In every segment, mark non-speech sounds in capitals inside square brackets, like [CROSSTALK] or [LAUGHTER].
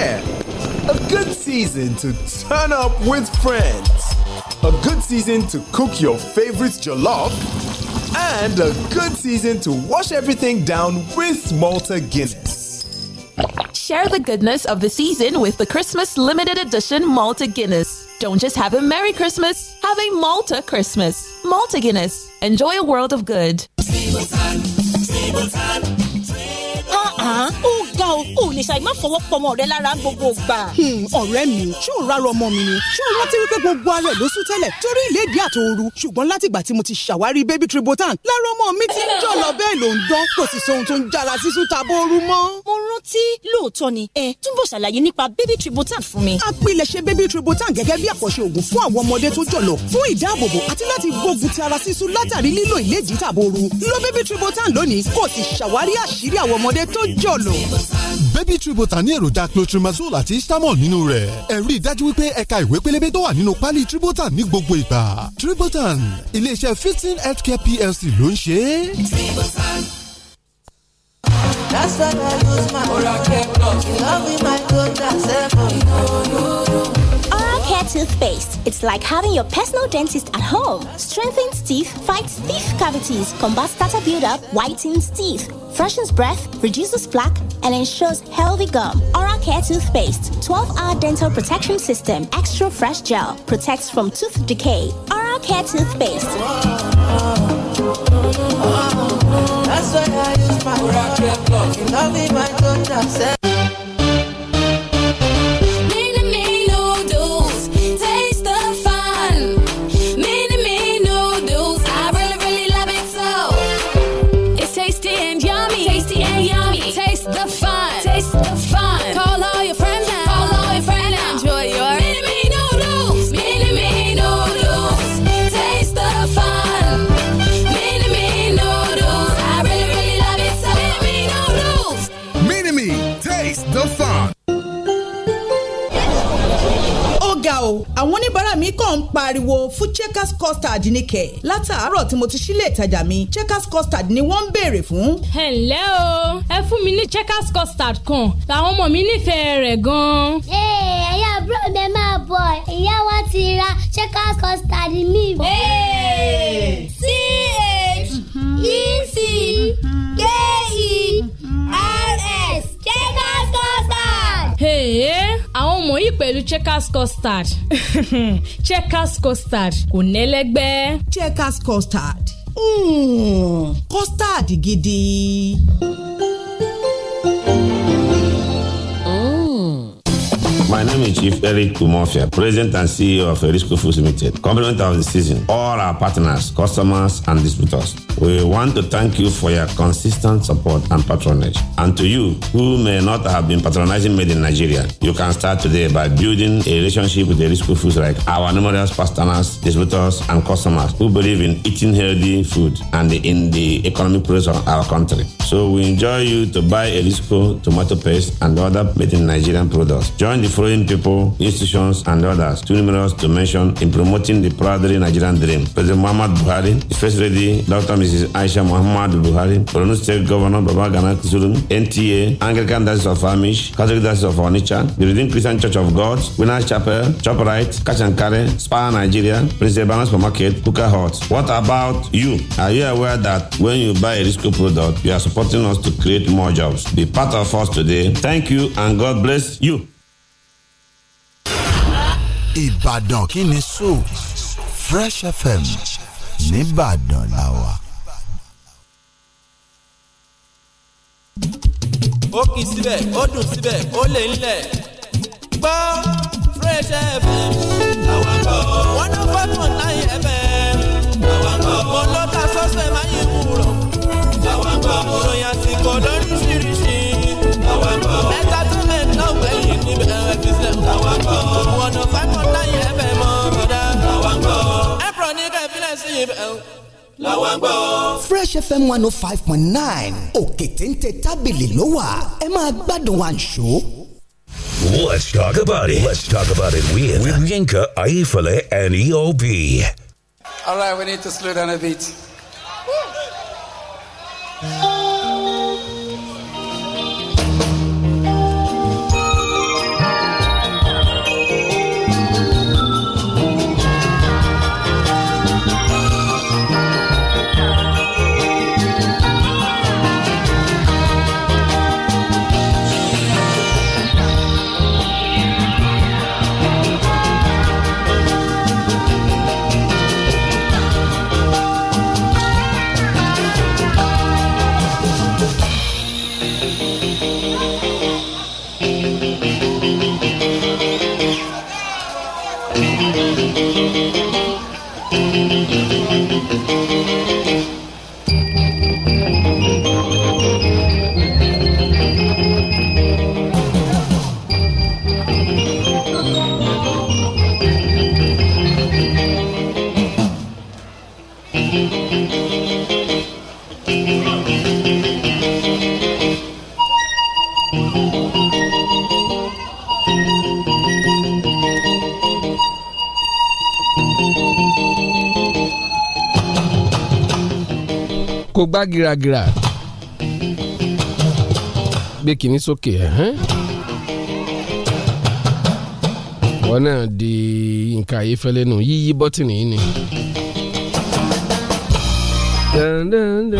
Yeah, a good season to turn up with friends, a good season to cook your favorite jollof, and a good season to wash everything down with Malta Guinness. Share the goodness of the season with the Christmas limited edition Malta Guinness. Don't just have a Merry Christmas, have a Malta Christmas. Malta Guinness. Enjoy a world of good. Uh-uh. o kò lè ṣàì má fọwọ́ pọmọ rẹ lára gbogbo gbà. Hmm, ọ̀rẹ́ mi ṣé ò rárọ ọmọ mi ni ṣé o rántí wípé gbogbo ara ẹ̀ ló sún tẹ́lẹ̀ torí ìlédìí àtòoru ṣùgbọ́n látìgbà tí mo ti ṣàwárí baby tributan. lára ọmọ mi ti ń jọ̀lọ bẹ́ẹ̀ ló ń dán kò sì sóhun tó ń jára sísun tabóoru mọ́. mo rántí lóòótọ́ ni ẹ túbọ̀ ṣàlàyé nípa baby tributan, fún mi. apilẹ̀ṣẹ̀ baby tribotan gẹ́gẹ́ bí àkọ́ṣe òògùn fún àwọn ọmọdé tó jọ̀lọ̀ fún ìdáàbòbò àti láti gbógun ti ara sísun látàrí lílo ìlédìí tàbóoru lo baby tributan lónìí kò sì ṣàwárí àṣírí àwọn ọmọdé tó jọ̀lọ̀ baby tributan ní èròjà clotrimazole àti istamol nínú rẹ̀ ẹ rí i dájú wípé ẹ̀ka ìwé pélébé tó wà nínú pálí tributan ní gbogbo ìgbà tributan iléeṣẹ́ fifteen healthcare plc ló ń ṣe é. tributan. That's why I lose my Oracle block. love me, my daughter, seven. You know, you Care toothpaste. It's like having your personal dentist at home. Strengthens teeth, fights teeth cavities, combats tartar buildup, whitens teeth, freshens breath, reduces plaque, and ensures healthy gum. Oral Care toothpaste. 12-hour dental protection system. Extra fresh gel protects from tooth decay. Oral Care toothpaste. That's why I use my o àwọn oníbàárà mi kàn ń pariwo fún checkers custard ní kẹ̀ látàárọ̀ tí mo ti sílé ìtajà mi checkers custard ni wọ́n ń béèrè fún. ẹ o ẹ fún mi ní checkers custard kan làwọn ọmọ mi nífẹ̀ẹ́ rẹ̀ gan-an. ẹ ẹ̀yà àbúrò mi máa bọ̀ ìyá wa ti ra checkers custard mi. c h e c k e r e. Eh? àwọn ọmọ yìí pẹ̀lú checkers custard [LAUGHS] checkers custard kò nẹ́lẹ́gbẹ́. checkers custard mm, custard gidi. My name is Chief Eric Kumofia, President and CEO of Erisco Foods Limited. Compliment of the season, all our partners, customers, and distributors. We want to thank you for your consistent support and patronage. And to you who may not have been patronizing Made in Nigeria, you can start today by building a relationship with Erisco Foods like our numerous partners, distributors, and customers who believe in eating healthy food and in the economic progress of our country. So we enjoy you to buy Erisco tomato paste and other Made in Nigerian products. Join the people, institutions, and others, too numerous to mention, in promoting the proudly Nigerian dream. President Muhammad Buhari, First Lady, Dr. Mrs. Aisha Muhammad Buhari, Borno State Governor Baba Gana Kusurum, NTA, Anglican Diocese of Amish, Catholic Diocese of Onitsha, the Redeemed Christian Church of God, Winners Chapel, Choprite, Kachankare, Spa Nigeria, Prince Ebanas Supermarket, Kuka Hot. What about you? Are you aware that when you buy a Risco product, you are supporting us to create more jobs? Be part of us today. Thank you and God bless you. Ìbàdàn kí ni so Fresh FM nìbàdàn la wà. ó kì í síbẹ̀ ó dùn síbẹ̀ ó lè ń lẹ̀ gbọ́ Fresh FM àwọn akọ one oh five point nine FM àwọn akọ mo lọ́ta sọ́sẹ̀ máa ń yẹ̀ wúrọ̀ àwọn akọ mo ròyìn àsìkò lóríṣiríṣi. fresh fm one oh five point nine òkè téńté tábìlì ló wà ẹ máa gbádùn àǹṣó. Let's talk about it. Let's talk about it with, with Yinka, Aifale, and EOB. All right, we need to slow down a bit. Gracias. kó gbá gíragíra gbé kìíní sókè ẹ̀hán wọn náà di nǹkan ayéfẹ́lẹ́ nù yíyí bọ́tìnì yìí ni. Dun,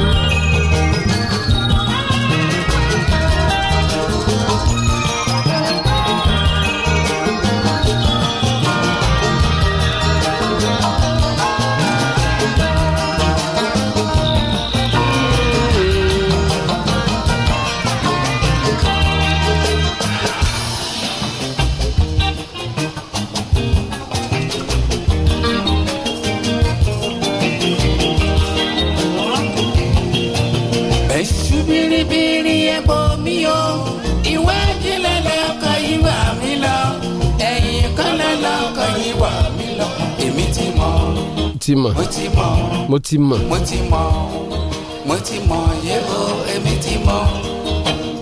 ti mọ̀ mo ti mọ̀ mo ti mọ̀ mo ti mọ̀ yẹ́bọ̀ èmi ti mọ̀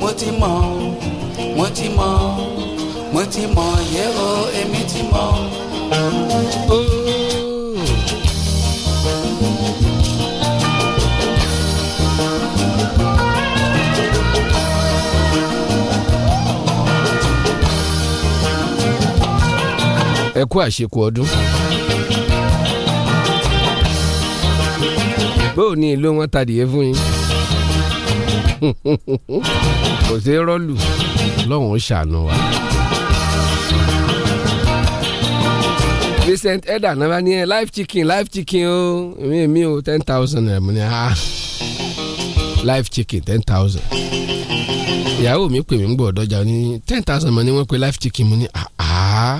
mo ti mọ̀ mo ti mọ̀ mo ti mọ̀ yẹ́bọ̀ èmi ti mọ̀. ẹ kú àṣekù ọdún. bóò ní ìlú wọn tadìyẹ fún yín kò sí rọ́ọ̀lù lọ́wọ́n ó ṣàánú wa. Vincent Edda náà bá ní live chicken live chicken o èmi èmi o ten thousand ẹ̀ mú ni ha ah, live chicken ten thousand ìyàwó mi pè mí ń gbọ́ ọ̀dọ́jà ní ten thousand mo ní wọ́n pe live chicken mo ní ah, ah. àá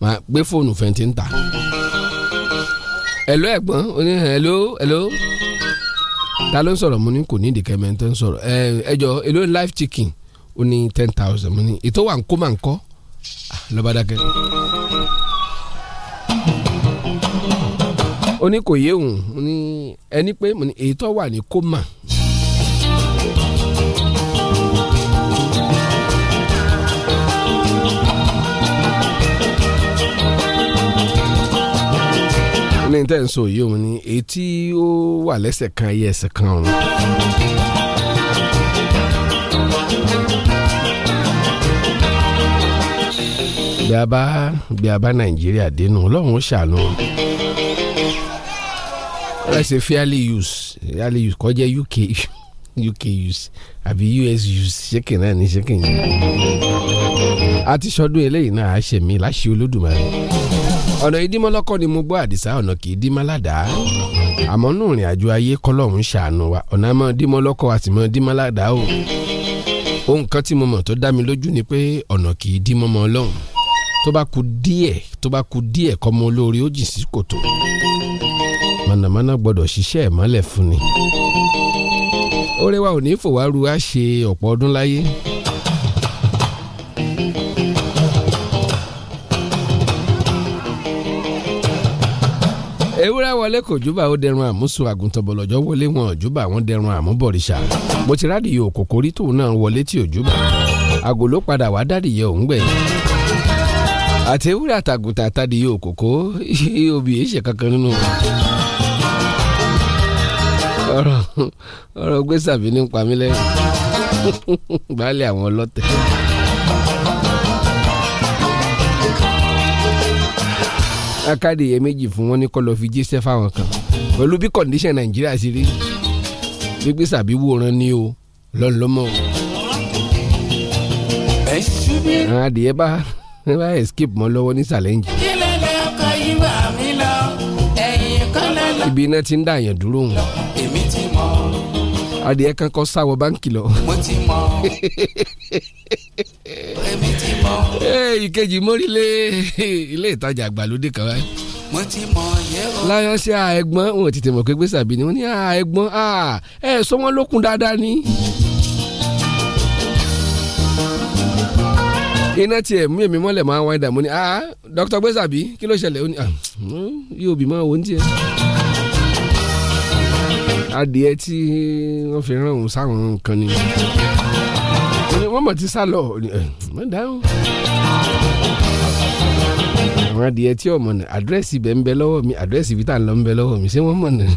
ma gbé fóònù fẹ́ntì ń ta. ẹ̀ló ẹ̀gbọ́n oní ẹ̀ló ẹ̀ló. ta ló ń sọ̀rọ̀ mo ní kò ní ìdíkẹ́ mẹ́rin tó ń sọ̀rọ̀ ẹjọ́ èló live chicken ó ní ten thousand mo ní ètò wà ń kó mà ń kọ́ ah, lọ́ba dákẹ́. ó ní kò yé ẹni pé mo ní ní kó mà ní tẹ́ ń sọ yìí òun ni èyí tí ó wà lẹ́sẹ̀ kan ayé ẹsẹ̀ kan ọ̀run. bí a bá bí a bá nàìjíríà dénú ọlọ́run ó ṣàánú ẹ ṣe fairly use fairly use kọjá uk uk [LAUGHS] use àbí us use ṣékè náà ní ṣékè yìí àti sọdún eléyìí náà àṣẹ mi láṣẹ olódùmarè ọ̀nà ìdímọ́ lọ́kọ́ ni mo gbọ́ àdìsá ọ̀nà kì í dímọ́ ládàá àmọ́ nù rìn àjò ayé kọ́lọ́hún ṣàánú wa ọ̀nà àmọ́ dímọ́ lọ́kọ́ àti mọ́ dímọ́ ládàá o ohun kan tí mo mọ̀ tó dá mi lójú ni pé ọ̀nà kì í dímọ́ mọ́ ọlọ́run tó bá ku díẹ̀ tó bá ku díẹ̀ kọ́mọ olóore ó jìn sí kòtò mànàmáná gbọ́dọ̀ ṣiṣẹ́ ẹ̀ mọ́lẹ̀ fún ni oore wa ò ní fò wá á ṣe ọ̀pọ̀ ọdún láyé ewúrẹ́ wọlé kò júbà ó dẹrun àmúṣu àgùntàn bọ̀lọ̀jọ́ wọlé wọn ò júbà wọn dẹrun àmúbọ̀rìṣà mo ti rádìyẹ òkòkò rí tòun náà wọlé tí ò júbà àgò ló padà wá dádìyẹ òun gbẹ̀yìn àti ewúrẹ́ àtàgùntà àtàdìyẹ òkòkò [LAUGHS] obì yìí ṣe kankan nínú ọ̀rọ̀ ọ̀rọ̀ gbèsàbí ní pamílẹ̀ [LAUGHS] baálé àwọn ọlọ́tẹ̀. akáde yẹn méjì fún wọn ní kọ́ lọ fi jíṣẹ́ fáwọn kan pẹ̀lú bí kọ̀ǹdíṣẹ̀ nàìjíríà ṣe rí gbégbé sàbí wòran ni o lọ́nlọ́mọ́ àwọn adìyẹ bá bá escape mọ́ lọ́wọ́ ní sàlẹ́ǹjì. ibi iná ti ń dààyàn dúró wọn. adìyẹ kan sáwọ báńkì lọ. [LAUGHS] ìkejì mórílé ilé ìtajà àgbàlódé kan wáyé láyọ̀ sí àẹ̀gbọ́n wọn tètè mọ̀ pé gbèsàbí ni wọ́n ní àẹ̀gbọ́n ẹ̀ sọ wọ́n lókun dáadáa ni. iná tiẹ̀ mú èmi mọ́lẹ̀ máa wá ìdààmú ni ah dr gbèsàbí kí ló ṣẹlẹ̀ ó ní yóò bí máa wò ó ní tiẹ̀. adìẹ tí wọ́n fi rán òun sáwọn nǹkan ni wọ́n mọ̀ ti sá lọ mọ̀ dáhùn. àwọn adìyẹ tí ọmọ náà àdírẹ́sì ibẹ̀ ń bẹ lọ́wọ́ mi àdírẹ́sì ibi tá à ń lọ ń bẹ lọ́wọ́ mi ṣé wọ́n mọ̀ náà.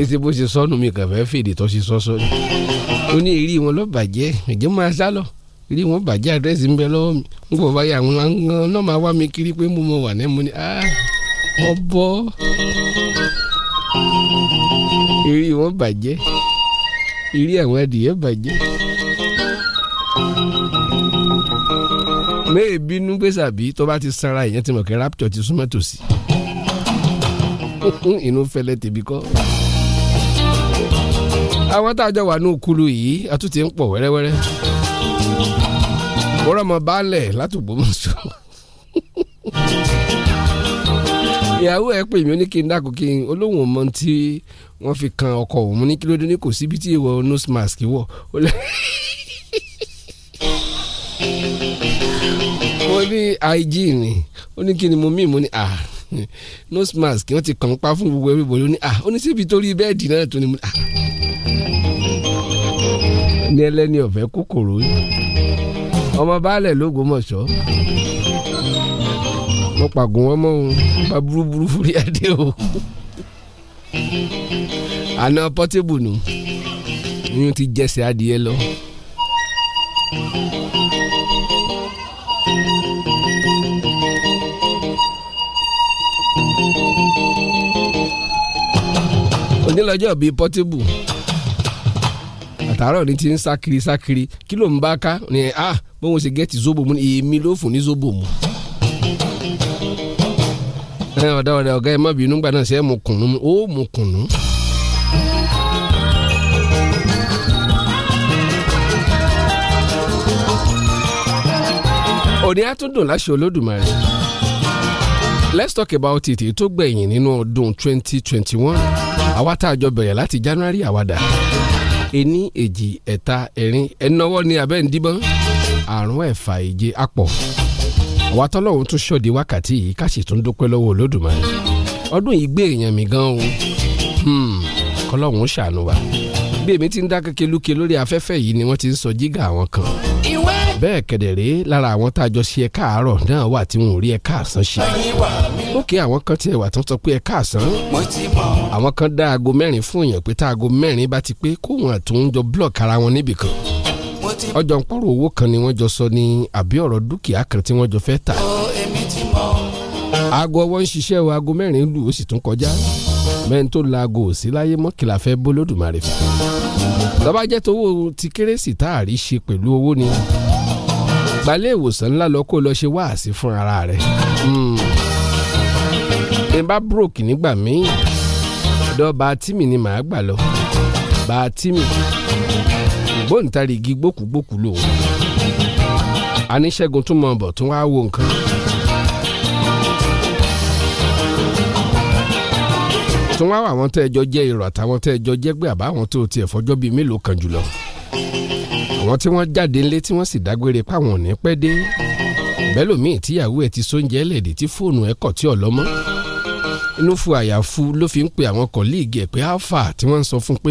èsì bó ṣe sọnù mi kàn fẹ́ fèdè tó ṣe sọ́sọ́ ni ó ní eré wọn lọ bàjẹ́ ẹ̀jẹ̀ máa sá lọ eré wọn bàjẹ́ àdírẹ́sì ń bẹ lọ́wọ́ mi ń gbọ́ báyà àwọn náà máa wá mi kiri pé mo mọ̀ wà ní mo ní ah, ọbọ̀ ìrí wọn bàjẹ́ ìrí àwọn adìyẹ bàjẹ́. mẹ́ẹ̀ bínú pé sàbí tó bá ti sanra ìyẹn ti mọ̀ kí rapture ti súnmọ́ tòsí. inú fẹlẹ́ tèbi kọ́. àwọn tá a jọ wà ní òkúlu yìí a tún ti ń pọ̀ wẹ́rẹ́wẹ́rẹ́. bọ́rọ̀ mọ baálẹ̀ látògbómọ̀ṣọ́. ìyàwó ẹ pè mí ó ní kí n dákun kí n olóhùn ọmọ tí wọ́n fi kan ọkọ òun ní kí ní kò síbi tí ìwọ nose mask wọ̀ mo ní hygiene ó ní kí ni mo mí mo ní à nose mask wọ́n ti kàn pa fún gbogbo everybody ó ní à ó ní síbi torí bẹ́ẹ̀dì náà tó ní mo ní à ní ẹlẹ́ni ọ̀fẹ́ kòkòrò yìí ọmọ baálẹ̀ lóògbómọ̀ṣọ́ mo pàgùn wọn mọ́ òun bá burúburú fúri adé o àná pọ́tébù nù yín ti jẹsẹ̀ adìyẹ lọ. onílọ́jọ́ bíi pọ́tébù àtàárọ̀ ni ti ń sá kiri kiri kí ló ń bá ká ni ah bóun ṣe gẹ́ẹ̀tì zobo mu ni èmi ló fún ní zobo mu ẹ ọ̀dà ọ̀dà ọ̀gá ẹ má bínú gbà náà ṣe é mu kùnú ó mu kùnú. òní á láṣẹ olódùmarè let's talk about it èyí tó gbẹ̀yìn nínú ọdún twenty twenty one àwa tá a jọ bẹ̀rẹ̀ láti january àwàdà ení èjì ẹ̀ta ẹ̀rin ẹ̀nàwọ́ ni abẹ́ ń díbọ́n àrùn ẹ̀fà ìje àpọ̀ àwa tọ́lọ́run tún ṣọ́ọ̀dì wákàtí yìí ká sì tún dúpẹ́ lọ́wọ́ olódùmarè ọdún yìí gbé èèyàn mi gan o hmm, kọ́lọ́run ṣàánú wa bí èmi ti ń dá kékeré lórí afẹ́fẹ́ yìí ni wọ́n ti ń sọ jígà àwọn kan bẹ́ẹ̀ kẹ̀dẹ̀rẹ́ lára àwọn tá a jọ ṣe ẹ káàárọ̀ náà wà tí wọn ò rí ẹ káàsán ṣe ókè àwọn kan tiẹ̀ wà tó ń sọ pé ẹ káàsán àwọn kan dá aago mẹ́rin fún èèyàn pé tá aago mẹ́rin bá ti pé kóhun àtúnjọ blọọkì ara wọn níbìkan ọjọ́ ń pọ̀rọ̀ owó kan ni wọ́n jọ sọ ní àbí ọ̀rọ̀ dúkìá kan tí wọ́n jọ fẹ́ tà. Oh, aago ọwọ́ ń ṣiṣẹ́ o aago mẹ́rin lù ó sì tún kọjá mẹ́rin tó laago ò sí láyé mọ́ kìlà fẹ́ bólódùmarè fún. lọ́ba jẹ́ tówó ti kérésì tá ṣe pẹ̀lú owó ni gbalẹ̀ ìwòsàn ńlá lọ kó lọ ṣe wáàsí fún ara rẹ̀. ẹ hmm. broke nígbà míì ọ̀dọ̀ bá tìmì ni màá gbà lọ bá tìmì ògbóǹtarìgì gbókùgbókù lòun aníṣègùn tún mọ̀ bọ̀ tún wá wo nǹkan. tún wá wà wọ́n tẹ́ ẹjọ́ jẹ́ irọ́ àtàwọn tẹ́ ẹjọ́ jẹ́ pé àbáwọn tó tiẹ̀ fọjọ́ bíi mélòó kan jùlọ. àwọn tí wọ́n jáde ńlé tí wọ́n sì dágbére páwọn ò ní pẹ́ dé. bẹ́lòmíì tíyàwó ẹ̀ ti sóúnjẹ ẹlẹ́dẹ̀ tí fóònù ẹ̀ kọ̀ tí ò lọ́mọ́. inú fu àyàfu ló fi ń pe àwọn kọ̀líìgì ẹ̀ pé alpha tí wọ́n ń sọ fún pé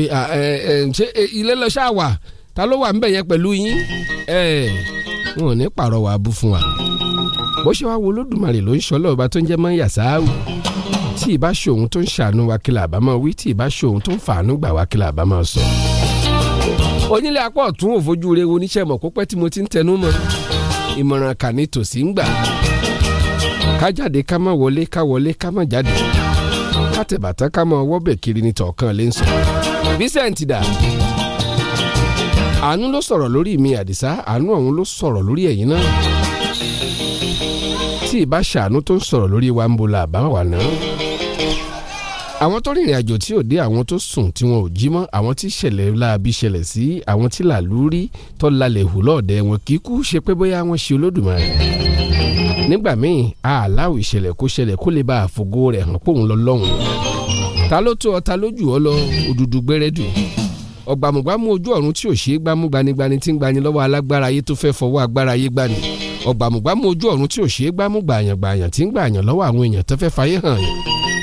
ilé lọ wà ta ló wà ń bẹ̀ yẹn pẹ̀lú yín ẹ n ò ní pàrọwà bú fún wa bó ṣe wá wo olódùmarè ló ń sọ lọ́ọ̀bá tó ń jẹ́ mọ́ yàsáàwù tí ìbá ṣòun tó ń ṣàánú wa kí làbá máa wí tí ìbá ṣòun tó ń fàánú gbà wá kí làbá máa sọ. onílé apá ọ̀tún òfojú re oníṣẹ́ mọ̀ kó pẹ́ tí mo ti ń tẹnu mọ́ ìmọ̀ràn kà ní tòsí ń gbà ká jáde ká má wọlé ká wọlé ká má jáde ká tẹ̀bàtà ká má wọ́bẹ̀ kiri ní tọ̀ọ̀kan lé ń sọ. Vincent dà àánú ló sọ̀rọ̀ lórí mi àdìsá àánú ọ̀hún ló sọ̀rọ̀ lórí ẹ̀yin náà tí ìbá ṣàánú tó ń sọ̀rọ̀ lórí wa ń bo la àbá wà náà àwọn tó rìnrìn àjò tí ò dé àwọn tó sùn tí wọn ò jí mọ́ àwọn tí ṣẹlẹ̀ láabi ṣẹlẹ̀ sí àwọn tí làlúrí tó lalẹ̀ hù lọ́ọ̀dẹ wọn kì í kú ṣe pé bóyá wọ́n ṣe olódùmarè nígbà míì aláwọ̀ ìṣẹ̀lẹ̀ kó ṣẹlẹ̀ kó lè bá àfògo rẹ̀ hàn póun lọ lọ́hùn-ún ta ló tó ọ ta lójú ọ lọ òdùdù gbẹrẹdù ọ̀gbàmùgbàmù ojú ọ̀run tí ò ṣe é gbámú gbanigbani tí ń gbani lọ́wọ́ alágbára ayé tó fẹ́ fọwọ́ agbára ayé gbani ọ̀gbàmùgbàmù ojú ọ̀run tí ò ṣe é gbámú gbàyàn gbàyàn tí ń gbàyàn lọ́wọ́ àwọn èèyàn tó fẹ́ fayé hàn yàn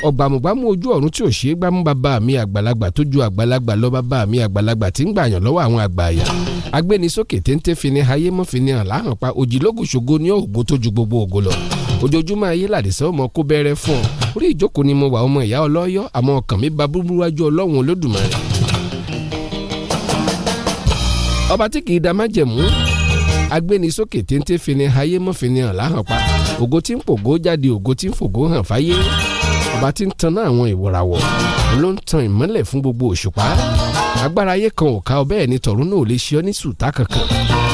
ọ̀gbàmùgbàmù ojú ọ̀run tí ò ṣe é gbámú bàbá mi àgbàlagbà tó ju àgbàlagbà lọ bàbá mi àgbàlagbà tí ń gbàyàn lọ́wọ́ àwọn àgbàyà agbénisókè téńté fini ayé mọ́ fini hàn láhàn pa òjìlógún ṣògo ní ògo tó ju gbogbo ògo lọ ojoojúmọ́ ayé làdìsẹ́ ọmọ kó bẹ̀rẹ̀ fún ọ orí ìjókòó ni mo wà ọmọ ìyá ọlọ́yọ́ àmọ́ ọkàn mi ba búburú wájú ọlọ́run olódùmarè ọba tí kìí da májẹ̀mú agbénisókè téńté fini ayé mọ́ fini hàn láhàn pa ògo tí ń pògó jáde ògo tí ń fògó hàn fáyé ọba tí ń taná àwọn ìwòràwọ̀ ló ń tan ìmọ́lẹ̀ fún gbogbo òṣùpá agbára ayé kan ò ká ọ bẹ́ẹ̀ ni tọ̀run náà ò lè ṣe ọ́ ní sùtá kankan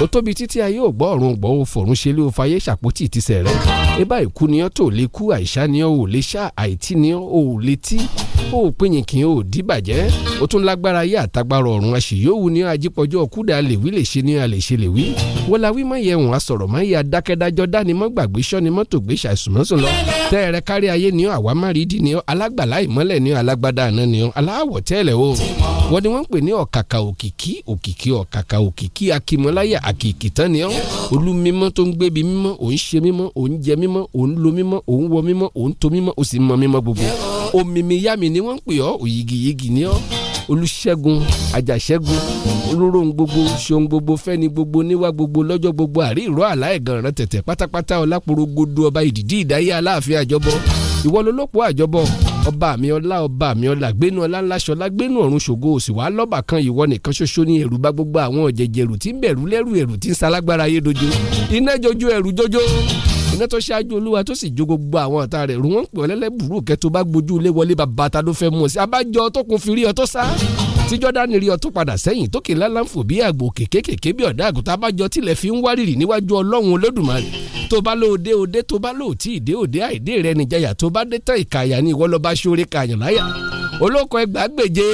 ó tóbi títí ayé ò gbọ́ ọ̀run gbọ́ ò fọ̀run ṣe lé o fayé ṣàpótì ìtìsẹ̀ rẹ̀ ẹ bá ìkú ni ọ́ tó lè kú àìsá ni ọ́ ò lè ṣá àìtí ni ọ́ ò lè tí ó pinyinkin ó dìbàjẹ́ ó tún lágbára ayé àtagbára ọ̀run àṣeyọ́wù ni ajípọ̀jọ́ kúdà lèwí lè ṣe ni a lè ṣe lèwí wọ́n la wí mọ̀ yẹ wọ́n a sọ̀rọ̀ mọ́ yẹ adákẹ́dájọ́ dání mọ́ gbàgbé sọ́ni mọ́tò gbé ṣàìsùmọ́sùn lọ tẹ́ẹ̀rẹ́ kárí ayé ni ọ́ àwa má rí di ni ọ́ alágbàlá ìmọ́lẹ̀ ni ọ́ alágbádá àná ni ọ́ aláwọ̀ tẹ́lẹ̀ o wọ́n ni wọ́n ń pè ní ọ̀kàkà òkìkí òkìkí ọ̀kàkà òkìkí akímọ́láyà àkìkì tán ni ọ́ olú mímọ́ tó ń gbébi mímọ́ òun ṣe mímọ́ òun jẹ mímọ́ omimiyami ni wọ́n ń pè ọ́ òyigiyigi ni ọ́ olùṣègùn àjàṣègùn olóròhùn gbogbo ṣòun gbogbo fẹ́ni gbogbo níwá gbogbo lọ́jọ́ gbogbo àrí ìró àlá ẹ̀gàn rẹ̀ tẹ̀tẹ̀ pátápátá ọlápòrògbòdo ọba ìdìdí ìdáyé aláàfin àjọbọ ìwọ lolópo àjọbọ ọba àmì ọlá ọba àmì ọlá gbénu ọlá ńlá ṣọlá gbénu ọ̀run ṣògo òsì wàá lọ́ba kan ìwọ nìkan ṣoṣo ní ẹ̀rù bá gbogbo àwọn jẹjẹrù tí ń bẹ̀rù lẹ́rù ẹ̀rù tí ń salágbára ayé dojo iná jojo ẹ̀rù jojo iná tó ṣáájú olúwa tó sì jó gbogbo àwọn ọ̀tá rẹ̀ rú wọn pè ọ́ lẹ́lẹ́bùrú kẹ́ tó bá gbójú ilé wọlé bàbá ta ló fẹ́ mú ọ sí abájọ tó kun fi rí ọ tó sá tí Jọ́dánì rí ọ tó padà sẹ́yìn tó kì í lálàǹfò bí àgbò kékékèké bí ọ̀dà àgùntàn abájọ tilẹ̀ fi ń wárìrì níwájú ọlọ́run olódùmarè tó bá lò dé òde tó bá lò tí ì ni ìwọ lọ bá ṣoore kàyàn olóko ẹgbàágbèje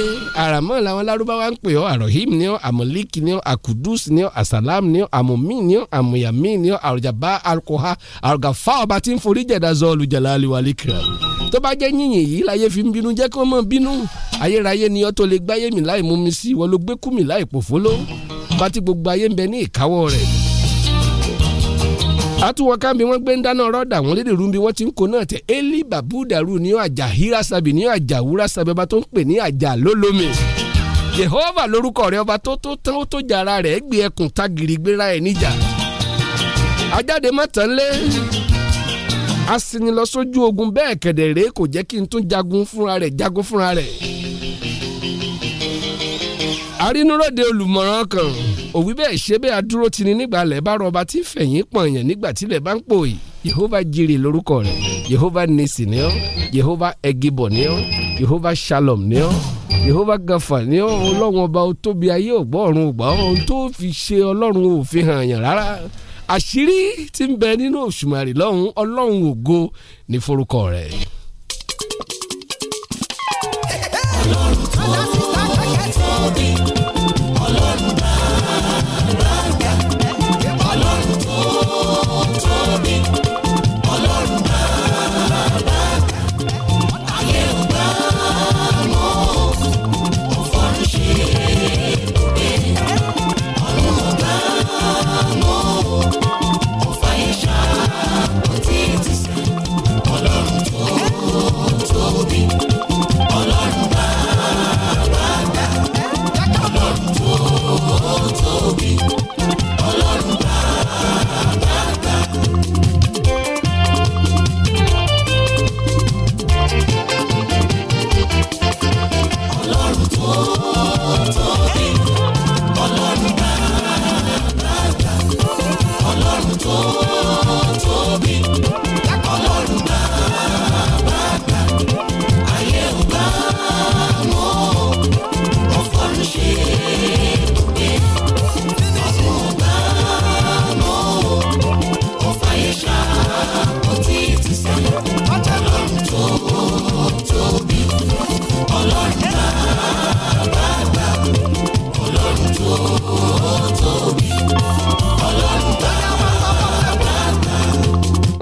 àràmọ́ làwọn lárúbáwá ń pè ọ́ àròhìm ni ọ́ àmọ̀líkì ni ọ́ àkùdùs ni ọ́ àsàlám ni ọ́ àmọ̀mí ni ọ́ àmọ̀yàmí ni ọ́ àròjàbá alukóha àrògàfà ọba tí ń forí jẹ̀dá zọ olùjẹ̀lá aliwali kìlá tó bá jẹ́ yìnyín yìí láyé fi ń bínú jẹ́ kó mọ̀ bínú ayérayé ni ọ́ tó lè gbáyé mi láì mú mi sí wọ́n ló gbé kú mi láì pòfóló bá ti gbogbo ayé ń bẹ ní ìkáwọ́ rẹ̀ àtúwọ̀n kábí wọ́n gbé ń dáná rọ́ọ̀dà wọn lédè rú bí wọ́n ti ń kó náà tẹ̀ eli babu daru ní àjà hirasabi ní àjà wúrasabi ọba tó ń pè ní àjà lólómi Jehova lórúkọ rẹ̀ ọba tó tó tán ó tó jàra rẹ̀ gbé ẹkùn tagiri gbéra ẹ̀ níjà ajáde mọ́tànlé asinilọ́sójú ogun bẹ́ẹ̀ kẹ̀dẹ̀ rèé kò jẹ́ kí n tún jagun fúnra rẹ̀ jagun fúnra rẹ̀ arínúròde olùmọ̀ràn kan òwí bẹ́ẹ̀ ṣe bẹ́ẹ̀ adúró ti ní nígbà lẹ̀ bá rọba tí fẹ̀yìn pọ̀nyàn nígbà tílẹ̀ bá ń pò yìí yehova jire lórúkọ rẹ̀ yehova nisi ni ọ́ yehova egibo ni ọ́ yehova shalom ni ọ́ yehova gafa ni ọ́ ọlọ́run ọba ó tóbi ayé ọ̀gbọ́ ọ̀run ọ̀gbà ohun tó fi ṣe ọlọ́run ò fi hàn yàn rárá àṣírí tí ń bẹ nínú òṣùmàrè lọ́hùn ọlọ́run ògo ní forúkọ rẹ̀. ọlọ́run tó tóbi.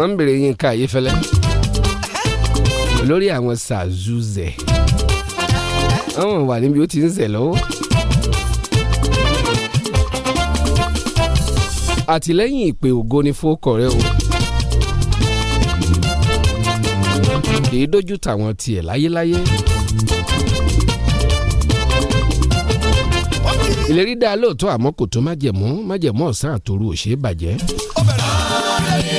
ń bèrè Yínká Ayéfẹ́lẹ́ lórí àwọn sàzúzẹ̀ àwọn wà níbi ó ti ń zẹ̀ lọ́wọ́. àtìlẹ́yìn ìpè ògo ni fókọ̀ rẹ o kì í dójú tàwọn tiẹ̀ láyéláyé. ìlérí dáa lóòótọ́ àmọ́ kò tó májẹ̀mú májẹ̀mú ọ̀sán àtòru òṣèbàjẹ́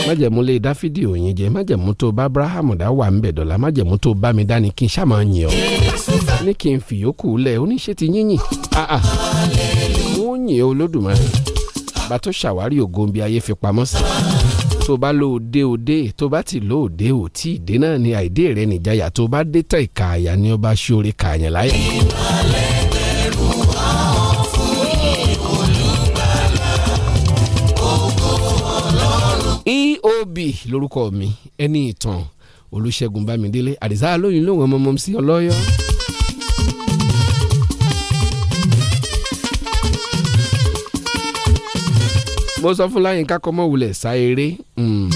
májẹ̀mú lé dáfídì òyìn jẹ májẹ̀mú tó bá abrahamu dá wà ńbẹ̀ dọ̀la májẹ̀mú tó bá mi dání kí n ṣáà máa yìn ọ́ ní kí n fìyókù lẹ̀ oníṣẹ́ ti yínyìn wọ́n ah, ah. yìn olódùmarè bá tó ṣàwárí ògombi ayé fi pamọ́ sí tó bá lò dé ó tó bá ti lò ó dé ó ìdè náà ni àìdè rẹ nìjáyà tó bá dé tán ìkààyà ni ó bá ṣoore kààyàn láyà. ob lórúkọ mi ẹni ìtàn olùṣègùn bámidélé àdìsá lóyún lóhùn ọmọ ọmọ sí ọlọ́yọ́. mo sọ fún láyínká kọ́mọ wulẹ̀ sá eré hmm.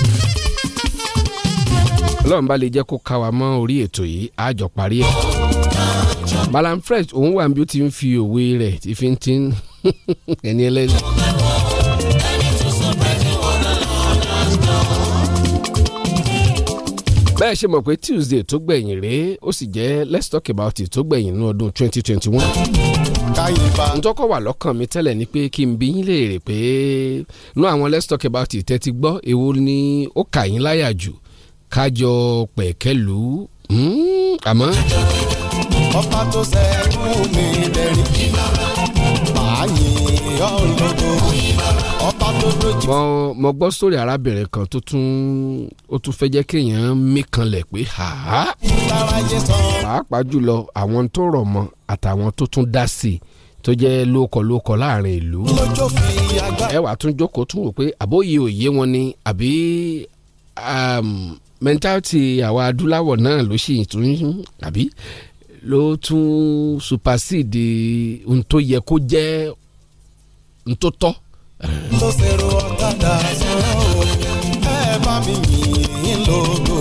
ọlọ́run bá lè jẹ́ kó ká wa mọ́ orí ètò yìí àjọ parí ẹ̀. Mallam Fresh òun wà níbi ó ti ń fi òwe rẹ̀ ti fi ń tin [LAUGHS] ẹni ẹlẹ́sìn. bẹ́ẹ̀ ṣe mọ̀ pé Tuesday tó gbẹ̀yìn rèé ó sì jẹ́ let's talk about it tó gbẹ̀yìn ní ọdún 2021. n tọ́kọ̀ wà lọ́kàn mi tẹ́lẹ̀ ni pé kí n bí yín léèrè pé inú àwọn let's talk about it tẹ́tí gbọ́ èwo ni ó kà yín láyà jù kájọ pẹ̀kẹ́lù hmm, àmọ́. ọba tó ṣẹ́kù mi lẹ́rìí. mo mo gbọ́ sórí arábìnrin kan tó tún ó tún fẹ́ jẹ́ kéèyàn mí kanlẹ̀ pé ha pàápàá jùlọ àwọn tó rọ̀ mọ́ àtàwọn tó tún dá sí i tó jẹ́ lókọ̀lókọ̀ láàrin ìlú ẹ wàá tún jókòó tún wò pé àbóyè òye wọn ni àbí mẹ́ńtáàtì um, àwa adúláwọ̀ náà ló sì tún àbí ló tún supasíìdì ohun tó yẹ kó jẹ́ ohun tó tọ́ tó ṣèrò ọ̀kadà sọ̀rọ̀ ẹ bá mi yìn lógo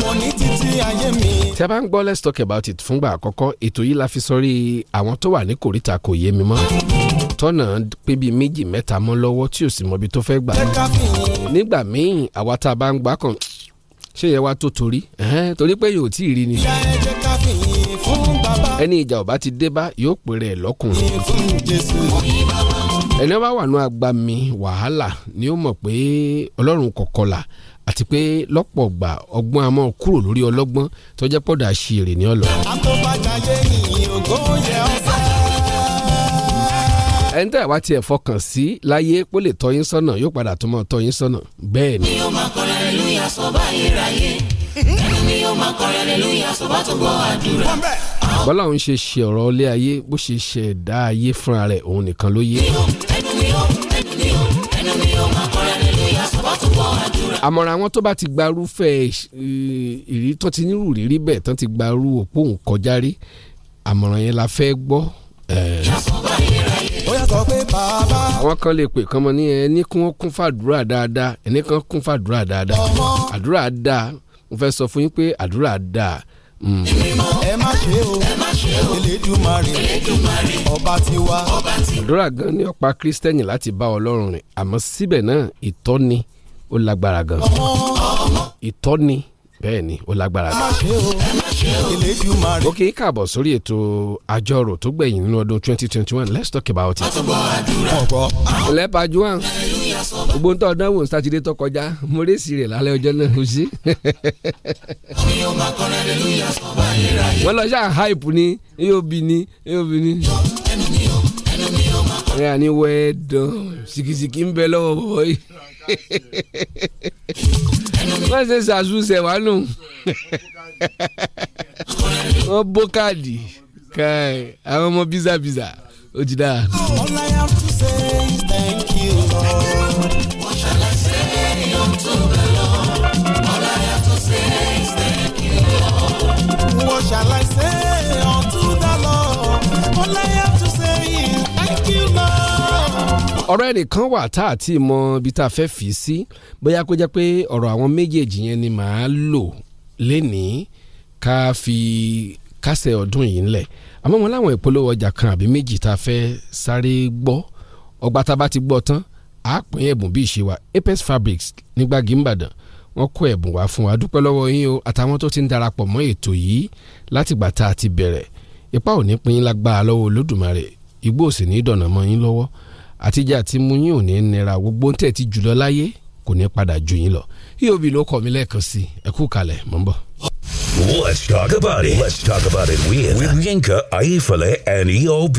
mo ní títí ayé mi. tí a bá ń gbọ́ let's talk about it fúngbà àkọ́kọ́ ètò yìí la fi sọrí àwọn tó wà ní kòríta kò yé mi mọ́ tọ́nà pé bíi méjì mẹ́ta mọ́ lọ́wọ́ tí ò sì mọ ibi tó fẹ́ gbà. nígbà míì àwa tá a bá ń gbà kàn ṣé yẹ wá tó torí torí pé yóò tí ì rí ni. ẹni ìjà ò bá ti dé bá yóò pèrè ẹ̀ lọ́kùnrin ẹni wọn bá wà nù agbami wàhálà ni ó mọ̀ pé ọlọ́run kọ̀kọ́ àti pé lọ́pọ̀ gbà ọgbọ́n a kúrò lórí ọlọ́gbọ́n tó jẹ́ pọ̀dà ṣèrè ní ọ̀lọ́. akóbájáyé ni ògo yẹ ọ̀fẹ́. ẹni tẹ́ wá tiẹ̀ fọkàn sí láyé pé lè tọ́ sọ́nà yóò padà tó máa tọ́ sọ́nà bẹ́ẹ̀ ni. mi ò máa kọrin aleluya sọ bá yé mi ò máa kọrin aleluya sọ tó gbọ́ bọ́lá òun ṣe ṣe ọ̀rọ̀ ilé ayé bó ṣe ṣe ẹ̀dá ayé fúnra rẹ̀ òun nìkan ló yé. àmọ̀ràn àwọn tó bá ti gbarúfẹ́ eh, ìrírí tó ti nírú rírí bẹ́ẹ̀ tó ti gbarú òpó òun kọjá rí àmọ̀ràn yẹn la fẹ́ gbọ́. Eh. àwọn kan lè pè kán mọ ní ẹni kí kún fàdúrà dáadáa ẹni kan kún fàdúrà dáadáa àdúrà dáa mo fẹ́ sọ fún yín pé àdúrà dáa ẹ má ṣe o elédùmarè ọba ti wá. àdúrà gan ni ọ̀pá kírísítẹ́nì láti bá ọlọ́run rìn àmọ́ síbẹ̀ náà ìtọ́ni ó lágbára gan ìtọ́ni bẹ́ẹ̀ni ó lágbára gan. ok káàbọ̀ sórí ètò àjọrò tó gbẹ̀yìn nínú ọdún twenty twenty one let's talk about it. lẹ́pà juan gbogbo ń tọ́ ọdún àwọn sátidé tó kọjá mo rèsì rẹ̀ lálẹ́ ọjọ́ náà ó sí. wọ́n lọ ṣáà hype ni yóò bí ni yóò bí ni ẹ àní wẹ́ẹ́ dán sìkìsìkì ń bẹ lọ́wọ́ bọ̀bọ̀ yìí wọ́n ṣe ṣàṣùṣe wà nù wọ́n bó káàdì káì àwọn ọmọ bíza ó ti dáa. ọ̀rọ̀ ẹnìkan wà tá a ti mọ ibi tá a fẹ́ fi sí bóyá kó jẹ́ pé ọ̀rọ̀ àwọn méjèèjì yẹn ni màá lò lénìí ká fi kásẹ̀ ọdún yìí ńlẹ̀ àmọ́ wọn láwọn ìpolówó ọjà kan àbí méjì tá a fẹ́ sáré gbọ́ ọgbà tá a bá ti gbọ́ tán a pín ẹ̀bùn bí ìṣe wa Apex Fabrics nígbà gímbàdàn wọ́n kó ẹ̀bùn wá fún wa dúpẹ́ lọ́wọ́ yín o àtàwọn tó ti ń darapọ̀ mọ́ ètò yìí látìgbà tá a ti bẹ̀rẹ̀ ipá ò ní pín in lágbára lọ́wọ́ Olódùmarè igbó ò sì ní dọ̀nà mọ́ yín lọ́wọ́ àtijọ́ àti mú yín ò ní nira gbogbo tẹ̀ ti jùlọ láyé kò ní padà jù yín lọ eob ló kọ́ mi lẹ́ẹ̀kan sí ẹ kú kalẹ̀ mọ́ ń bọ̀. Let's talk about it. Let's talk about it with, with Yinka Ayifale and EOB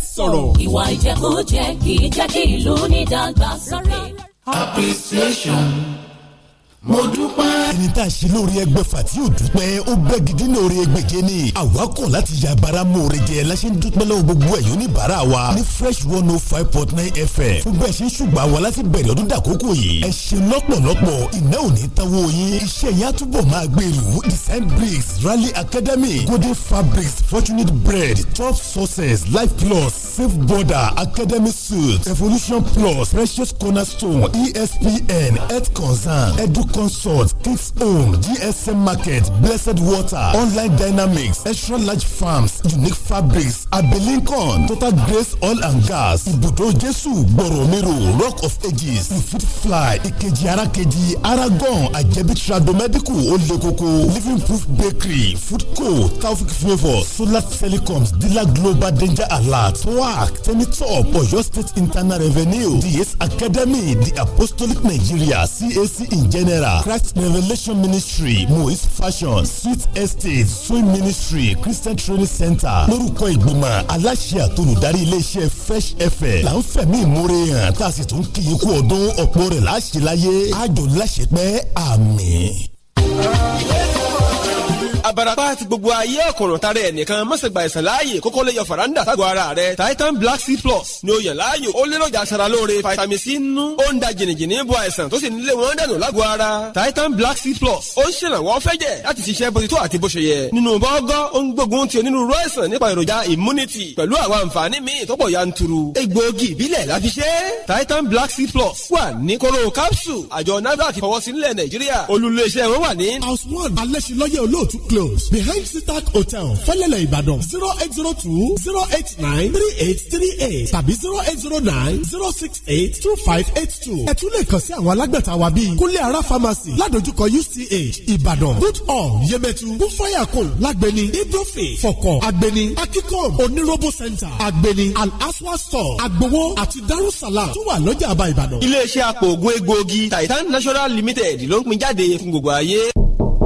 sọ̀rọ̀. ìwà ìjẹkújẹ kì í jẹ́ kí ìlú ní dàgbàsókè. appreciation mo dúpẹ́. ẹni tá a ṣe lórí ẹgbẹ́fà tí yóò dúpẹ́ ó bẹ́ gidi ní orí ẹgbẹ́je àwa kọ̀ láti ya bara mòore jẹ lásẹ̀ ń dúpẹ́ lọ́wọ́ gbogbo ẹ̀yọ́ ní bara wa ní fresh one oh five point nine fm fún bẹ́ẹ̀ ṣe ń ṣùgbọ́n wa láti bẹ̀rẹ̀ ọdún dàkókò yìí. ẹ ṣe lọ́pọ̀lọpọ̀ iná ò ní tanwó yín. iṣẹ́ yẹn túbọ̀ máa gbèrú design bricks rally academy golden fabrics fortunate bread top sources life plus safe border academy suits Revolution plus precious cornerstone espn health concern educ consort kids home gsm market blessed water online dynamics extra large farms unique fabrics abelincon total grace oil and gas ibùdó Jesu, gbọ̀rọ̀mìrò rock of ages ifit fly ìkejì arákejì aragon àjẹbí tradomedical olekoko living proof bakery foodco taufik flavour solar telecoms dealer global danger alert twac tenitop oyo state internal revenue ds academy the apostolic nigeria cac in general naira christ revelation ministry moise fashion sweet estate soy ministry christian training center lórúkọ ìgbìmọ̀ aláṣẹ àtolùdarí iléeṣẹ́ fresh fm là ń fẹ̀mí ìmúre hàn tá a sì tún kí i kú ọdún ọ̀pọ̀ rẹ̀ láṣẹ láyé àjò láṣẹ pẹ́ àmín abarapa àti gbogbo ayé ọ̀kọ̀rọ̀ tara ẹnìkan mọ̀sẹ̀gbà ẹ̀sán láàyè kókó lè faranda sago ara rẹ̀ titan black sea plus ni o yàn láàyò ó lérò jà sara lóore vitamin c nú ó ń da jìnnìjìnnì bọ àìsàn tó sì nílé wọn dànù lágọ̀ọ́ ara titan black sea plus ó ń ṣèrànwọ́ fẹ́jẹ̀ láti ṣiṣẹ́ bó ti tó àti bó ṣe yẹ nínú bọ́gọ́ ó ń gbógun ti onírúurú àìsàn nípa èròjà immunity pẹ̀lú àwọn àǹfààní wà ní house one alẹ́sìlọ́yẹ̀ olóòtú close behind sitak hotel fẹ́lẹ́lẹ̀ ìbàdàn zero eight zero two zero eight nine three eight three eight tàbí zero eight zero nine zero six eight two five eight two ẹ tún lè kàn sí àwọn alágbàtà wa bíi kúnlé ara pharmacy ládojúkọ UCH ìbàdàn good all yemẹtu bufayako lágbẹni ibrofe fọkọ agbẹni akikom onirobo center agbẹni al-aswa store agbowo àti darussalam tó wà lọ́jà àbá ìbàdàn. iléeṣẹ́ àpò ògùn egbòogi titan national limited ló ń pín jáde fún gbogbo ayé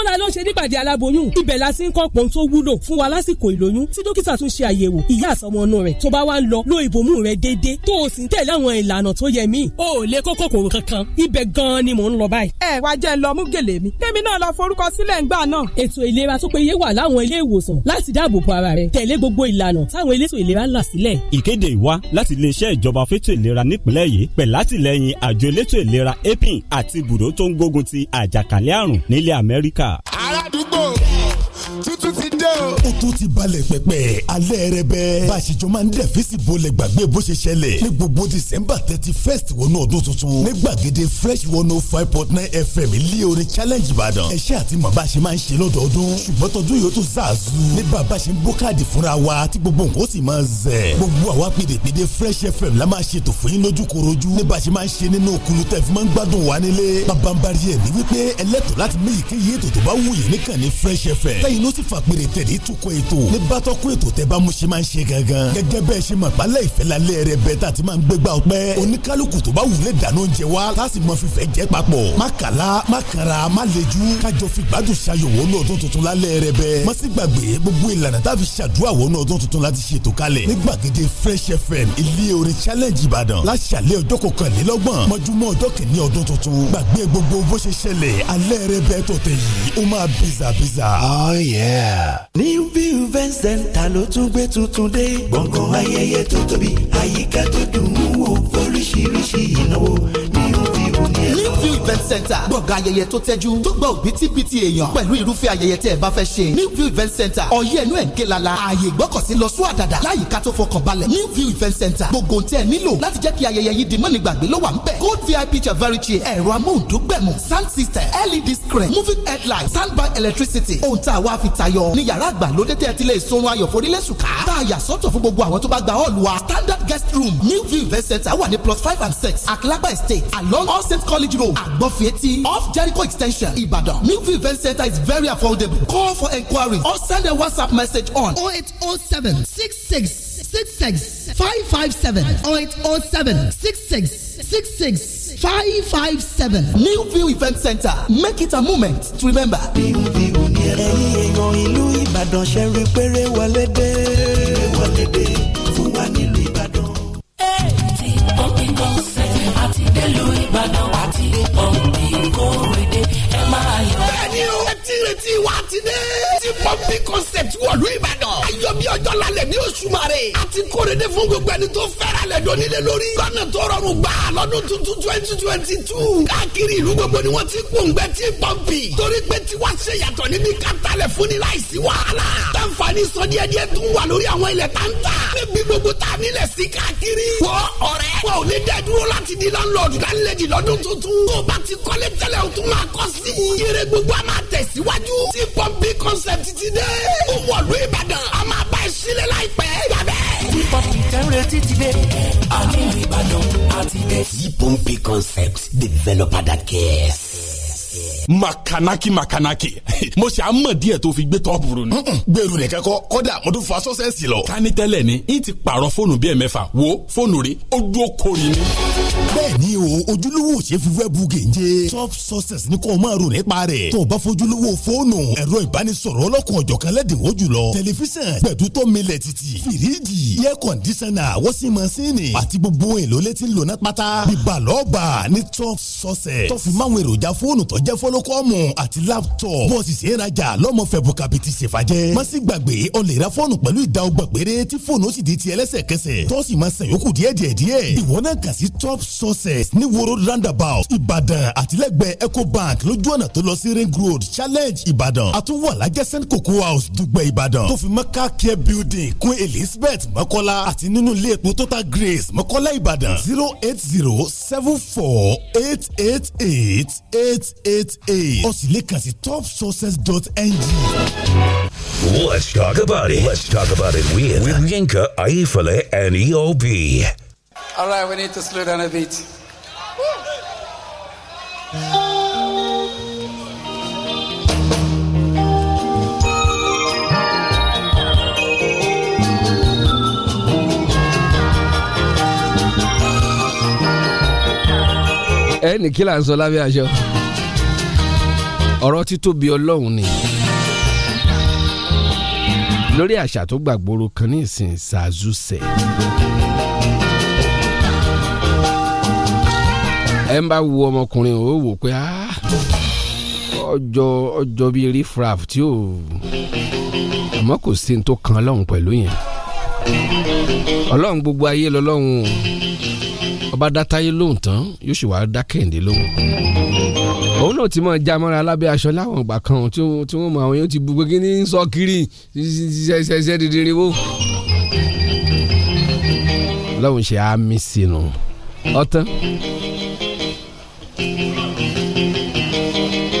Mọ́kànlá ló ń ṣe nípàdé aláboyún. Ibẹ̀ la sì ń kọ́ pọ́n tó wúlò fún wa lásìkò ìlóyún. Tí dókítà tún ṣe àyẹ̀wò ìyá àsọmọnú rẹ̀ tó bá wá ń lọ lo ìbomú rẹ̀ déédéé tó o sì ń tẹ̀lé àwọn ìlànà tó yẹ mí. O ò lè kó kòkòrò kankan. Ibẹ̀ gan-an ni mò ń lọ báyìí. Ẹ wá jẹ́ lọ mú gèlè mi. Kémi náà lọ forúkọ sílẹ̀ ńgbà náà. Ètò ìlera tó péye wà láwọn ilé ìwòsàn láti dáàbò ara rẹ̀. Tẹ̀lé gbogbo ìlànà táwọn elétò ìlera là sílẹ̀. Ìkéde ìwá láti iléeṣẹ́ ìjọba fétò ìlera nípìnlẹ̀ yìí pẹ̀lú àtìlẹ́yìn àjọ elétò ìlera APIN àti ibùdó tó ń gbógun ti àjàkálẹ̀ àrùn nílẹ̀ Amẹ́ríkà. Nàìjíríà. Aládùúgbò o. ó tún ti balẹ̀ pẹ́pẹ́ alẹ́ rẹ bẹ́ẹ̀. bá a ṣe jọ máa ń dẹ̀ fèsì bolẹ̀ gbàgbé bó ṣe ṣẹlẹ̀ ní gbogbo december thirty first wọnú ọdún tuntun ní gbàgede fresh one oh five point nine fm ilé orin challenge ìbàdàn ẹ̀ṣẹ́ àti mọ̀ bá a ṣe máa ń ṣe lọ́dọọdún ṣùgbọ́n tọdún yóò tún zàzú ní bá a bá ṣe ń bó káàdì fúnra wa tí gbogbo nǹkan ó sì máa zẹ̀ gbogbo àwa pèdèpèdè fresh fm la máa ṣètò fún yín lójúkorojú ní bá a ṣe máa ń ṣe nínú òkulu tẹ̀ fi máa ń gbádùn fresh fm tẹ́yìn ló sì tẹ̀lé tukọ̀ ètò ní bátọ́kùn ètò tẹ́ bá mú ṣe máa ń ṣe gangan gẹ́gẹ́ bẹ́ẹ̀ ṣe mọ̀ pálẹ̀ ìfẹ́ lálẹ́ rẹ bẹ́ẹ̀ tá a ti máa ń gbégbá ọpẹ́ oníkálukú tó bá wulẹ̀ dáná jẹ wá láti mọ fífẹ́ jẹ́ papọ̀ má kàlá má kàrà má lejú kájọ fi gbádùn ṣayọ̀wọ́ ní ọdún tuntun lálẹ́ rẹ bẹ́ẹ̀ má sì gbàgbé gbogbo ìlànà Fresh FM ilé orin challenge Ìbàdàn láṣàlẹ̀ ọjọ́ kọkànlélọ́gbọ̀n mọ́júmọ́ ọjọ́ kìíní ọdún tuntun gbàgbé tó tẹ̀ yìí ó máa bíza bíza. Oh yeah. New View Event Center ló tún gbé tuntun dé. gbọ̀ngàn ayẹyẹ tó tóbi àyíká tó dùn ún wò fóríṣiríṣi ìnáwó òun ni event center gbọ̀ngàn ayẹyẹ tó tẹ́jú tó gba òbítíbitì èèyàn pẹ̀lú irúfẹ́ ayẹyẹ tẹ́ ẹ bá fẹ́ ṣe. Newview event center ọ̀yẹ́ ẹnu ẹ̀ ń ké lala ààyè ìgbọ́kọ̀sí lọ sún àdàdà láyìíká tó fọkàn balẹ̀. Newview event center gbogbo tẹ́ ẹ nílò láti jẹ́ kí ayẹyẹ yìí di mọ́nìgbàgbé ló wà ń bẹ̀. gold vip chavari chair ẹ̀rọ amóhùndógbẹ̀mù sound system led screen moving headlight standby electricity ohun tá a wá fi tayọ ní yàrá àgbàlódé tẹ́ ẹ ti lè sunrun ayọ̀ forílẹ̀sùká tá a yà sọ́tọ̀ fún gbogbo àwọn tó standard guest room Newview event center wà plus five and six àkìlágbà estate along all state college road agbofieti off jericho extension ibadan milview event center is very affordable call for enquiry or send a whatsapp message on 0807 66 66 0807 66 66 557 event center make it a moment to remember. ẹ̀yin èèyàn ìlú ìbàdàn ṣe rí péré wọlé dé wọlé dé fún wa nílùú ìbàdàn. Hey! délùú Ìbàdàn àti ọ̀hún kórìdé ẹ máa yọ. bẹ́ẹ̀ni o ẹ ti retí wa ti dé pọ́ńpì concept wọ̀lú ìbàdàn. ayọ̀ bí ọjọ́ lálẹ́ ní oṣù mare. a ti kóre de fún gbogbo to tó fẹ́ràn lẹ̀ le lori. lọ́nà tó rọrùn gbà lọ́dún tuntun twenty twenty two. káàkiri ìlú gbogbo ni wọ́n ti gbòǹgbẹ́ tí pọ́ńpì. torí pé tiwa mi yàtọ̀ níbi kátàlẹ̀ fún ní láìsí wàhálà. táǹfààní sọ díẹ̀ díẹ̀ tún wà lórí àwọn ilẹ̀ táǹtà. níbi gbogbo tá a nílẹ̀ sí káàkiri. wọ ọ̀rẹ́ wọn ò ní dẹ́ dúró láti di landlord lálẹ́dì lọ́dún tuntun. tó o bá ti kọ́lé o tún máa kọ́ sí i. yẹrẹ gbogbo a concept ti dé. ó wọ̀lú ìbàdàn a máa bá ẹ sílẹ̀ láìpẹ́ yàbẹ́. hip-hop tẹ́rẹ̀ títí dé. àní ìbàdàn àti dé. yìí pọ́ńpì concept developer that cares makanaki makanaki [LAUGHS] mo ṣe àmọ̀ díẹ̀ tó fi gbé tọ́pù rò ni. gbèrú nìkan kọ kọ́dà mo tún fa sọ́sẹ̀sì lọ. kání tẹ́lẹ̀ ni n ti pààrọ̀ fóònù bíi ẹ̀mẹ́fà wo fóònù rí ó dúró kori ni. bẹ́ẹ̀ni o ojúlówó ṣe fi wẹẹbù gèje top success ni kò máa rò nípa rẹ̀ tó o bá fojúlówó fóònù ẹ̀rọ ìbánisọ̀rọ̀ ọlọ́kùn ọ̀jọ̀kan lẹ́dínwó jùlọ tẹlifíṣàn gbẹdutọ milẹ titi firiji iye kọndisana wọ́sí masini àti gbogbo èlò létí lónà pátá bíbalọ́ọ̀bà ní top success tó fi máwọn èròjà fóònù jẹ́ fọlọ́kọ́mù àti laptop bọ́ọ̀sì ṣe é rajà lọ́mọ fẹ̀bù kàbìtì ṣèfàjẹ́ má sì gbàgbé ọ lè ra fọ́ọ̀nù pẹ̀lú ìdá ọgbà péré tí fóònù ó sì di ti ẹlẹ́sẹ̀kẹsẹ̀ tọ́sí máa san yòókù díẹ̀díẹ̀ díẹ̀ ìwọ náà kà sí top sources ní woro roundabout ìbàdàn àtìlẹ́gbẹ̀ẹ́ ecobank lójú ọ̀nà tó lọ sí ring road challenge ìbàdàn àtúwọ̀ alájẹsẹ́ni cocoa house dùgbẹ̀ ìbàdàn tó fi mẹ́ka care building kún elizabeth mọ́kọ́lá àti nínú ilé epo total grace mọ́kọ́lá ìbàdàn zero eight zero seven four eight eight eight eight eight. topsources.ng. Let's talk about it. Let's talk about it with, with Yinka, Aifale, and EOB. All right, we need to slow down a bit. ẹnì kí là ń sọ lábẹ́ aṣọ. ọ̀rọ̀ títóbi ọlọ́run ni lórí àṣà tó gbàgbóró kan ní ìsìn ṣàzùsẹ̀. ẹ ń bá wo ọmọkùnrin ò wò pé ọjọ́ ọjọ́ bíi riffraff tí ò àmọ́ kò sí ní tó kan ọlọ́run pẹ̀lú yẹn ọlọ́run gbogbo ayé lọ́lọ́run ọba dátayé lóhùn tán yóò sì wá dá kẹ́hìndé lóhùn òun náà ti mọ jamọ́ra lábẹ́ aṣọ láwọn ìgbà kan tí wọ́n mọ àwọn yóò ti bu gbégé ní sọ kiri ṣẹṣẹ dídírí wo. lọ́hùn ṣe àmì sínú ọ̀tán.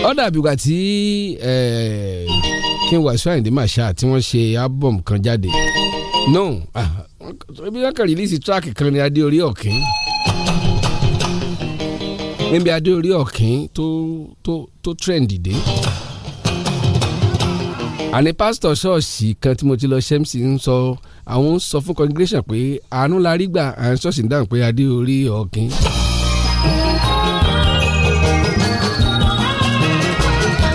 ó dàbí ìgbà tí kí n Wasiu Ayinde Marshal tí wọ́n ṣe album kan jáde no ah, ibi wọn kàn rìlíìsì tíráàkì kan ní adé orí ọ̀kìn. Okay níbi adé orí ọ̀kín tó tó tó trend dé àní pásítọ̀ ṣọ́ọ̀ṣì kan tí mo ti lọ ṣẹ́mísì ń sọ àwọn ń sọ fún congregation pé àánú la rí gbà à ń ṣọ́ọ̀ṣì ń dáhùn pé adé orí ọ̀kín.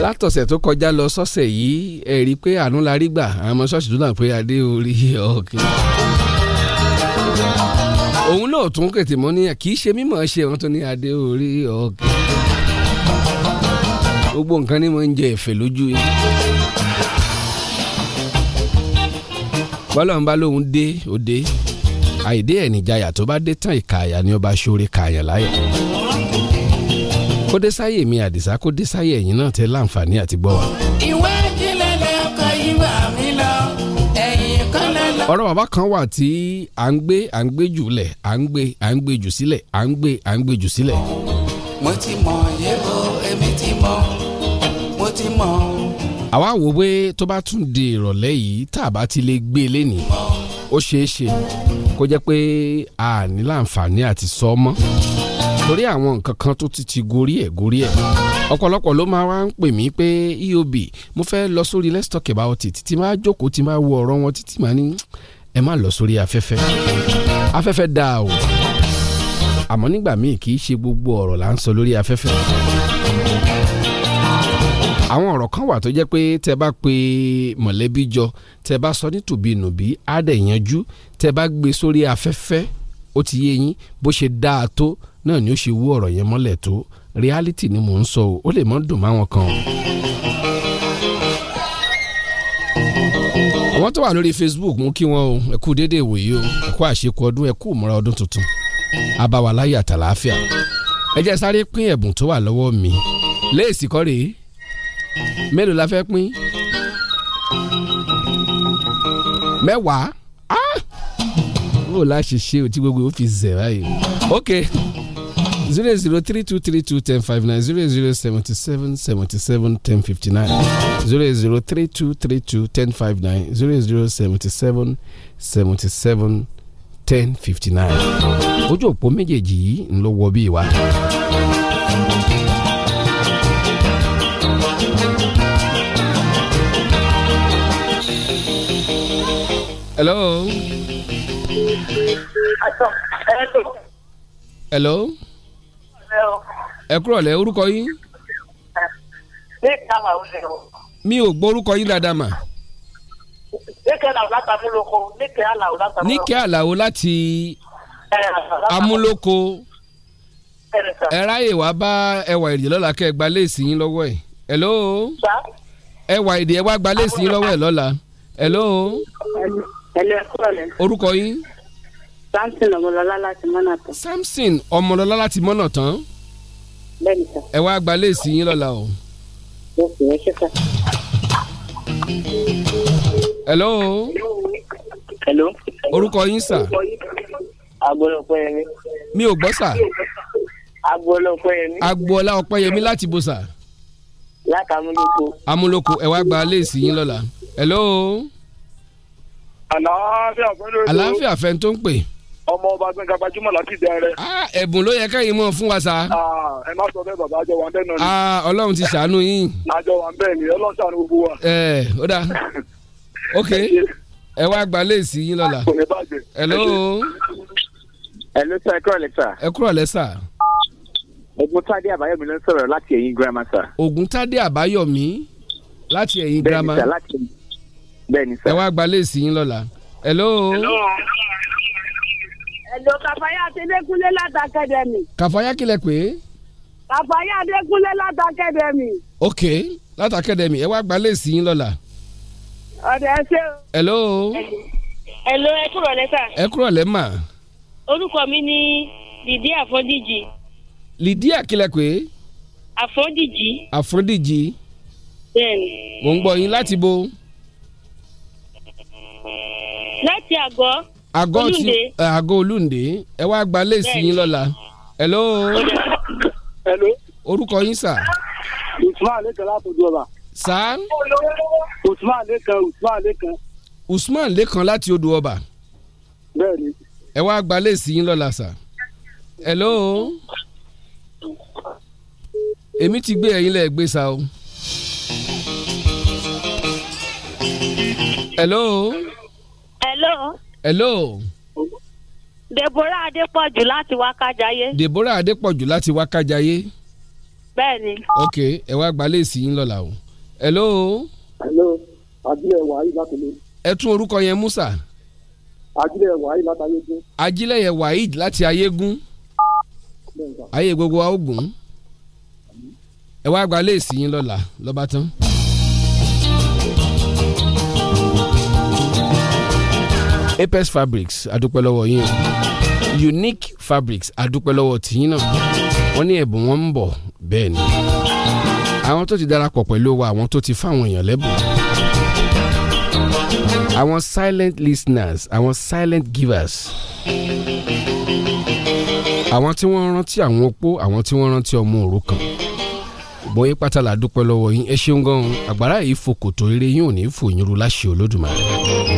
látọ̀sẹ̀ tó kọjá lọ sọ́sẹ̀ yìí ẹ̀ rí i pé àánú la rí gbà àwọn ọmọ ṣọ́ọ̀ṣì tó dáhùn pé adé orí ọ̀kín òun náà tún kètè mọ́ níyà kì í ṣe mímọ̀ ṣe wọn tó ní adé orí ọ̀kẹ́ gbogbo nǹkan ni mo ń jẹ ẹ̀fẹ̀ lójú yìí. bọ́lọ̀ ń bá lóun dé òde àìdé ẹ̀ níjàyà tó bá dé tán ìkààyà ni ọba ṣoore kààyàn láyà kó dé sáyè mi àdìsá kó dé sáyè ẹ̀yìn náà tẹ láǹfààní àti gbọ́ wa. ìwé ìjìnlẹ̀ lẹ́kọ̀ọ́ yìí bá mi ọ̀rọ̀ bàbá kan wà tí à ń gbé à ń gbé jù lẹ̀ à ń gbé à ń gbé jù sílẹ̀ à ń gbé à ń gbé jù sílẹ̀. mo ti mọ yẹ́bọ èmi ti mọ mo ti mọ. àwa wò pé tó bá tún di ìrọ̀lẹ́ yìí tá a bá ti lè gbé e lénìí ó ṣeé ṣe kó jẹ́ pé a ní láǹfààní àti sọ ọ́ mọ́ torí àwọn nǹkan kan tó ti ti gorí ẹ̀ gorí ẹ̀ ọ̀pọ̀lọpọ̀ ló máa wá ń pè mí pé eob mo fẹ́ lọ sórí let's talk about it tí máa jókòó tí máa wo ọ̀rọ̀ wọn títí máa ní ẹ má lọ sórí afẹ́fẹ́ afẹ́fẹ́ dáa o àmọ́ nígbà míì kì í ṣe gbogbo ọ̀rọ̀ là ń sọ lórí afẹ́fẹ́ àwọn ọ̀rọ̀ kan wà tó jẹ́ pé tẹ́ bá pe mọ̀lẹ́bí jọ tẹ́ bá sọ ní tùbínùbí yanjú tẹ́ bá gbé sórí afẹ́fẹ́ ó ti yé yín bó ṣe dáa tó náà ni ó ṣe wú ọ̀rọ̀ yẹn mọ́lẹ̀ tó reality ni mò ń sọ o ó lè mọ́ dùn máwọn kan àwọn tó wà lórí Facebook mú kí wọn o ẹ kú déédéé wòye o ẹ kú àṣekù ọdún ẹ kú ìmúra ọdún tuntun abawaláyé àtàlàáfíà ẹ jẹ́ sáré pín ẹ̀bùn tó wà lọ́wọ́ mi léèsì kọ́ rèé mélòó la fẹ́ pín mẹ́wàá ah! ó la ṣe o tí gbogbo ó fi zẹ̀ báyìí ok zero zero three two three two ten five nine zero zero seventy seven seventy seven ten fifty nine zero zero three two three two ten five nine zero zero seventy seven seventy seven ten fifty nine ojú òpó méjèèjì yìí ń lọ wọ bí wa. hello. hello. hello? ẹ kúrọ̀lẹ́ orúkọ yín. mi ò gbọ́ orúkọ yín dáadáa mà. níkẹ́ àlàó láti amúlòkó. níkẹ́ àlàó láti amúlòkó. níkẹ́ àlàó láti amúlòkó. ẹ ráyè wá bá ẹwà èdè lọ́la kẹ́ ẹ gba léèsì yín lọ́wọ́ ẹ̀. hello. ẹwà èdè ẹ wá gba léèsì yín lọ́wọ́ ẹ̀ lọ́la. hello. hello ẹ kúrọ̀lẹ́. orúkọ yín samson ọmọlọlá láti mọ́nà tán. samson ọmọlọlá láti mọ́nà tán. bẹ́ẹ̀ni sọ. ẹ wá gba léèsì yín lọ́la o. mo sì yẹn ṣẹ́fà. hello. hello. orúkọ yín sà. agboola ọpẹ́yẹmí. mi ò gbọ́ sà. agboola ọpẹ́yẹmí. agboola ọpẹ́yẹmí láti bo sà. láti amúlòkó. amúlòkó ẹ wá gba léèsì yín lọ́la. hello. àlàáfíà fẹ́ ló. àlàáfíà fẹ́ tó ń pè ọmọ ọba gbẹ̀ngà gbajúmọ̀ láti dẹ rẹ. ẹ̀bùn ló yẹ kẹ́yìn mọ̀ fún wa sa. ẹ má sọ bẹ́ẹ̀ bàbá àjọ wa bẹ́ẹ̀ ni. ọlọ́run ti ṣàánú yín. àjọ wa ni ọlọ́run ṣàánú gbogbo wa. ẹ ó dáa ok ẹ wá gba léèsì yín lọ́la. hello. hello sir ẹ lẹ́sà. ẹ kúrò lẹ́sà. Ògúntádé Àbáyọ̀mí ló ń sọ̀rọ̀ láti ẹ̀yìn girama sir. Ògúntádé Àbáyọ̀mí láti ẹ̀yìn girama. bẹ́ẹ̀ ni sir ẹ wá gba léèsì yín lọ́la. hello. hello ẹ̀lò kàfáyà adékúnlé láti akadẹ́mì. kàfáyà kílẹ̀ pé. kàfáyà adékúnlé láti akadẹ́mì. ok láti akadẹ́mì ẹ wá gba léèsì yín lọ́la. ọ̀dọ̀ ẹ ṣe o. hello. hello ẹ kúrọ̀ lẹ́sà. ẹ kúrọ̀ lẹ́mà. orúkọ mi ni Lydia Àfọ́ndíjì. Lydia kílẹ̀ pé. Àfọ́ndíjì. Àfọ́ndíjì. bẹ́ẹ̀ni. mò ń gbọ́ yín láti bo. láti àgọ́ àgọ́ ti àgọ́ olùndé ẹ wá gba léèsì yín lọ́la hello. hello. orúkọ yín sà. usman lẹ́kan látòjú ọba. sà. usman lẹ́kan usman lẹ́kan. usman lẹ́kan láti odò ọba. bẹ́ẹ̀ni. ẹ wá gba léèsì yín lọ́la sà. hello. èmi ti gbé ẹ̀yin lẹ́ẹ̀ gbé sa o. hello. hello hello. Deborah Adépọ̀jù láti Wákàjáyé. Deborah Adépọ̀jù láti Wákàjáyé. Bẹ́ẹ̀ni. ok ẹ wá gbalẹ̀ èsì yín lọ́la o. hello. hello ajílẹ̀ wàhálì láti lè. ẹ tún orúkọ yẹn Musa. ajílẹ̀ wàhálì láti ayégún. ajílẹ̀ yẹn wàhálì láti ayégún. ayé gbogbo wa ó gùn. ẹ wá gbalẹ̀ èsì yín lọ́la lọ́ba tán. Apex Fabrics adúpẹ́ lọ́wọ́ yín o Unique Fabrics adúpẹ́ lọ́wọ́ tìyín náà wọ́n ní ẹ̀bùn wọn ń bọ̀ bẹ́ẹ̀ ni àwọn tó ti darapọ̀ pẹ̀lú wa àwọn tó ti fáwọn èèyàn lẹ́bùn àwọn silent listeners àwọn silent givers àwọn tí wọ́n rántí àwọn opó àwọn tí wọ́n rántí ọmọ òrukàn bóyá pátálà dúpẹ́ lọ́wọ́ yín ẹ ṣeun gan-an àgbàrá yìí fò kòtò eré yín ò ní fò yín ru láṣẹ Olódùmarè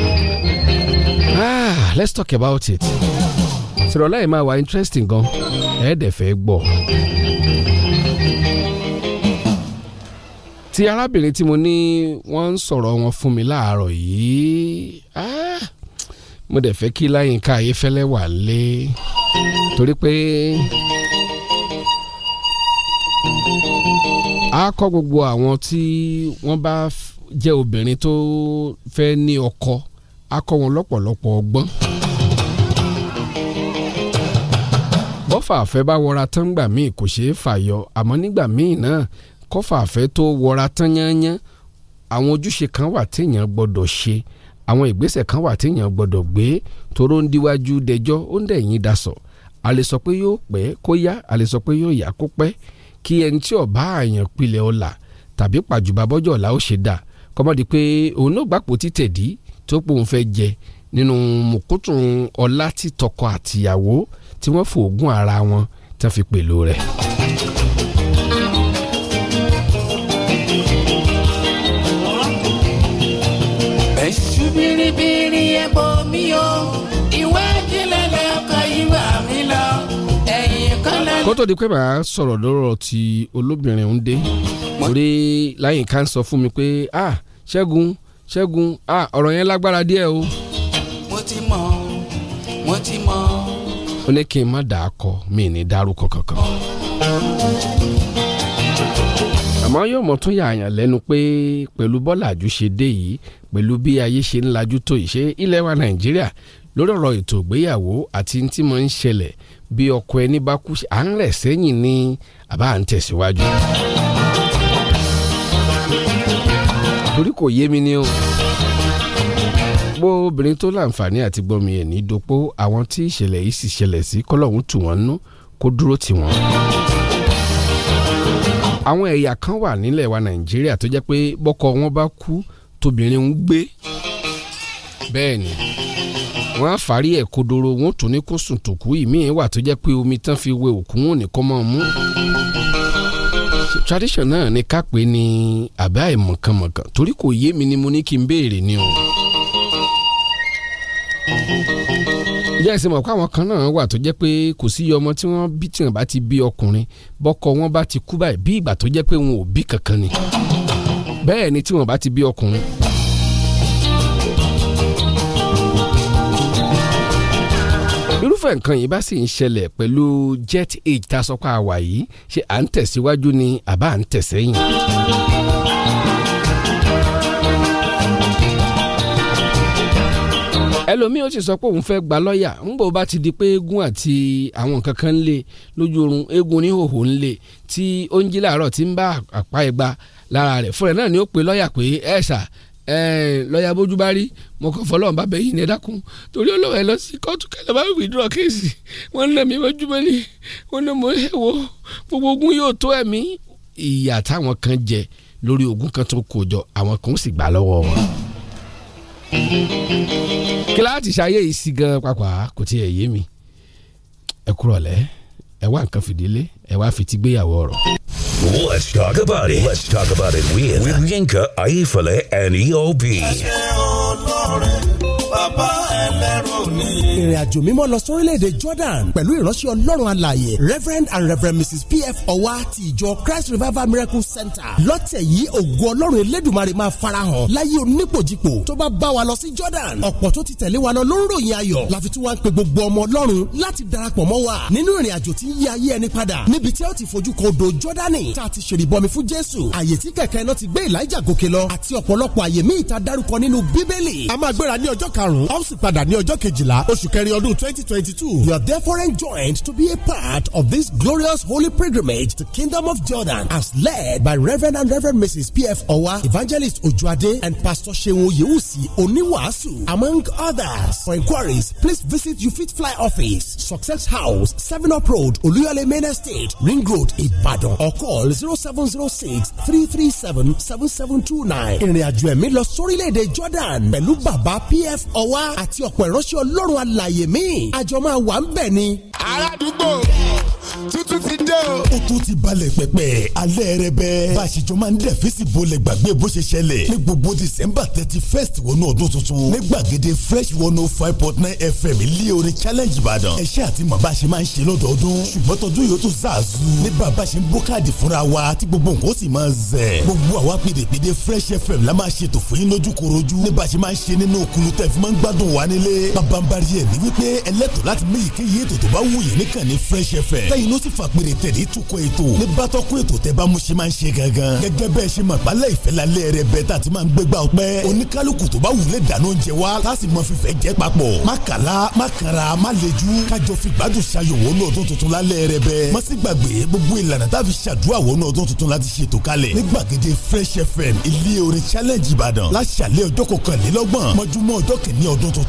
let's talk about it sọ̀rọ̀lá yìí máa wà interesting gan ẹ̀ẹ́dẹ̀ fẹ́ gbọ́. ti arábìnrin tí mo ní wọ́n ń sọ̀rọ̀ wọn fún mi láàárọ̀ yìí ah, mo dẹ̀ fẹ́ kí láyínká ayéfẹ́lẹ́ wà lé torí pé a kọ́ gbogbo àwọn tí wọ́n bá jẹ́ obìnrin tó fẹ́ ní ọkọ a kọ́ wọn lọ́pọ̀lọpọ̀ ọgbọ́n. bọ́fà àfẹ́ bá wọra tán gbà míì kò ṣeé fàyọ àmọ́ nígbà míì náà kọ́fà àfẹ́ tó wọra tán yányán àwọn ojúṣe kan wà téèyàn gbọ́dọ̀ ṣe àwọn ìgbésẹ̀ kan wà téèyàn gbọ́dọ̀ gbé toró ń díwájú dẹjọ́ ó ń dẹ̀yìn dasọ̀ a lè sọ pé yóò pẹ́ kó yá a lè sọ pé yóò yá kó pẹ́ kí ẹni tí ọ̀bá àyàn pilẹ̀ ọ̀la tàbí pàjùbà bọ́jọ́ ọ̀la ó ṣe dà kọ́mọ́dé pé òun náà gbàpò títẹ̀dí tó pòun fẹ́ jẹ nínú mùkútùn ọlá tí tọkọ àtìyàwó tí wọ́n fòógùn ara wọn tán fi pèlò rẹ̀. ẹ̀sù bìrìbìrì ẹ̀bọ̀ mi o ìwé ìjìnlẹ̀ lẹ́ọ̀kan yìí wà lọ ẹ̀yìn kọ́lá. kó tó di pé màá sọ̀rọ̀ lọ́rọ̀ tí olóbìnrin ń dé torí láyìnká ń sọ fún mi pé ah ṣẹ́gun ṣẹ́gun ah ọ̀rọ̀ yẹn lágbára díẹ̀ o. mo ti mọ̀ mo ti mọ̀ ó ní kí n má dà á kọ mi ní dárúkọ kankan. àmọ́ yóò mọ̀ tún yààyàn lẹ́nu pé pẹ̀lú bọ́làjú ṣe dé yìí pẹ̀lú bí ayé ṣe ń lajú tó yìí ṣe ilẹ̀ wa nàìjíríà lórí ọ̀rọ̀ ètò ìgbéyàwó àti tí mo ń ṣẹlẹ̀ bí ọkọ ẹni bá kú à ń rẹ̀ sẹ́yìn ní àbá à ń tẹ̀síwájú. torí kò yé mi ni o gbogbo obìnrin tó láǹfààní àti gbọ́mi ẹ̀ ní dopó àwọn tí ìṣẹ̀lẹ̀ yìí sì ṣẹlẹ̀ sí kọ́lọ́hún tù wọ́n nú kó dúró tì wọ́n. àwọn ẹ̀yà kan wà nílẹ̀ wa nàìjíríà tó jẹ́ pé bọ́kọ wọn bá kú tóbìnrin ń gbé bẹ́ẹ̀ ni wọ́n á fárí ẹ̀ kodoro wọ́n tún ní kó sùn tòkú ìmíín wà tó jẹ́ pé omi tán fi wẹ òkú wọn ní kó máa mú tradition náà ni ká pè ní àbá ìmọ̀kànmọ̀kàn torí kò yé mi ni mo ní kí n béèrè ni o jẹ́ ẹ̀sìn mọ̀ pé àwọn kan náà wà tó jẹ́ pé kò sí ọmọ tí wọ́n bí tí wọ́n bá ti bí ọkùnrin bọ́kọ wọn bá ti kú báyìí bí ìgbà tó jẹ́ pé wọn ò bí kankan ni bẹ́ẹ̀ ni tí wọ́n bá ti bí ọkùnrin. irúfẹ́ nǹkan yìí bá sì ń ṣẹlẹ̀ pẹ̀lú jet age tá a sọ pé a wà yìí ṣé à ń tẹ̀síwájú ni àbá à ń tẹ̀sẹ́yìn. ẹlòmíì ó sì sọ pé òun fẹ́ gba lọ́ọ̀yà ń bò bá ti di pé eégún àti àwọn kankan ń le lójú oorun eégún oníhòòhò ń le tí ó ń jí làárọ̀ tí ń bá àpá ẹgba lára rẹ̀ fúnra náà ni ó pe lọ́ọ̀yà pé ẹ̀ sà lọ́ọ̀yà bójú bá rí mo kàn fọlọ́run bá bẹ̀ yín ní ẹ̀dákun torí ọlọ́wọ́ ẹ lọ sí kóòtù kẹlẹ́ bá withdraw kéèsì wọ́n ń lẹ̀ mí mọ́júmọ́ ni wọ́n ní mo ṣe wo gbogbo ogun yóò tó ẹ̀mí ìyà táwọn kan jẹ lórí ogun kan tó kó àwọn kan ó sì gbà lọ́wọ́ wọn kí láti ṣayé yìí sí gan pàápàá kò tiẹ̀ yé mi ẹ kúrọ̀ lẹ́ ẹ wá nǹkan fìdílé ẹ wá fi ti gbéyàwó ọ̀rọ̀. Let's talk about it. Let's talk about it with, with Yinka Ayifale and EOB. ẹ ṣe ọlọ́rẹ̀ bàbá ẹlẹ́rù òní. ìrìnàjò mímọ́ lọ sórílẹ̀-èdè Jordan pẹ̀lú ìránṣẹ́ Ọlọ́run alààyè Reverend and Reverend Mrs P.F. Ọwa ti ìjọ Christ Revival Miracle Center lọ́tẹ̀ yìí ògo Ọlọ́run Elédùmarè máa farahàn láyé onípòjìpò tó bá bá wa lọ sí Jordan ọ̀pọ̀ tó ti tẹ̀lé wa lọ ló ń ròyìn ayọ̀ láfi tí wọ́n ń pe gbogbo ọmọ Ọlọ́run láti darapọ̀ mọ́ wa nínú ìrìnàjò tí ń yí ayé ẹni padà níbi tí ó ti fojú kan odò Jọ́dánì tá a ti ṣèrìbọmi fún Jésù àyè tí kẹ̀kẹ́ náà ti gbé Èlíjà gòkè lọ àti ọ̀pọ̀lọpọ̀ àyè míì ta dárúkọ nínú Bíbélì a máa gbéra ní ọjọ́ karùn-ún ó sì pad padà ní ọjọ́ kejìlá oṣù kẹrin ọdún twenty twenty two you are therefore enjoined to be a part of this glorious holy pilgrimage to kingdom of Jordan as led by Reverend and Reverend Mrs. P.F. Owa Evangelist Ojuade and Pastor Seun Yewusi Oniwasu among others. For inquiries please visit Ufit Fly office Success House Seven Up Road Oluyale Main Estate Ring Road Ibadan or call zero seven zero six three three seven seven seven two nine. Ìrìnàjò ẹ̀mí lọ sórílẹ̀-èdè Jordan pẹ̀lú bàbá P.F. Owa àti ọ̀pọ̀lọpọ̀ ìránṣẹ́ ọlọ́run alàyè míì àjọ máa wà ń bẹ̀ ni. aládùúgbò tuntun ti dé o. ó tún ti balẹ̀ pẹ́pẹ́ alẹ́ rẹ bẹ́ẹ́. bá a ṣe jọ máa ń dẹ̀ fèsì bolẹ̀ gbàgbé bó ṣe ṣẹlẹ̀. ní gbogbo december thirty first wọnú ọdún tuntun. ní gbàgede fresh one oh five point nine fm ilé orin challenge ìbàdàn. ẹ̀ṣẹ́ àti mọ̀ bá a ṣe máa ń ṣe lọ́dọọdún. ṣùgbọ́n tọdún yóò tún ṣàzù. ní bá a bá ṣe ń bó káàdì fúnra wa tí gbogbo nǹkan ó sì máa zẹ̀. gbogbo àwa pèdèpèdè fresh fm la máa ṣètò fún yín lójúkorojú. ní bá a ṣe máa ń ṣe nínú òkulu nílé babambari ẹ̀ ní wípé ẹlẹ́tọ̀ láti mú ìkéyìí ètò tó bá wù yín nìkan ní fresh fm tẹ́yìn ló sì fàpèrè tẹ̀lé tukọ̀ ètò ní bátọ́kùn ètò tẹ́ bá mú ṣe máa ń ṣe gangan gẹ́gẹ́ bẹ́ẹ̀ ṣe mọ̀ pálẹ̀ ìfẹ́ lálẹ́ rẹ bẹ́ẹ̀ tá a ti máa ń gbégbá ọpẹ́ oníkálukú tó bá wùlé dáná oúnjẹ wa láti mọ fífẹ́ jẹ́ papọ̀ má kàlá má kàrà má lejú kájọ fi gbádùn ṣayọ̀wọ́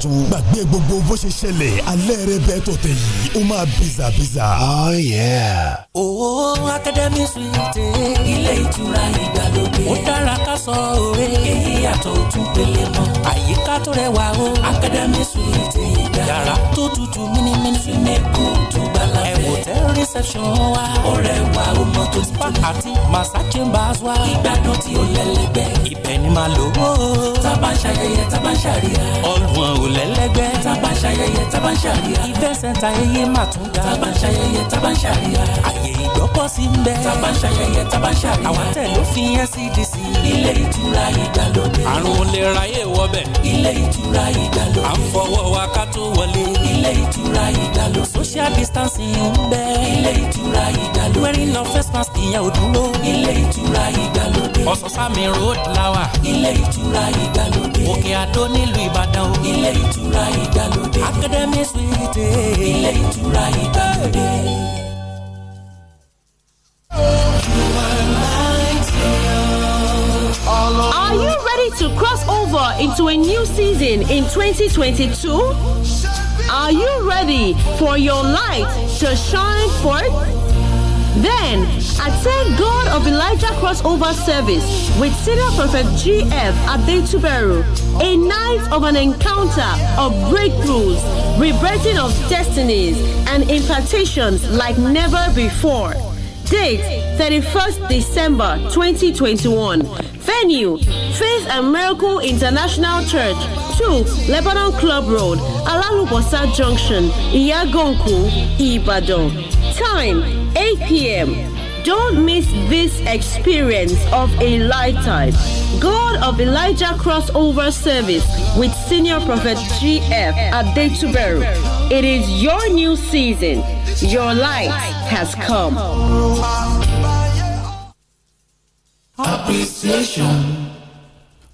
tuntun gbàgbé gbogbo bó ṣe ṣẹlẹ̀ alẹ́ rẹ bẹ́ẹ̀ tó tẹ̀ yìí ó máa bìzà bìzà. oh yeah. owó oh, akademi suwite ilé ìtura ìgbàlódé ó dára ká sọ òwe èyí yàtọ̀ òtún pélé mọ́ àyíká tó rẹwà o akademi yàrá tó tutù mímímí. sinéku tó bá la fẹ́. ẹ wò wa. ọ̀rẹ́ wa ó mọ tó ti tó. àti massa chambers wa. ìgbádùn tí ó lẹ́lẹ́gbẹ́. ibẹ̀ ni màá lò tábà ń ṣayẹyẹ tábà ń ṣàríyá. ọ̀gbun ò lẹ́lẹ́gbẹ́. tábà ń ṣayẹyẹ tábà ń ṣàríyá. ìfẹ́ sẹ́ńtà ẹyẹ mà tún ga. tábà ń ṣayẹyẹ tábà ń ṣàríyá. àyè ìgbọ́pọ̀ sí ń bẹ. tábà ń ṣayẹyẹ tábà ń ṣàríyá. àwọn wọ̀ wá ká tó wọlé. ilé ìtura ìdàlú. social distancing ń bẹ. ilé ìtura ìdàlú. wearing no face mask ìyẹn ò dúró. ilé ìtura ìdàlú. ọ̀sánsámi road lawa. ilé ìtura ìdàlú. òkè àdó nílùú ìbàdàn o. ilé ìtura ìdàlú. academy suite. ilé ìtura ìdàlú. to cross over into a new season in 2022? Are you ready for your light to shine forth? Then attend God of Elijah crossover service with Senior Prophet GF at Deituberu. A night of an encounter of breakthroughs, rebirthing of destinies, and impartations like never before. Date 31st December 2021. Venue Faith and Miracle International Church, 2 Lebanon Club Road, Alalubosa Junction, Iyagonku, Ibadan. Time 8 p.m. Don't miss this experience of a lifetime. God of Elijah crossover service with Senior Prophet GF at Daytuberu. It is your new season. Your light has come. Appreciation.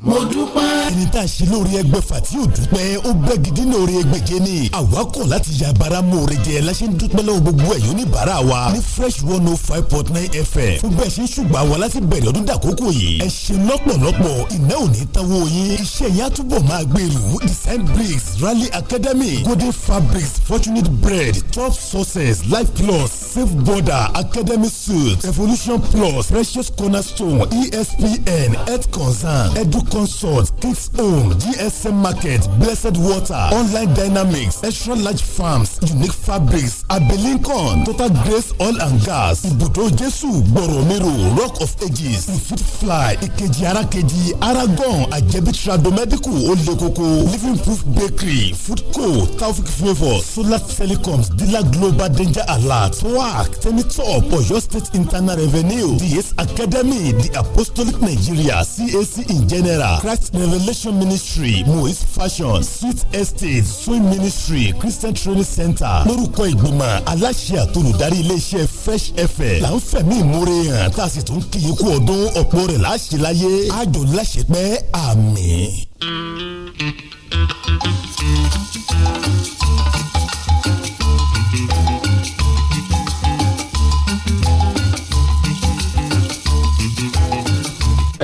mo dúpẹ́. ẹni tá a ṣe lórí ẹgbẹ́fà tí yóò dúpẹ́ ó bẹ́ gidi lórí ẹgbẹ̀je ni àwa kọ̀ láti ya bara mòore jẹ láṣẹ dúpẹ́ lọ́wọ́ gbogbo ẹ̀yọ́ ní bàárà wa ní fresh one oh five point nine fm fún bẹ́ẹ̀ ṣe ń ṣùgbọ́n wa láti bẹ̀rẹ̀ ọdún dàkókò yìí ẹ ṣe lọ́pọ̀lọpọ̀ iná ò ní tanwó yín iṣẹ́ yẹn túbọ̀ máa gbèrú design bricks rally academy golden fabrics fortunate bread top sources life plus safe border academy Suit, evolution plus precious cornerstone espn health concern educ consort kids home gsm market blessed water online dynamics extra large farms unique fabrics abelincon total grace oil and gas ibùdó Jesu, gbọ̀rọ̀mìrò rock of ages food fly ìkejì arakeji aragon ajẹbi trado medical olekoko living proof bakery food co taufik favour solar telecoms dila global danger alert twac tenitop oyo state internal revenue ds academy the apostolic nigeria cac in general naira christ revelation ministry moise fashion sweet estate swing ministry christian training center lórúkọ ìgbìmọ̀ aláṣẹ àtolùdarí iléeṣẹ́ fresh fm là ń fẹ̀mí ìmúre hàn tá a sì tún kì í kú ọdún ọ̀pọ̀ rẹ̀ láṣẹ láyé àjò láṣẹ pẹ́ àmín.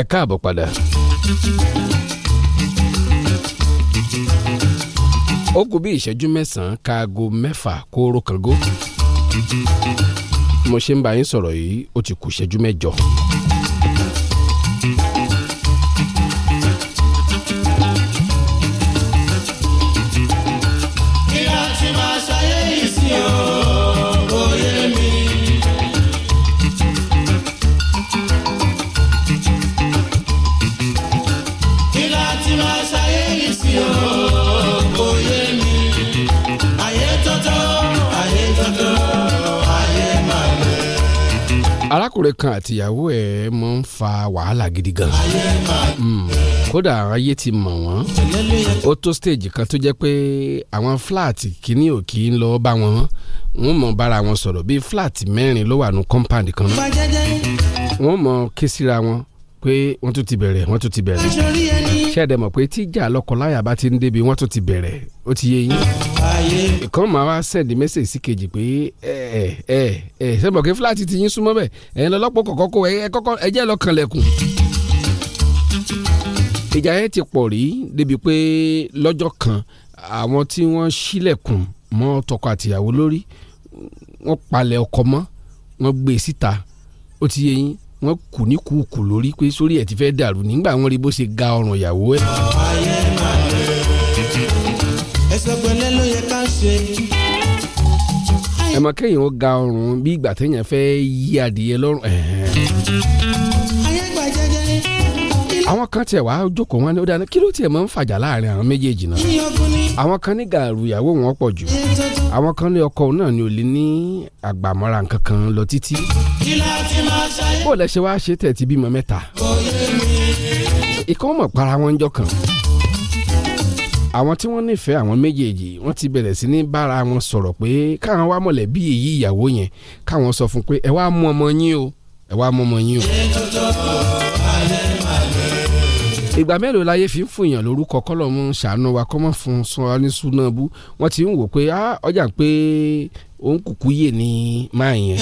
ẹ káàbọ̀ padà ó kù bí ìṣẹ́jú mẹ́sàn-án kaago mẹ́fà kóró kango mo ṣe ń bá yín sọ̀rọ̀ yìí ó ti kù ìṣẹ́jú mẹ́jọ. arákùnrin kan àtìyàwó ẹ̀ máa ń fa wàhálà gidi gan hmm. kódà ayé ti mọ̀ wọ́n ó tó stage kan tó jẹ́ pé àwọn fúláàtì kìíní ò kì í lọ bá wọn wọ́n mọ̀ bára wọn sọ̀rọ̀ bíi fúláàtì mẹ́rin ló wà ní compound kan náà wọ́n mọ̀ ké síra wọn pé wọ́n tún ti bẹ̀rẹ̀ wọ́n tún ti bẹ̀rẹ̀ ṣẹ́ẹ̀dẹ̀ mọ̀ pé tíjà lọ́kọláya bá ti ń débi wọ́n tún ti bẹ̀rẹ̀ ó ti yé yín ayé. ìkọ́ máa wá sẹ́ndí mẹ́sẹ̀ sí kejì pé ẹ ẹ ẹ sẹ́mọ̀ kí fúláàtì ti yín súnmọ́ bẹ̀ ẹ̀yin lọ́lọ́pọ̀ kọ̀kọ́ kó ẹ kọ́kọ́ ẹ jẹ́ lọ kànlẹ̀kùn. ìjà yẹn ti pọ̀ rí débi pé lọ́jọ́ kan àwọn tí wọ́n ṣílẹ̀kùn mọ́ tọkọ àtìyàwó lórí wọ́n palẹ̀ ọkọ mọ́ wọ́n gbé e síta ó ti yẹ yín wọ́n kù ní kùkù lórí pé sórí ẹ̀ ti fẹ́ dàrú nígbà wọ́n rí bó ṣe ga ọrùn ìyàwó ẹ̀. ẹsẹ̀ pẹ̀lẹ́ ẹ mọ kéèyàn ó ga ọrùn bí ìgbà téèyàn fẹ́ yí adìyẹ lọ́rùn àwọn kan tiẹ̀ wá jókòó wọn ni ó dáná kí ló tiẹ̀ máa ń fàjà láàrin àwọn méjèèjì náà àwọn kan ní gàrú ìyàwó wọn pọ̀ jù àwọn kan ní ọkọ náà ni ò lè ní àgbàmọ́ra nǹkan kan lọ títí bó lẹ ṣe wá ṣe tẹ̀ ti bímọ mẹ́ta ìkọ́ mọ̀ para wọn jọ kan àwọn tí wọ́n nífẹ̀ẹ́ àwọn méjèèjì wọ́n ti bẹ̀rẹ̀ sí ní bára wọn sọ̀rọ̀ pé káwọn wá mọ̀lẹ́bí èyí ìyàwó yẹn káwọn sọ fún pé ẹ wá mú ọmọ yín o ẹ wá mú ọmọ yín o. ìgbà mélòó láyé fi ń fún èèyàn lórúkọ kọ́lọ́mù ṣàánú wa kọ́mọ́ fún sọ́ọ́ ní sunabu ti ń wò pé ọjà pé òun kùkú yè ní máa yẹn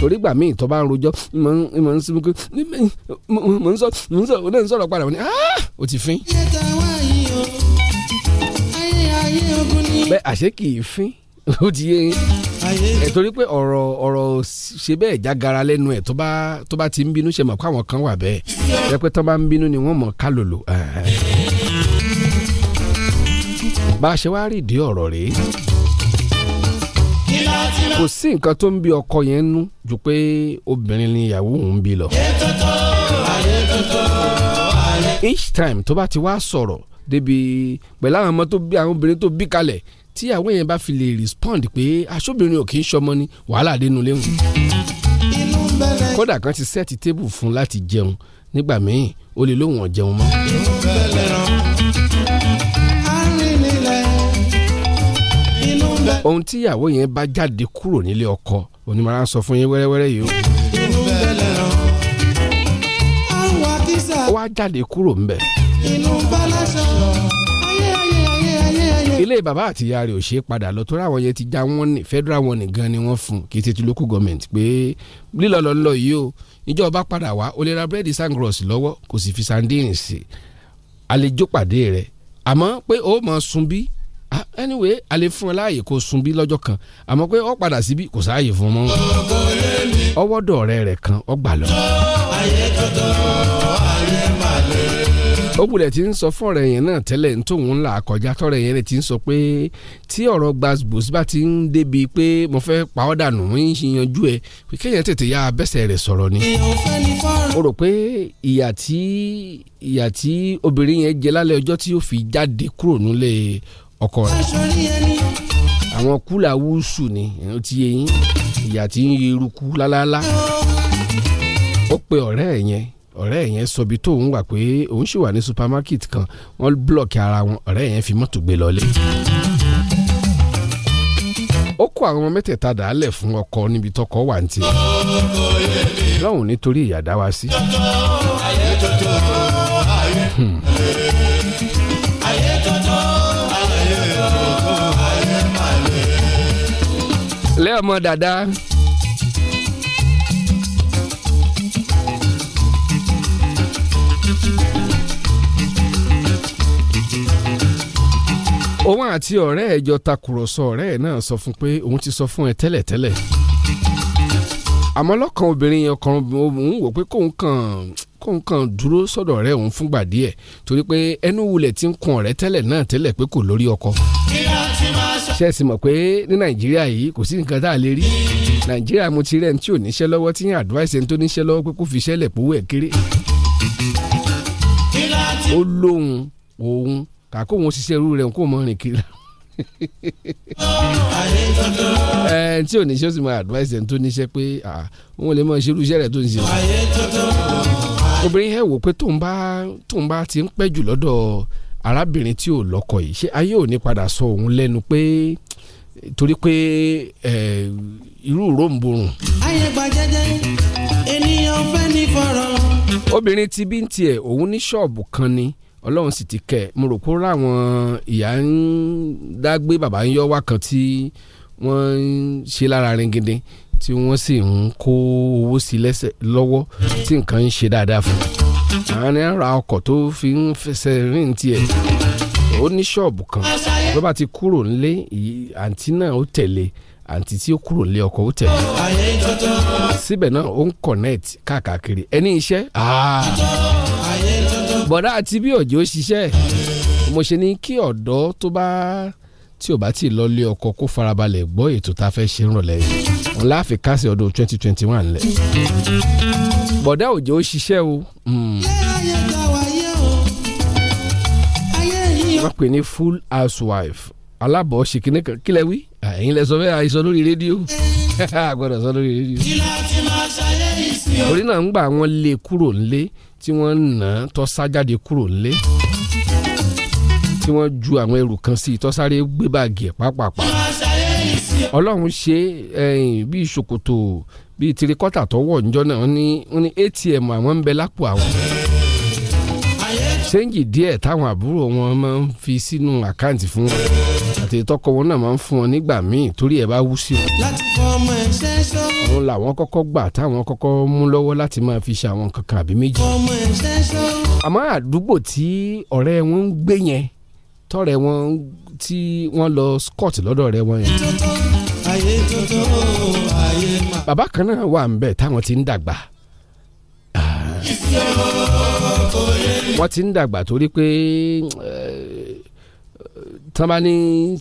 torí gbà míì tó bá ń rojọ́ mo ń sinmi pé ń sọ mo ń sọ ọ náà ń sọ̀rọ̀ padà wọ́n ni ó ti fín bẹ́ẹ̀ àṣé kì í fín [LAUGHS] ó ti yé ẹ torí pé ọ̀rọ̀ ọ̀rọ̀ ṣe bẹ́ẹ̀ jágara lẹ́nu ẹ̀ tó bá ti ń bínú ṣe mọ̀ pé kan wà bẹ́ẹ̀ ẹ pé tán bá ń bínú ni wọ́n mọ̀ kálòlò. bá a ṣe wá rí ìdí ọ̀rọ̀ rèé kò sí nǹkan tó ń bí ọkọ yẹn nú ju pé obìnrin ni ìyàwó òun bí lọ. each time tó bá ti wá sọ̀rọ̀ débi pẹ̀lú àwọn ọmọ tó bí àwọn obìnrin tó bí kalẹ̀ tí àwọn èèyàn bá fi lè respond pé aṣọ́bìnrin ò kì í ṣọmọ ni wàhálà dénú léwu. kódà kan ti sẹ́ẹ̀tì tébù fún láti jẹun nígbà míì ó lè lóhùn ọ̀jẹun mọ́. ohun tí ìyàwó yẹn bá jáde kúrò nílé ọkọ onímọ̀ràn sọ fún yín wẹ́rẹ́wẹ́rẹ́ yìí o. ó wá jáde kúrò ńbẹ̀ inú báláṣà ayé ayé ayé ayé ayé. ilé bàbá àti ìyá rẹ̀ ò ṣe é padà lọ tó ráwọn yẹn ti já wọn ní federal warning gan ni wọ́n fún kì í local government pé lílọ lọ lọ yìí o ìjọba padà wá o lè ra búrẹ́dì sangros lọ́wọ́ kò sì fi sandin sí àlejò pàdé rẹ̀ àmọ́ pé ó mọ̀ sun bí anyway a lè fún ẹ láàyè kó sun bí lọ́jọ́ kan àmọ́ pé ó padà síbí kò sáàyè fún mọ́. ọwọ́dọ̀ ọ̀rẹ́ rẹ̀ kan ó lọ. ayé tọ́tọ́ ayé màlẹ́ ó wulẹ̀ ti ń sọ fún ọ̀rẹ́ yẹn náà tẹ́lẹ̀ ń tóun ńlá kọjá tọ́rẹ́ yẹn ti ń sọ pé tí ọ̀rọ̀ gbàgbọ́sí bá ti ń débi pé mo fẹ́ pa dànù ń ṣìyànjú ẹ̀ pé kéèyàn tètè ya abẹ́sẹ̀ rẹ̀ sọ̀rọ̀ ni. ó rò pé ìyà tí ìyà tí obìnrin yẹn jẹ lálẹ́ ọjọ́ tí ó fi jáde kúrò nílé ọkọ rẹ̀ àwọn kúlà wúṣù ni ó ti yẹ yín ìyà tí ń yẹ eruku lálálá ó pe ọ̀rẹ́ yẹn ọ̀rẹ́ yẹn sọ bí tóun wà pé òun sì wà ní supermarket kan wọ́n blọọkì ara wọn ọ̀rẹ́ yẹn fi mọ́tò gbé lọlé. ó kó àwọn ọmọ mẹ́tẹ̀ẹ̀ta dàálẹ̀ fún ọkọ níbi tọkọ wà ní tiẹ̀ lọ́hùn nítorí ìyàdá wa sí. Hmm. lẹ́ọ̀mọ́ dáadáa. òun àti ọ̀rẹ́ ẹ̀ jọ takùrọ̀sọ ọ̀rẹ́ ẹ̀ náà sọ fún pé òun ti sọ fún ẹ tẹ́lẹ̀tẹ́lẹ̀ àmọ́ lọ́kàn obìnrin yẹn kan òun wò pé kóun kàn kóun kàn dúró sọ́dọ̀ ọ̀rẹ́ òun fúngbà díẹ̀ torí pé ẹnu wulẹ̀ ti ń kun ọ̀rẹ́ tẹ́lẹ̀ náà tẹ́lẹ̀ pé kò lórí ọkọ. ṣe é sì mọ̀ pé ní nàìjíríà yìí kò sí nǹkan tá a lè rí nàìjíríà mo ti rẹ́ ẹni tí ò níṣẹ́ lọ́wọ́ tí yẹn advice ẹni tó níṣẹ́ lọ́wọ́ pé kó fi iṣẹ́ lẹ̀ pòwú ẹ̀ kéré. ó lóhun òun kàkó wọn ṣiṣẹ́ irú rẹ̀ kó mọ̀ rìn kiri ẹ tí ò ní ṣe ó sì máa advice ẹ̀ tó níṣẹ́ pé wọn lè máa ṣe irú iṣẹ́ rẹ̀ tó ń ṣe. obìnrin yẹn wò pé tóun bá tóun bá ti ń pẹ́ jù lọ́dọ̀ arábìnrin tí ò lọ́kọ yìí ṣé ayé ò ní padà sọ òun lẹ́nu pé torí pé irú ròǹbùrùn. ayé gba jẹ́jẹ́ ènìyàn fẹ́ ní fọ̀rọ̀. obìnrin ti bí ń tiẹ̀ òun ní ṣọ́ọ̀bù kan ni. Eh, ọlọ́run sì ti kẹ́ mo rò kó ráwọn ìyá ń dágbé bàbá ń yọ wá kan tí wọ́n ń ṣe lára ringindé tí wọ́n sì ń kó owó sí lẹ́sẹ̀ lọ́wọ́ tí nǹkan ń ṣe dáadáa fún un àárín ara ọkọ̀ tó fi ń fẹsẹ̀ rìn tiẹ̀ ó ní ṣọ́ọ̀bù kan ló bá ti kúrò nílé àǹtí náà ó tẹ̀lé àǹtí tí ó kúrò nílé ọkọ̀ ó tẹ̀lé síbẹ̀ náà ó ń connect káàkiri ẹni iṣẹ́ bọ̀dá àti bí òjò ṣiṣẹ́ mo ṣe ní kí ọ̀dọ́ tó bá tí ò bá tí ì lọ́lé ọkọ kó farabalẹ̀ gbọ́ ètò tá a fẹ́ ṣe ń rọ̀lẹ́ yìí òun láàfin kásẹ̀ ọdún twenty lẹ̀. bọ̀dá òjò ṣiṣẹ́ o. Hmm. wọ́n pè ní full housewife alábọ̀ọ́sì kìíní kan kílẹ̀ wí ẹ̀yin lẹ sọ bẹ́ẹ̀ àìsàn lórí rédíò àgbọ̀dọ̀ sọ lórí rédíò. [LAUGHS] orí náà ń gbà wọ́n lé kúrò ńlé tí wọ́n ń nà án tó sá jáde kúrò nílé tí wọ́n ju àwọn ẹrù kan sí i tó sáré gbé báàgì ẹ̀ pápápá ọlọ́run ṣe bí ṣòkòtò bí tirikọ́tà tó wọ̀ níjọ́ náà wọ́n ATM àwọn ń bẹ lápò àwọn ṣéǹjì díẹ̀ táwọn àbúrò wọn máa ń fi sínú àkáǹtì fún wọn àti ìtọ́kọ wọn náà máa ń fún wọn nígbà míì torí ẹ̀ bá wú sí wọn. láti fọ ọmọ ẹ̀ ṣẹ́ṣọ́ òun làwọn kọ́kọ́ gbà táwọn kọ́kọ́ mú lọ́wọ́ láti máa fi ṣe àwọn kankan àbí méjì. àmọ́ àdúgbò tí ọ̀rẹ́ wọn ń gbé yẹn tọ́rẹ̀ wọn tí wọ́n lọ Scott lọ́dọ̀ rẹ̀ wọn yẹn. bàbá kan náà wà ń bẹ̀ táwọn ti ń dàgbà wọ́n ti ń dàgbà torí pé eh, tán bá ní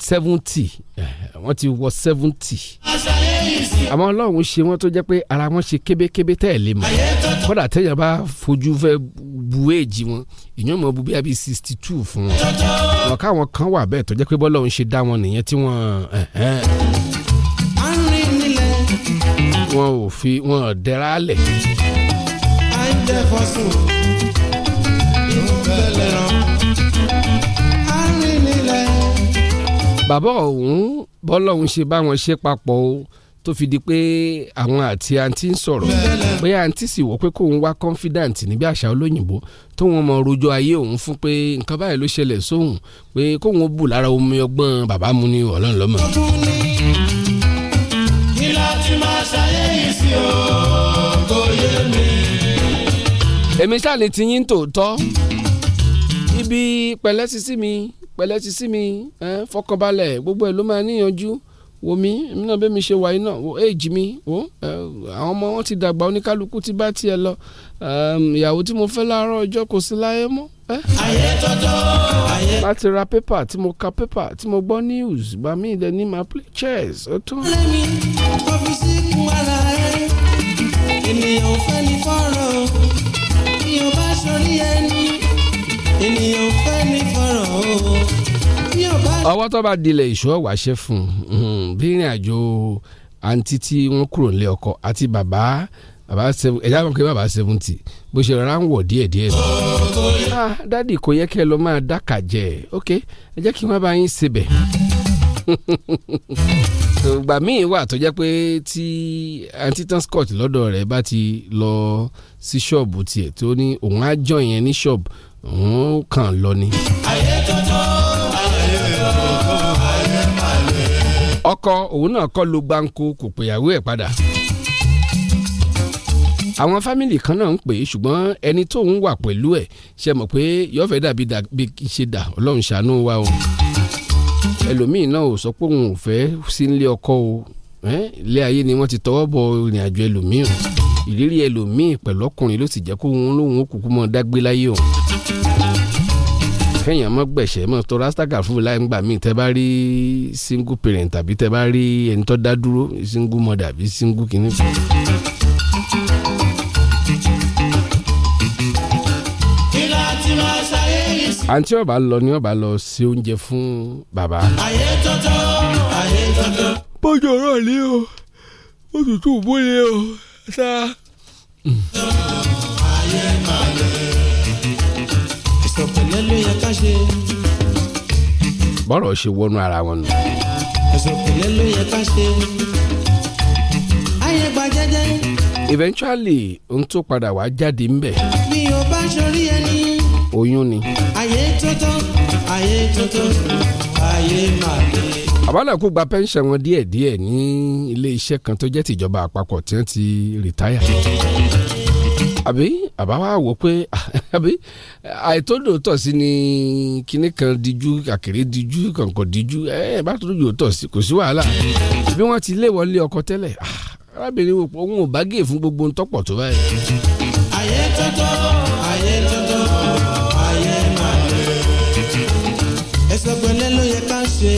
seventy eh, wọ́n ti wọ seventy àmọ́ ọlọ́run ṣe wọ́n tó jẹ́ pé ara wọn ṣe kébékébé tẹ́ ẹ̀ lé mọ́ kódà téèyàn bá fojú fẹ́ bu èjì wọn ìyẹn mọ̀ bu bí abí sixty two fún wọn wọn káwọn kan wà bẹ́ẹ̀ tó jẹ́ pé bọ́lọ́run ṣe dá wọn nìyẹn tí wọ́n wọn ò fi wọn ò dẹ́ra lẹ̀. bàbá òun bọ́lọ́run ṣe bá wọn ṣe papọ̀ o tó fi di pé àwọn àti àǹtí ń sọ̀rọ̀ bóyá àǹtí sì wọ́ pé kóun wá confident níbi àṣà olóyìnbó tóun mọ rojọ́ ayé òun fún pé nǹkan báyìí ló ṣẹlẹ̀ sóhun pé kóun bù lára omi ọgbọ́n bàbá mu ni ọlọ́run lọ́mọ. kí la ti máa ṣàyẹ̀yìn sí o kò yé mi. èmi ṣàlè ti yín tòótọ́ ibi pẹ̀lẹ́sísí mi pẹ̀lẹ́sísí mi fọkànbalẹ̀ gbogbo ẹ̀ ló máa níyanjú wò mí èmi náà bẹ́ẹ̀ mi ṣe wà náà wò éèjì mi wò àwọn ọmọ wọn ti dàgbà oníkálukú ti bá tiẹ̀ lọ ìyàwó tí mo fẹ́ láàárọ̀ ọjọ́ kò sí láyé mọ́. láti ra pépà tí mo ka pépà tí mo gbọ́ news gbà mí ìdẹ ní ma play chess ó tún. ènìyàn fẹ́ ní fọ́rọ̀ ènìyàn bá ṣorí ẹni ènìyàn fẹ́ ní fọ́rọ̀ o ọwọ́ tó bá dilẹ̀ ìṣó ọ̀wá ṣe fún un hmm, bí ìrìn àjò àǹtí tí wọ́n kúrò nílé ọkọ àti bàbá bàbá ẹ̀dá àwọn kẹ́kẹ́ bàbá seventy bó ṣe rárá ń wọ̀ díẹ̀ díẹ̀ ni. Ah, dádì kò yẹ kẹ́ ẹ lọ máa dákà jẹ ok ẹ jẹ́ kí wọ́n bá yín sebẹ̀. [LAUGHS] ìgbà míì wà tó jẹ́ pé tí àǹtí tán scott lọ́dọ̀ rẹ̀ bá ti lọ sí ṣọ́ọ̀bù tiẹ̀ tó ní òun á jọ yẹn ní ṣọ́ọ̀bù òun kàn lọ ni. ayé tuntun. ọkọ òun náà kọ́ lu gbáǹkó kò pèyàwó ẹ̀ padà àwọn fámìlì kan náà ń pè é ṣùgbọ́n ẹni tó ń wà pẹ̀lú ẹ̀ ṣe mọ̀ pé yọ̀fẹ́ dàbí bí ṣe dà ọlọ́run ṣàánú wa o ẹlòmíín náà ò sọ pé òun ò fẹ́ sí ọkọ o ilé ayé ni wọ́n ti tọwọ́ bọ ìrìn àjò ẹlòmíín o ìrírí ẹlòmíín pẹ̀lú ọkùnrin ló sì jẹ́ kó òun lóun ó kúkú mọ́ dágbé láyé o kéèyàn mọ́ gbẹ̀ṣẹ̀ mọ́ tó rastaka fún láì gbà míì tẹ́ bá rí single parent tàbí tẹ́ bá rí ẹni tó dá dúró single mother àbí single kìíní. àǹtí ọba lọ ni ọba lọ ṣe oúnjẹ fún bàbá. àyè tọ́tọ́ àyè tọ́tọ́. bójú ọ̀rọ̀ ni o òtútù bóyá o ṣá. ayé máa bọ́rọ̀ ṣe wọnú ara wọn nù. eventually ohun tó padà wá jáde ńbẹ̀. mi ò bá sọrí ẹni. oyún ni. ayé tótó ayé tótó ayé màá lè àbálàkù gba pẹ́ńsẹ̀ wọn díẹ̀díẹ̀ ní ilé kan tó jẹ́ tìjọba àpapọ̀ tí wọ́n ti rìtáyà. àbí àbá wa wò pé àbí àìtódòótọ́ sí ni kinní kan díjú àkèré díjú kànkàn díjú ẹ ẹ bá tó dòjò tọ̀ sí kò sí wàhálà bí wọ́n ti lé wọlé ọkọ tẹ́lẹ̀ ah, arábìnrin wò pé òun ò bá gé fún gbogbo ntọ́pọ̀ tó báyìí. ayé tọ́tọ́ ayé tọ́tọ́ ayé máa lè ẹsẹ̀ pẹ̀lẹ́ ló yẹ ká ṣe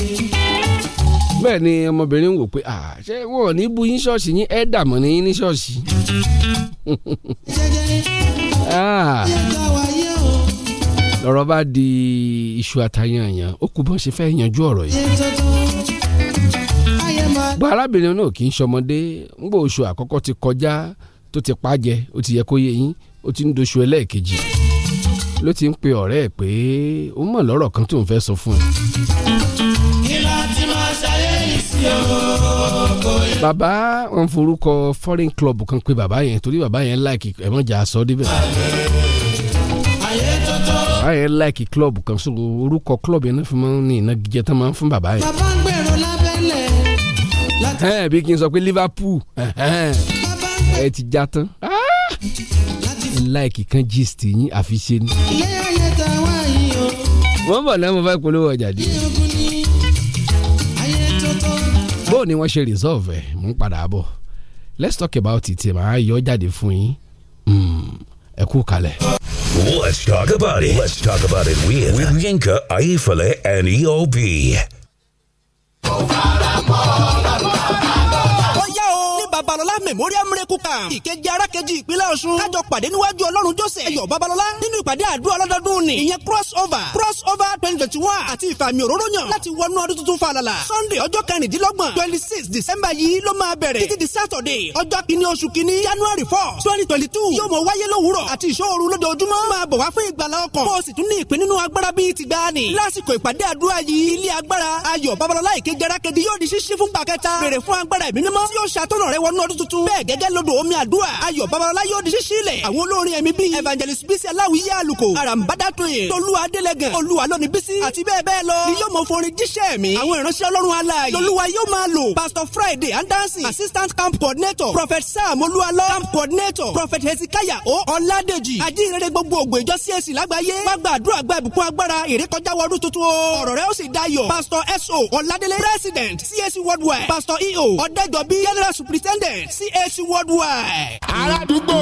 bẹ́ẹ̀ ni ọmọbìnrin wò pé ah, ṣé wọn ò ní bu yín ṣọ́ọ̀ṣì yín ẹ̀ dààmú ní yín ní ṣọ́ọ̀ṣì. aa ah. bá di iṣu àtayànyàn ó kù bọ́n ṣe fẹ́ yanjú ọ̀rọ̀ yìí. gba arábìnrin náà kì í ṣọmọdé ńgbà oṣù àkọ́kọ́ ti kọjá tó ti paje ó ti yẹ kó yé yín ó ti ń doṣù ẹlẹ́ẹ̀kejì ló ti ń pe ọ̀rẹ́ ẹ̀ pé ó mọ̀ lọ́rọ̀ kan tó ń fẹ́ bàbá wọn forúkọ foreign club kan pé bàbá yẹn torí bàbá yẹn láìkì ẹ̀mọ́jà sọ débẹ̀ bàbá yẹn láìkì club kan so orúkọ club yẹn náà fún mi ní ìnagijẹ tán máa ń fún bàbá yẹn. bàbá ń gbèrò lábẹ́lẹ̀. bí kí n sọ pé Liverpool ẹ ti já tán ah! like kan gist yín àfi ṣe ni. ilé ayé ta wá yìí o. wọ́n bọ̀ náà mo fẹ́ polówó ọjà dé. ni wọ́n ṣe resolve ẹ̀ mú padà bọ̀ let's talk about it màá yọ jáde fún yín hmm, ẹ kú kalẹ̀. let's talk about it let's talk about it with, with Yinka Ayefele and EOB. Memorial Miracle Adam ìkejì arákejì ìpínlẹ̀ Ọ̀ṣun kájọ pàdé níwájú Ọlọ́run Joseph Ayọ̀ Babalọ́lá nínú ìpàdé àdúrà ọlọ́dọọdún ni ìyẹn cross over cross over twenty twenty one àti ìfàmì òróró yàn láti wọnú ọdún tuntun falala Sunday ọjọ́ kẹrìndínlọ́gbọ̀n twenty six December yìí ló máa bẹ̀rẹ̀ títí di Saturday ọjọ́ kìíní oṣù kìíní January four twenty twenty two yóò mọ wáyé lówùrọ̀ àti ìṣòro lójoojúmọ́ máa bọ̀ wá fún ìgbàlá ọkàn kó o sì tún ní ìpín nínú agbára bíi ti gbani lásìkò ìpàdé àdúrà yìí ilé agbára Ayọ̀ Babalọ́lá ìkejì arákejì yóò di ṣíṣí fún gbàkẹ́ta béèrè fún agbára ìbínú mọ́ omi àdúrà ayọ̀ babalọlá yóò di ṣíṣí lẹ̀ àwọn olórin ẹ̀mí bíi evangelist bísí aláwìyé àlùkò àràǹbádàtòyè tolúwa adélẹ́gàn olúwa lónìí bísí àti bẹ́ẹ̀ bẹ́ẹ̀ lọ ni yóò mọ forin jíṣẹ́ mi àwọn ìránṣẹ́ ọlọ́run aláàyè lolúwa yóò máa lò pastor friday andansi assistant camp coordinator prophet sam olúwalọ camp coordinator prophet hezekiah o ọládèjì ajínrere gbogbo ògbó ìjọ csc lágbàáyé gbàgbà àdúrà gba ìbùkún agbára ìrékọjá wọdún tuntun o ọ̀rọ̀ rẹ ó sì dayọ̀ pastor so ọládélé president csc worldwide pastor eo ọ̀dẹ́jọ́bí general superintendent csc worldwide ẹ̀. aládùúgbò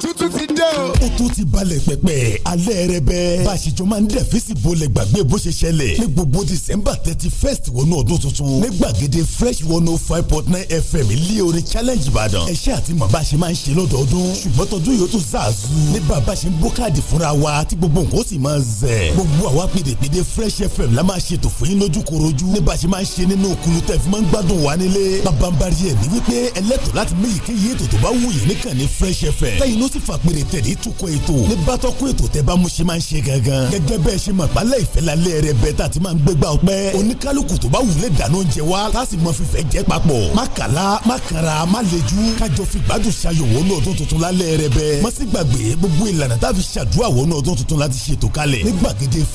tuntun ti dé o. ó tún ti balẹ̀ pẹ́pẹ́ alẹ́ rẹ bẹ́ẹ̀. bá a ṣe jọ máa ń dẹ̀ fèsì bolẹ̀ gbàgbé bó ṣe ṣẹlẹ̀ ní gbogbo december thirty first wọnú ọdún tuntun ní gbàgede fresh one oh five point nine fm ilé orin challenge ìbàdàn ẹ̀ṣẹ́ àti mọ̀ bá a ṣe máa ń ṣe lọ́dọọdún ṣùgbọ́n tọdún yóò tún zàzú ní bá a bá ṣe ń bó káàdì fúnra wa tí gbogbo nǹkan ó sì máa zẹ̀ gbogbo àwa pèdèpèdè fresh fm la máa ṣètò fún yín lójúkorojú ní bá a ṣe máa ń ṣe nínú òkúlù tẹ̀ fi máa ń láyé ètò tó bá wù nìkan ní fresh fm tẹ́yìn ló sì fàpèrè tẹ̀lé tukọ̀ ètò ní bátọ́kọ̀ ètò tẹ́ bá mú ṣe máa ń ṣe gangan gẹ́gẹ́ bẹ́ẹ̀ ṣe mọ̀ pálẹ̀ ìfẹ́ lálẹ́ rẹ bẹ́ẹ̀ tá a ti máa ń gbégbá ọpẹ́ oníkálukú tó bá wùlé dáná oúnjẹ wa tá a sì mọ fífẹ́ jẹ́ papọ̀ má kàlá má kàrà má lejú kájọ fi gbádùn ṣayọ̀ wọnú ọdún tuntun lálẹ́ rẹ bẹ́ẹ̀ má sì gbàgbé gbogbo ìlànà tá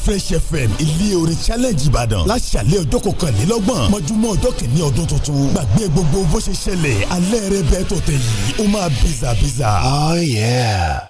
fresh fm ilé orin challenge ìbàdàn láṣàlẹ̀ ọjọ́ kọkànlélọ́gbọ̀n mọ́júmọ́ ọjọ́ kìíní ọdún tuntun gbàgbé gbogbo bó ṣe ṣẹlẹ̀ alẹ́ rẹ bẹ́ẹ̀ tó tẹ ọ̀sẹ̀ yìí ó máa bíza oh yeah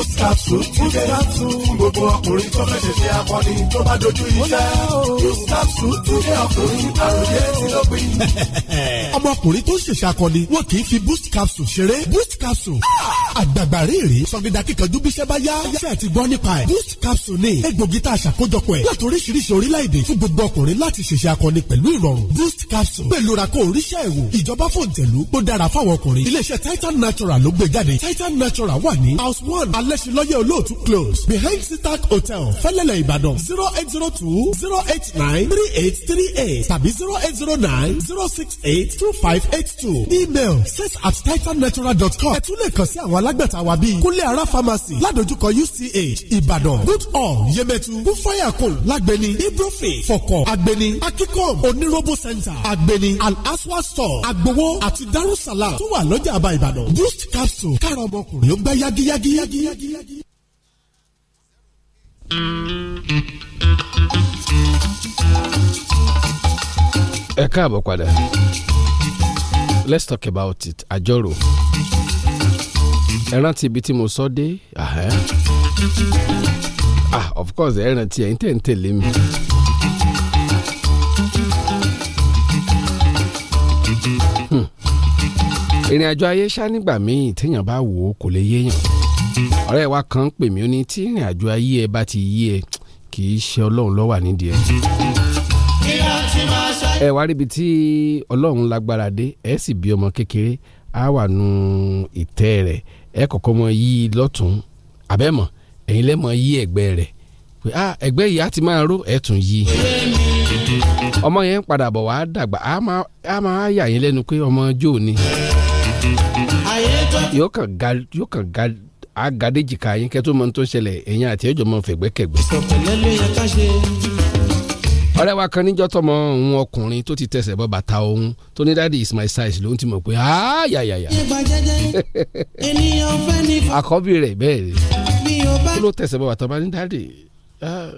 boost capsule tibẹ̀ fún gbogbo ọkùnrin tó fẹ́ ṣẹ̀ṣẹ̀ akọni tó bá dojú iṣẹ́ boost capsule tibẹ̀ ọkùnrin àròyé ti ló pin. [LAUGHS] ọmọkùnrin tó ṣẹ̀ṣẹ̀ akọni wọn kì í fi boost capsule ṣeré boost capsule àgbààgbà rírì sọ̀gídà kíkanjú bíṣẹ́ bá yá ṣe àti gbọ́ nípa ẹ̀ boost capsule ní egbògi tá a ṣàkójọpọ̀ ẹ̀ láti oríṣiríṣi orílẹ̀-èdè fún gbogbo ọkùnrin láti ṣẹ̀ṣẹ̀ akọni pẹ̀lú ìrọ̀rùn boost capsule pẹ̀lú ra kó oríṣẹ́ ẹ̀wò ìjọba fòǹtẹ̀lú tó dára fáwọn ọkùnrin iléeṣẹ́ titan natural ló gbé jáde titan natural wà ní house one alẹ́sìlọ́yẹ̀ olóòtú close behind sitak hotel fẹ́lẹ́lẹ̀ ìbàdàn zero eight zero two zero eight nine three eight three eight tàbí zero eight zero nine zero six eight two five eight two email sales at titannatural dot com ẹ tún lè kàn sí àwọn alágbàtà wa bíi kúnlẹ̀ ara pharmacy ládojúkọ UCH Ìbàdàn good all yemẹtu kúfọ́yàkùn lágbẹni ibrofe fọkọ agbẹni akikom onirobo center agbẹni al-aswa store agbowo àti darussalam tó wà lọ́jà àbá Ìbàdàn boost capsule káàrọ̀ ọmọkùnrin ó gbá yagiyagi. ẹ káàbọ̀ padà let's talk about it àjọrò ẹ rántí ibi tí mo sọ dé ah of course ẹ rántí ẹ̀yin tẹ̀ ń tẹ̀lé mi. Hmm. ìrìn àjò ayé ṣá nígbà míì téèyàn bá wò ó kò lè yéèyàn ọ̀rẹ́ wa kan pè mí ó ní tí ìrìn àjò ayé ẹ bá ti yé ẹ kì í ṣe ọlọ́run ló wà nídìí ẹ. ẹ wá ríbi tí ọlọ́run lágbára dé ẹ sì bí ọmọ kékeré á wà nù ìtẹ́ rẹ̀ ẹ kọ̀kọ́ mọ yí i lọ́tún àbẹ́mọ̀ ẹ̀yin lẹ́mọ̀ yí ẹ̀gbẹ́ rẹ̀ pé ah ẹ̀gbẹ́ yìí á ti máa ró ẹ̀ tún yí ọmọ yẹn ń padà bọ̀ wá dàgbà á máa yà yín lẹ́nu pé ọmọ jóò ni yóò kàn ga yóò kàn ga àgàdéjìká yín kẹ́tọ́ mọ́ tó ṣẹlẹ̀ ẹ̀yin àti ẹ̀jọ̀ mọ́ fẹ̀gbẹ́kẹ̀gbẹ́. ìsọ̀tẹ̀lẹ́ ló ká ṣe ọ̀rẹ́ wa kan níjọ́ tọmọ òun ọkùnrin tó ti tẹsẹ̀ bọ́ bàtà òun tó ní daddy is my size lòun ti mọ̀ pé ayayaya ah, àkọ́bí rẹ̀ bẹ́ẹ̀ ni ló tẹsẹ̀ bọ́ bàtà bá ní daddy ah,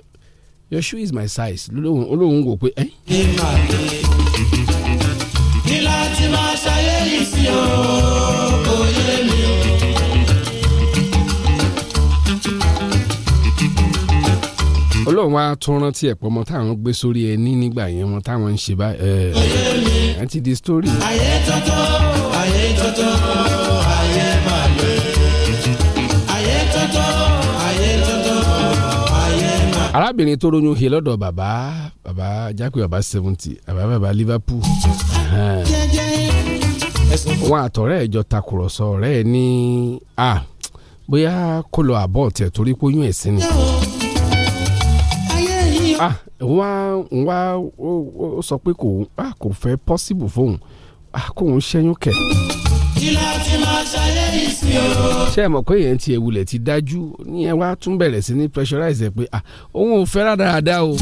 your shoe is my size lóhùn olóhùn wò pé ẹ́. kí láti ṣayé yìí sí o. ọlọ́run wa tún rántí ẹ̀pọ̀ ọmọ táwọn gbé sórí ẹni nígbà yẹn wọn táwọn ń ṣe báyìí ẹ̀ ti di story. ayé tọ́tọ́ ayé tọ́tọ́ ayé máa lè. ayé tọ́tọ́ ayé tọ́tọ́ ayé máa. arábìnrin tó ronú he lọ́dọ̀ bàbá bàbá jákè bàbá seventy bàbá bàbá Liverpool wọn àtọ̀rẹ́ ẹ̀ jọ takùrọ̀sọ ọ̀rẹ́ ẹ̀ ní a bóyá kó lọ àbọ̀ tẹ̀ torí pé oyún ẹ̀ sí ni ah wá wá ó sọ pé kò ah kò fẹ́ possible fóun ah kóun ṣẹ́yún kẹ̀. ìlà tí màá ṣayé ṣé ẹ mọ̀ pé yẹn ti ewulẹ̀ ti dájú ní ẹ wá tún bẹ̀rẹ̀ sí ní pressurize ẹ pé ah òun ò fẹ́ rádaràda o.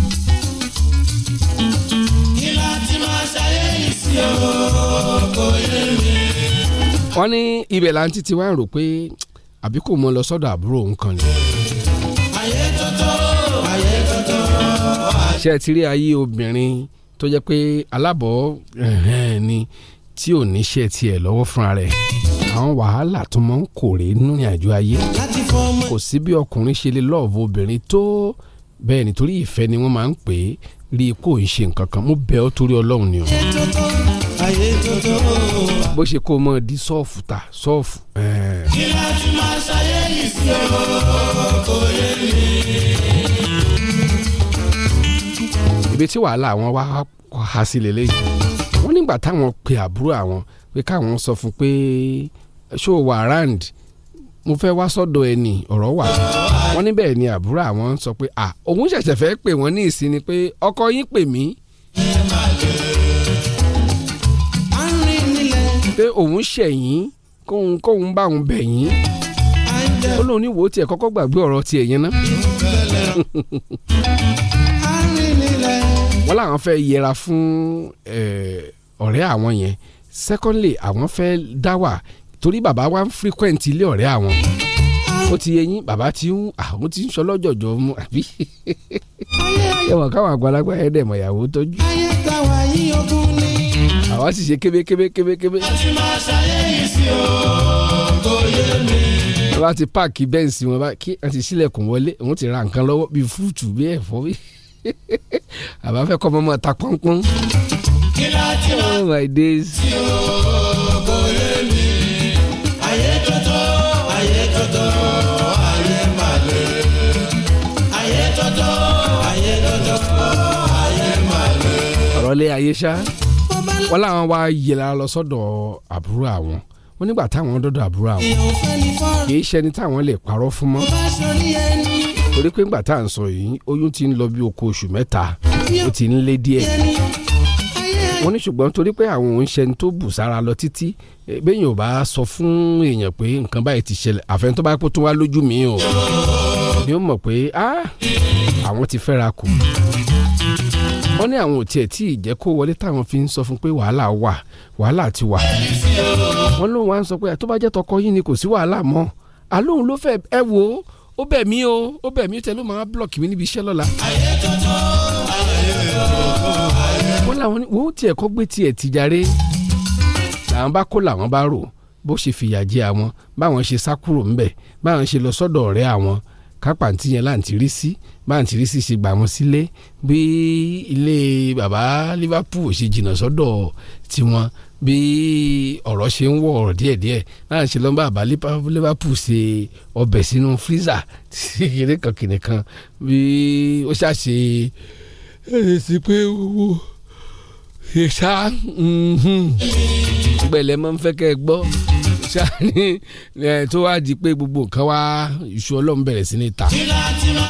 ìlà tí màá ṣayé yìí sí o kò yé mi. wọ́n ní ibẹ̀ láǹtí ti wá rò pé àbí kò mọ lọ sọ́dọ̀ àbúrò òun kan ni. ṣe ti rí ayé obìnrin tó jẹ́ pé alábọ̀ ni tí ò ní ṣe tiẹ̀ lọ́wọ́ fúnra rẹ̀ àwọn wàhálà tó máa ń kórè nínú ìrìnàjò ayé kò sí bí ọkùnrin ṣe lè lọ́ọ̀bù obìnrin tó bẹ́ẹ̀ nítorí ìfẹ́ ni wọ́n máa ń pè é rí i kò ń ṣe nǹkan kan mo bẹ̀ ọ́ torí ọlọ́run ni o. bó ṣe kó o mọ̀ di sọ́ọ̀fù ta sọ́ọ̀fù. kí láti máa ṣayé yìí sí o kò yé mi ibi tí wàhálà àwọn wá há sí lélẹ́yìn wọ́n nígbà táwọn pe àbúrò àwọn pé káwọn sọ fún pé ṣó wà ráǹdì mo fẹ́ wá sọ́dọ̀ ẹni ọ̀rọ̀ wà wọ́n níbẹ̀ ni àbúrò àwọn sọ pé à òun ṣẹ̀ṣẹ̀ fẹ́ pè wọ́n ní ìsinmi pé ọkọ yín pè mí pé òun ṣẹ̀yìn kóun kóun bá òun bẹ̀ yín ó lóun ní wo tiẹ̀ kọ́kọ́ gbàgbé ọ̀rọ̀ tiẹ̀ yẹn ná [LAUGHS] wọ́n làwọn fẹ́ yẹra fún ọ̀rẹ́ àwọn yẹn secondly àwọn fẹ́ dá wà torí bàbá wa ń frequent ilé ọ̀rẹ́ àwọn ó ti yẹ yín bàbá tí ń àwọn tí ń sọlọ́jọ̀jọ̀ mu àbí ẹ̀wọ̀n káwọn àgbàlagbà yẹn dẹ̀ mọ̀ ìyàwó tọ́jú àwa sì ṣe kébé kébé kébé kébé. a ti máa ṣayé yìí sí o kò yé mi. wọ́n ti páàkì bẹ́ǹsì wọn bá kí wọ́n ti sílẹ̀kùn wọlé wọ́n ti ra nǹkan lọ́wọ́ bíi fúrúùtù bíi ẹ̀fọ́ bíi. [LAUGHS] àbá fẹ́ kọ́ mọ́mọ́ ta pọ́npọ́n. kí láti wá oh my days. tí o kò lè mi ayé tọ́tọ́ ayé tọ́tọ́ ayé máa lè yẹlẹ lọ àbúrò àwọn wọ́n nígbà táwọn dọ́dọ̀ àbúrò àwọn kì í ṣẹni táwọn lè parọ́ fún mọ́ torí pé ńgbà tá à ń sọ yìí oyún ti ń lọ bí oko oṣù mẹ́ta ó ti ń lé díẹ̀ wọ́n ní ṣùgbọ́n torí pé àwọn òun ṣe ń tó bù sára lọ títí eh, bẹ́ẹ̀ ò bá sọ fún èèyàn pé nǹkan báyìí ti ṣẹlẹ̀ àfẹn tó bá kó tó wá lójú mi o ni ó mọ̀ pé ah, àwọn ti fẹ́ra kù wọ́n ní àwọn ò tiẹ̀ tí ì kó wọlé táwọn fi ń sọ fún pé wàhálà wà wàhálà ti wà wọ́n lóun wá ń sọ pé tó tọkọ yín ni kò sí wàhálà mọ́ àlóhùn ló fẹ́ ẹ wò ó ó bẹ̀ mí o ó bẹ̀ mí o tẹ̀lé màá blọ̀kì mi níbi iṣẹ́ lọ́la. wọ́n làwọn wọ́n tiẹ̀ kọ́ gbé tiẹ̀ tìjàre làwọn bá kó làwọn bá rò bó ṣe fìyà jẹ àwọn báwọn ṣe sá kúrò ńbẹ̀ báwọn ṣe lọ sọ́dọ̀ ọ̀rẹ́ àwọn kápáǹtì yẹn láǹtí rí sí báǹtí rí sí ṣe gbà wọn sílé bí ilé baba Liverpool ṣe jìnnà sọ́dọ̀ tiwọn bí ọ̀rọ̀ ṣe ń wọ̀ ọ̀rọ̀ díẹ̀díẹ̀ náà ṣe lọ́nba àbá Liverpool ṣe ọbẹ̀ sínú freezer sí kìnìún kan kìnìún kan bí ó ṣàṣe èsì pé owó ìṣá gbẹ̀lẹ̀ máa ń fẹ́ kẹ́ ẹ gbọ́ ṣá ní tó wá di pé gbogbo nǹkan wá iṣu ọlọ́run bẹ̀rẹ̀ sí ní ta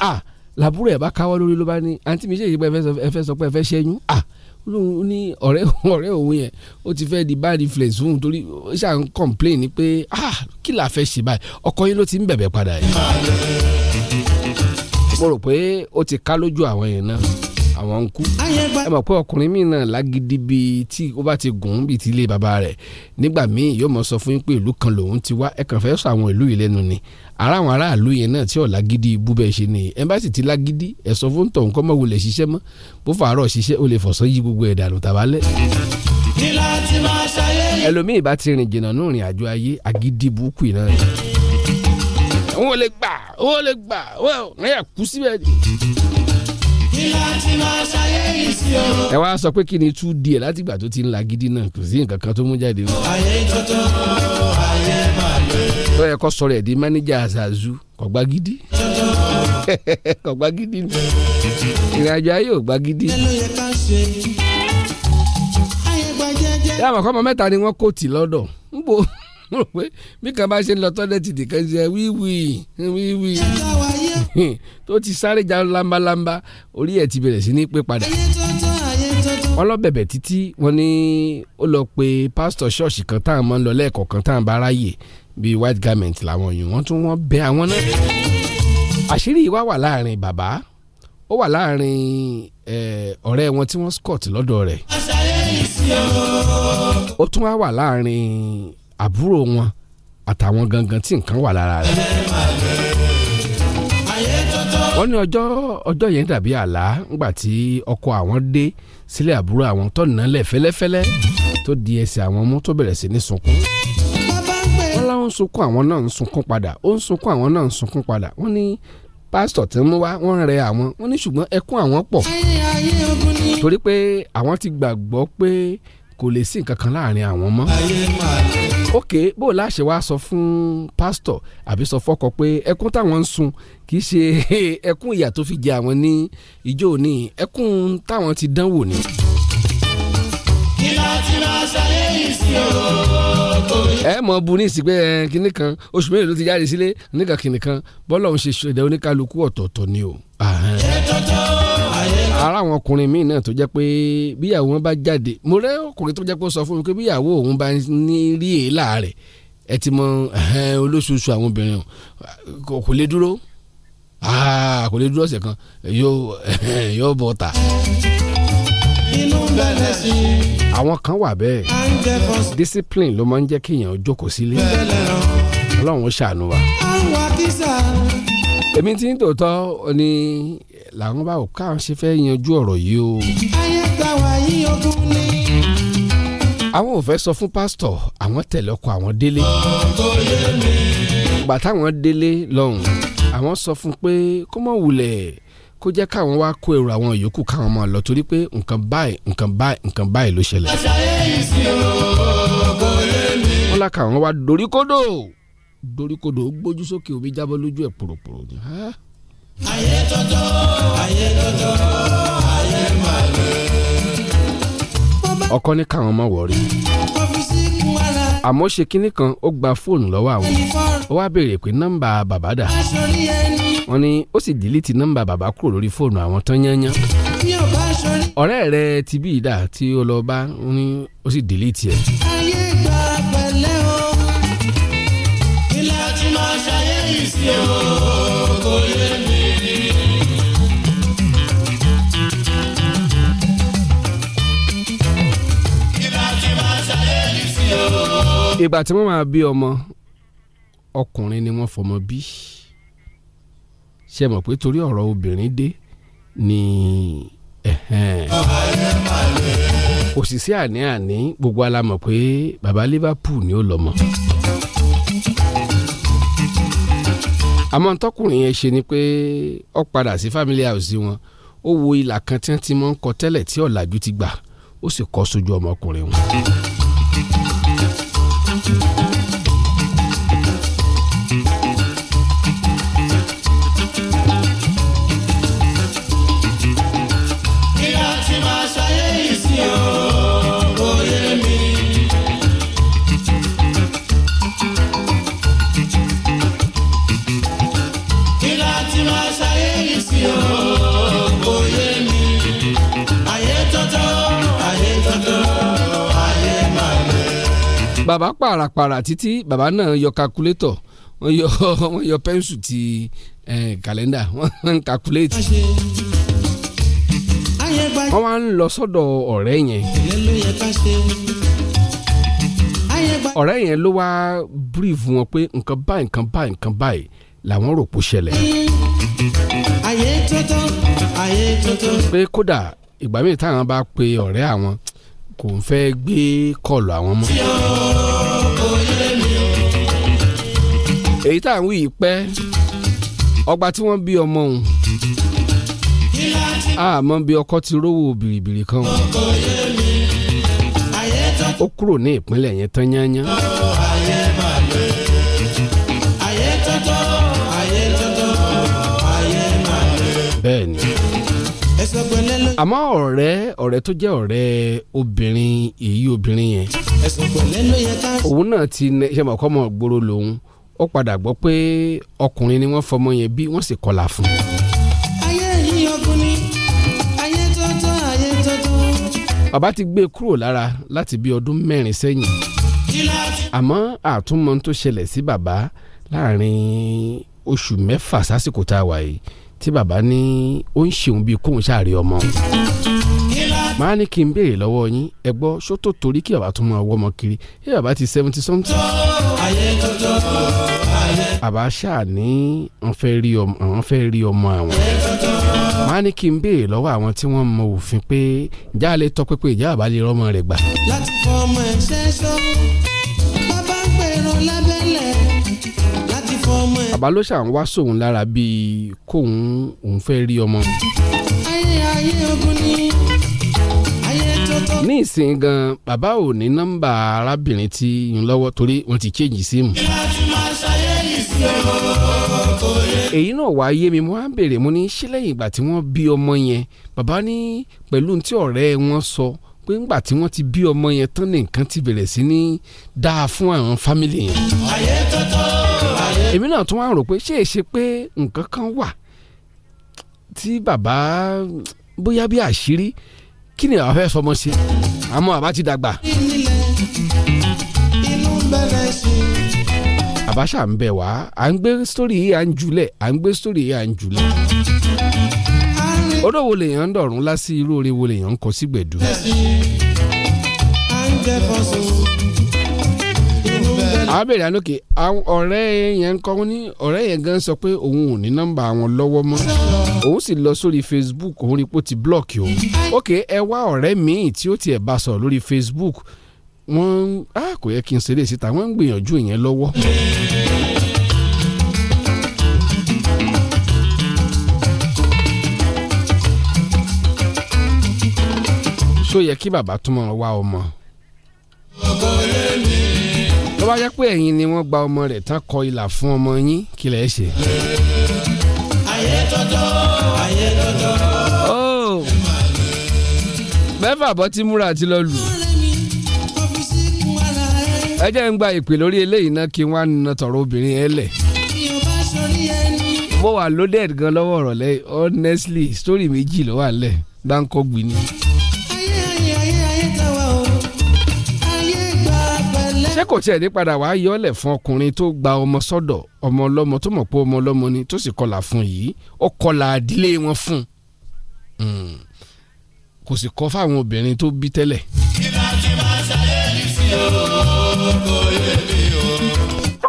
ah làbúrò ẹ̀ bá káwọ́ lórí ló bá ní àǹtí mi ṣe ìgbà ẹ fẹ́ sọ pé ẹ fẹ́ ṣẹ́yún ah lóun ní ọ̀rẹ́ ọ̀rẹ́ òun yẹn ó ti fẹ́ di bad influence fún un torí ó ṣáà ń complain pé ah kí la fẹ́ ṣe báyìí ọkọ yín ló ti ń bẹ̀bẹ̀ padà yìí. mo rò pé ó ti ká lójú àwọn yẹn náà àwọn ń kú ẹ mọ̀ pé ọkùnrin míì náà lágídí bíi tí ó bá ti gùn bíi ti ilé bàbá rẹ̀ nígbà míì yóò mọ̀ sọ fún yín pé ìlú kan lòun ti wá ẹ sọ àwọn ìlú yìí lẹ́nu ni ara àwọn aráàlú yẹn náà tí ò lágídí ibú bẹ́ẹ̀ ṣe ni ẹ̀mbáṣì ti lágídí ẹ̀sọ́ fún tọ̀hún kọ́ mọ̀ wulẹ̀ ṣiṣẹ́ mọ́ bó fàárọ̀ ṣiṣẹ́ ó lè fọ̀sán yí gbogbo ẹ̀ dànù tàbálẹ̀. ẹlòmíì bá ti rìn jìnnà nù rìn àjò ayé agídí burúkú iná rẹ̀. owó lè gbà owó lè gbà owó ẹ̀ kú síbẹ̀. kí láti máa ṣ ẹ wá sọ pé kí ni tú díẹ̀ láti ìgbà tó ti ń la gidi náà kò sí nǹkan kan tó mú jáde ayé tọ́tọ́ ayé máa lè. tó yẹ sọ̀rọ̀ ẹ̀ di mánéjà àzàzú kò gba gidi [LAUGHS] kò gba gidi ni ìrìnàjò ayé ò gba gidi. yá àwọn ọkọ mẹ́ta ni wọ́n kò tì lọ́dọ̀ ń bo [LAUGHS] mo rò bá ṣe lọ tọ́lẹ́tì nìkan ṣe wíwì wíwì. [LAUGHS] tó ti sáré já lambalamba orí ẹ̀ ti bẹ̀rẹ̀ sí ní pé padà ọlọ́bẹ̀bẹ̀ títí wọ́n ní ó lọ pe pásítọ̀ ṣọ́ọ̀ṣì kan tá à ń mọ́ lọ lẹ́ẹ̀kọ̀ kan tá à ń bá ráyè bíi white garment làwọn yòó wọ́n tún wọ́n bẹ àwọn náà. àṣírí ìwà wà láàrin bàbá ó wà láàrin ọ̀rẹ́ wọn tí wọ́n scott lọ́dọ̀ rẹ̀ ó tún wá wà láàrin àbúrò wọn àtàwọn gangan tí nǹkan wà lára rẹ̀ wọ́n ní ọjọ́ ọjọ́ yẹn dàbí àlá ńgbà tí ọkọ àwọn dé sílé àbúrò àwọn tó nà lẹ̀ fẹ́lẹ́fẹ́lẹ́ tó di ẹsẹ̀ àwọn mú tó bẹ̀rẹ̀ sí ní sunkún wọ́n láwọn ń sunkún àwọn náà ń sunkún padà ó ń sunkún àwọn náà ń sunkún padà wọ́n ní pásítọ̀ tí wọ́n wá wọ́n rẹ àwọn wọ́n ní ṣùgbọ́n ẹkún àwọn pọ̀ torí pé àwọn ti gbàgbọ́ pé kò lè sí nǹkan kan láàrin àwọn mọ́. ayé màá lọ ok bó o láṣẹ wá sọ fún pásítọ̀ àbí sọ fọ́kọ pé ẹkún táwọn ń sun kì í ṣe [LAUGHS] ẹkún ìyà tó fi jẹ àwọn ní ìjọ òní ẹkún táwọn ti dánwò ni. kí láti máa ṣayé yìí sí o ẹ mọ bu ní ìsìnkú ẹ kan oṣù mélòó ló ti jáde sílé nígbà kínní kan bọ́lá òun ṣe ṣẹ̀dá oníkálukú ọ̀tọ̀ọ̀tọ̀ ni o. ṣètò tó ara àwọn ọkùnrin míì náà tó jẹ́ pé bíyàwó wọn bá jáde mo rẹ́ ọkùnrin tó jẹ́ pé ó sọ fún mi pé bíyàwó òun bá ní rí èélà rẹ̀ ẹ ti mọ olóṣooṣù àwọn obìnrin kò lè dúró ah, kò lè dúró ọ̀sẹ̀ kan yóò bọ̀ ta àwọn kan wà bẹ́ẹ̀ discipline ló máa ń jẹ́ kí èèyàn jókòó sílé ọlọ́run ó ṣàánú wa. èmi tí ń tòótọ́ ni làwọn bá wò káwọn ṣe fẹ́ yanjú ọ̀rọ̀ yìí o. ayé ta wà yí ogun ni. àwọn ò fẹ́ sọ fún pásítọ̀ àwọn tẹ̀lé ọkọ àwọn délé. ọ̀tọ̀ yé mi. ìgbà táwọn délé lọ́hùn àwọn sọ fún pé kó mọ̀ wulẹ̀ kó jẹ́ káwọn wá kó èrò àwọn yòókù káwọn máa lọ torí pé nǹkan báyìí nǹkan báyìí nǹkan báyìí ló ṣẹlẹ̀. wọ́n lákàwọn wá doríkodò doríkodò gbójú sókè omi jábọ́ lójú ẹ̀ pòròpòrò ni. Ha? ayé tótó ayé tótó ayé máa lè. ọkọ ní káwọn má wọrí àmọ́ ṣe kinní kan ó gba fóònù lọ́wọ́ àwọn ó wá béèrè pé nọ́mbà bàbá dà wọ́n ní ó sì dìlítì nọ́mbà bàbá kúrò lórí fóònù àwọn tán yányán ọ̀rẹ́ rẹ ti bí ìdá tí ó lọ bá ní ó sì dìlítì ẹ̀. ilé àti máa ṣayé yìí sí o. ìgbà tí wọ́n máa bí ọmọ ọkùnrin ni wọ́n fọmọ bí ṣe mọ̀ pé torí ọ̀rọ̀ obìnrin dé ni òṣìṣẹ́ àní-àní gbogbo alamọ̀ pé baba Liverpool ni ó lọ́mọ. àmọ́ tọkùnrin yẹn ṣe ni pé ó padà sí family house wọn ó wo ìlà kan tí wọ́n ti mọ́ ń kọ tẹ́lẹ̀ tí ọ̀làjú ti gbà ó sì kọ́ sójú ọmọkùnrin wọn. Música bàbá pàràpàrà títí bàbá náà yọ kakulétọ̀ wọ́n yọ [LAUGHS] wọ́n yọ pẹ́ńsù ti kàlẹ́ndà [LAUGHS] wọ́n ń kakuléètì. wọ́n wá ń lọ sọ́dọ̀ ọ̀rẹ́ yẹn ọ̀rẹ́ yẹn ló wá brief wọn pé nǹkan báyìí nǹkan báyìí nǹkan báyìí làwọn rò pò ṣẹlẹ̀. pé kódà ìgbà míì táwọn bá pe ọ̀rẹ́ àwọn kò ń fẹ́ gbé kọ́ọ̀lù àwọn mọ́. èyí tá à ń wí yìí pẹ́ ọgbà tí wọ́n bí ọmọ òun àmọ́ bí ọkọ ti rówó bìrìbìrì kan ó kúrò ní ìpínlẹ̀ yẹn tán yányán. bẹ́ẹ̀ni àmọ́ ọ̀rẹ́ ọ̀rẹ́ tó jẹ́ ọ̀rẹ́ obìnrin èyí obìnrin yẹn òun náà ti ṣe mọ̀ kọ́ mọ̀ gbòòrò lòun ó padà gbọ́ pé ọkùnrin ni wọ́n fọmọ yẹn bí wọ́n sì kọlà fún un. ayé yìí ọkùnrin ayé tọ́tọ́ ayé tọ́tọ́. bàbá ti gbé e kúrò lára láti bí ọdún mẹ́rin sẹ́yìn àmọ́ àtúmọ̀ tó ṣẹlẹ̀ sí bàbá láàrin oṣù mẹ́fà sásìkò tá a wà yìí tí bàbá ní ó ń ṣeun bíi kóun ṣáà rí ọmọ màá ní kí n béèrè lọ́wọ́ yín ẹ gbọ́ sótò torí kí bàbá tún máa wọ́ ọmọ kiri kí bàbá ti seventy something. bàbá ṣáà ní àwọn fẹ́ rí ọmọ àwọn. màá ní kí n béèrè lọ́wọ́ àwọn tí wọ́n mọ òfin pé ìjà lè tọ́ pépé ìjà bàbá lè rọ́mọ rẹ̀ gbà. láti fọ ọmọ ẹ sọ bàbá ń pèrò lábẹ́lẹ̀ láti fọ ọmọ ẹ. bàbá ló ṣàn sóun lára bíi kóun òun fẹ́ rí ọmọ. ní ìsìn gan bàbá ò ní nọ́mbà arábìnrin tí yun lọ́wọ́ torí wọ́n ti change síìmù. èyí náà wàá yé mi mo á béèrè mo ní ṣé ìgbà tí wọ́n bí ọmọ yẹn bàbá ní pẹ̀lú tí ọ̀rẹ́ wọn sọ pé ńgbà tí wọ́n ti bí ọmọ yẹn tán ní nǹkan ti bẹ̀rẹ̀ sí ní dáa fún àwọn fámìlì yẹn. èmi náà tún wá rò pé ṣé è ṣe pé nǹkan kan wà tí bàbá bóyá bí àṣírí kí ni àwa fẹ́ fọmọ sí àmọ́ àbá ti dàgbà. àbáṣà ń bẹ̀ wá à ń gbé sítórì yìí à ń julẹ̀ à ń gbé sítórì yìí à ń julẹ̀. odò lèèyàn ń dọ̀rùn lásì irú oore wo lèèyàn ń kọ sí a béèrè alókè ọ̀rẹ́ yẹn kọ́ ní ọ̀rẹ́ yẹn gan sọ pé òun ò ní nọ́mbà àwọn lọ́wọ́ mọ́ òun sì lọ sórí Facebook òun ni pé ó ti blọ́ọ̀kì òun ókè ẹ wá ọ̀rẹ́ míì tí ó tiẹ̀ bá sọ̀rọ̀ lórí Facebook wọ́n kò yẹ kí n ṣeré síta wọ́n ń gbìyànjú ìyẹn lọ́wọ́. ṣó yẹ kí bàbá túmọ̀ wá ọmọ. ọkọ rẹ mi bá yẹ pé ẹ̀yin ni wọ́n gba ọmọ rẹ̀ tán kọ ìlà fún ọmọ yín kí lẹ̀ ṣe. ayé tọ́jọ́ ayé tọ́jọ́. Oh. mẹ́fà bọ́ tí múra àti lọ lù. ẹ jẹ́ ń gba ìpè lórí eléyìí náà kí wọ́n á na tọ̀rọ̀ obìnrin ẹ lẹ̀. mo wà loaded gan lọ́wọ́ ọ̀rọ̀ lẹ́yìn honestly story méjì ló wà lẹ̀ dáńkọ́ gbìn ni. ṣé kò tiẹ̀ ní padà wàá yọlẹ̀ fún ọkùnrin tó gba ọmọ sọ́dọ̀ ọmọ ọlọ́mọ tó mọ̀ pé ọmọ ọlọ́mọ ni tó sì kọlà fún yìí ó kọlà àdílé wọn fún un hmm. kò sì kọ́ fáwọn obìnrin tó bí tẹ́lẹ̀. ìlà tí máa ṣayé mi sí o kò yé mi o.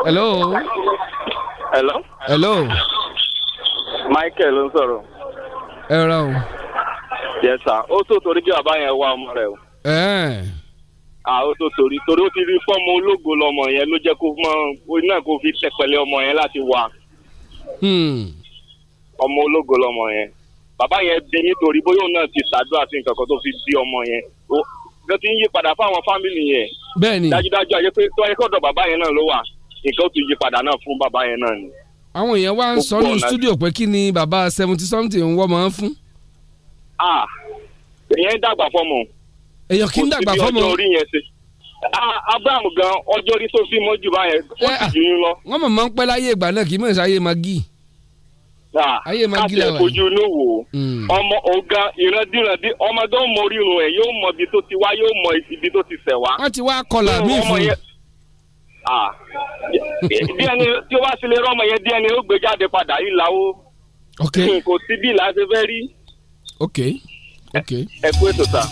hello. hello. hello. Michael ló ń sọ̀rọ̀. ẹ rà o. yes sir ó tó torí kí bàbá yẹn wá ọmọ rẹ o àwọn tó torí torí ó ti rí fọ́ọ̀mù ológo lọmọ yẹn ló jẹ́ kó mọ orí náà kó fi tẹ̀pẹ̀lẹ̀ ọmọ yẹn láti wà. Hmm. ọmọ ológo lọmọ yẹn bàbá yẹn bí nítorí bóyá òun náà ti ṣàdúrà sí nǹkan kan tó fi bí ọmọ yẹn ló ti ń yí padà fáwọn fámìlì yẹn. bẹ́ẹ̀ni dájúdájú àyè pé tó ayékọ́dọ̀ bàbá yẹn náà ló wà nǹkan ó ti yí padà náà fún bàbá yẹn náà ni. àwọn èèyàn wá ń sọ ní stúdíò pé kí ni bàbá seventy something ń wọ́ máa ń fún. ah èèyàn dàgbà fọ́mọ èèyàn kí ń dàgbà fọmọ. ó ti fi ọjọ́ orí yẹn ṣe abraham gan ọjọ́ orí tó fi mọ́ jù báyẹn ó sì jù yín lọ. wọ́n mọ̀ mọ́ ń pẹ́ láyé ìgbà náà kì í mọ̀ ẹ́ sáyé magi. ayé magi làwọn yìí. káṣí ẹ̀fọ́jú inú wò hmm. ọmọ ọ̀gá ìrandíranbí ọmọ gan mọ rírun ẹ̀ yóò mọ ibi tó ti wá yóò mọ ibi tó ti ṣẹ̀ wá. wọ́n ti wá kọlà mí fún un. díẹ̀ ni tí ó wá sílé rọ́mọ yẹn díẹ̀ ó gbé jáde padà ìlà ó. ok kò sí bí ìlà ṣe fẹ́ rí. ok ok. ẹ kú ètò ta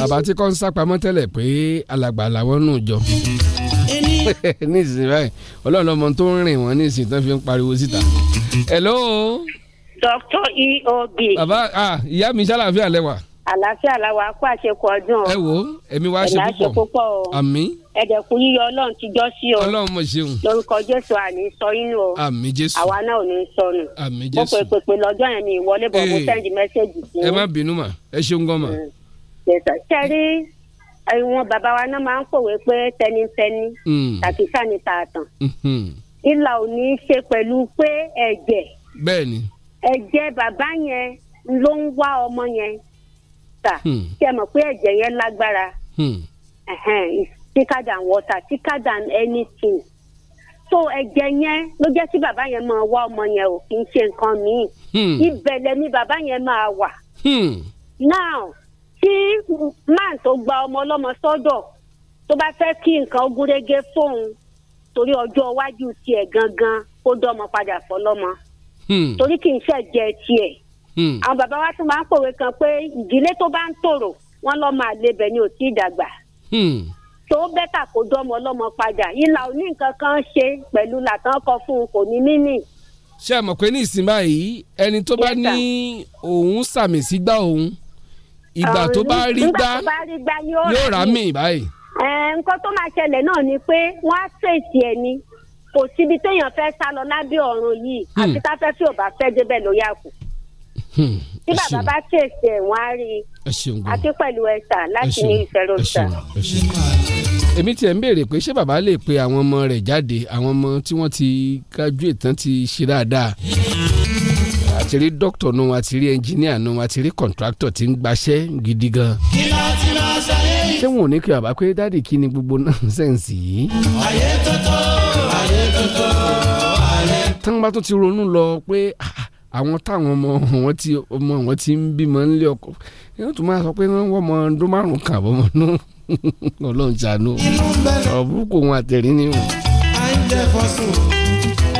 bàbá tí kò ń sápamọ́ tẹ́lẹ̀ pé alàgbà làwọn nù jọ [LAUGHS] nísìnyí báyìí ọlọ́run lọmọ tó ń rìn wọ́n nísìnyí tó fi ń pariwo síta. hello. dr eob. bàbá ìyá mi ṣàlàáfíà lẹ́wà àlàáfíà làwọn akó àṣekọ ọdún. ẹ wo èmi wá ṣe púpọ̀ àmín. ẹ̀dẹ̀kùn yíyọ ọlọ́run ti jọ́ sí o. ọlọ́run mo ṣeun. lórúkọ jésù àní sọ inú o. àmín jésù. àwa náà ò ní sọnù. àmín jésù. mo pè pèpè lọ́jọ́ yẹn mi ìwọlé bọ̀ mo eh. sẹ́ndì mẹ́sẹ̀gì sí. ẹ má bínú mà ẹ ṣeun gan mà. Mm yes sir ṣẹ́rí bàbá wa náà máa ń pòwe pé tẹnitẹni hmm. tàkìsà ni tààtàn hmm. ìlà ò ní í ṣe pẹ̀lú pé ẹ̀jẹ̀ bẹ́ẹ̀ni ẹ̀jẹ̀ bàbá yẹn ló ń wá ọmọ yẹn ta hmm. ṣe mọ̀ pé ẹ̀jẹ̀ yẹn lágbára thicker than water thicker than anything so ẹ̀jẹ̀ yẹn ló jẹ́ sí bàbá yẹn máa wá ọmọ yẹn ò kì í ṣe nǹkan míì ibẹ̀ lẹ́ni bàbá yẹn máa wà now tí man tó gba ọmọ ọlọ́mọ sọ́dọ̀ tó bá fẹ́ kí nǹkan gúnrégé fóun torí ọjọ́ iwájú tiẹ̀ gangan kó dọ́mọ padà fọlọ́mọ hmm. torí kì í ṣẹ̀jẹ̀ tiẹ̀ hmm. àwọn bàbá wa tún máa ń pòwe kan pé ìdílé tó bá ń tòrò wọn lọ́mọ àlebẹ̀ ni ò tí ì dàgbà tó hmm. bẹ́tà kó dọ́mọ ọlọ́mọ padà ìlà òní nǹkan kan ṣe pẹ̀lú làtàn kọ fún un kò ní mímì ṣé ẹ mọ̀ pé ní ìsìn báyìí ẹni tó bá ní òun sàmì sígbà òun ìgbà tó bá rí gbá yóò rà mí báyìí. nǹkan tó máa ṣẹlẹ̀ náà ni pé wọ́n á ṣèṣì ẹ̀ ni kò síbi téèyàn fẹ́ sá lọ lábẹ́ ọ̀run yìí hmm. àti táfẹ́ tí ò bá fẹ́ débẹ̀ ló yà kù. tí bàbá bá ṣèṣì ẹ̀ wọ́n á rí i àti pẹ̀lú ẹ̀sà láti ní ìfẹ́ èmi tiẹ̀ ń béèrè pé ṣé bàbá lè pe àwọn ọmọ rẹ̀ jáde àwọn ọmọ tí wọ́n ti graduate tán ti ṣe dáadáa ti rí dókítà nu wọn ti rí ẹnjìníà nu wọn ti rí kọ̀ǹtráktọ̀ tí ń gbaṣẹ́ gidi gan. ṣé wọn ò ní kí bàbá pé dáàdì kí ni gbogbo nọ́ńsẹ̀nsì yìí. ayé tótó ayé tótó ayé. tán tó ti ronú lọ pé ah, àwọn táwọn ọmọ wọn ti ọmọ wọn ti ń bímọ ńlẹ ọkọ yóò tún máa sọ pé wọn wọ́n mọ ọdún márùn kan àbọ̀mọ́ náà [LAUGHS] ọlọ́run ṣàánú ọ̀rọ̀ burúkú wọn àtẹ̀rín ni o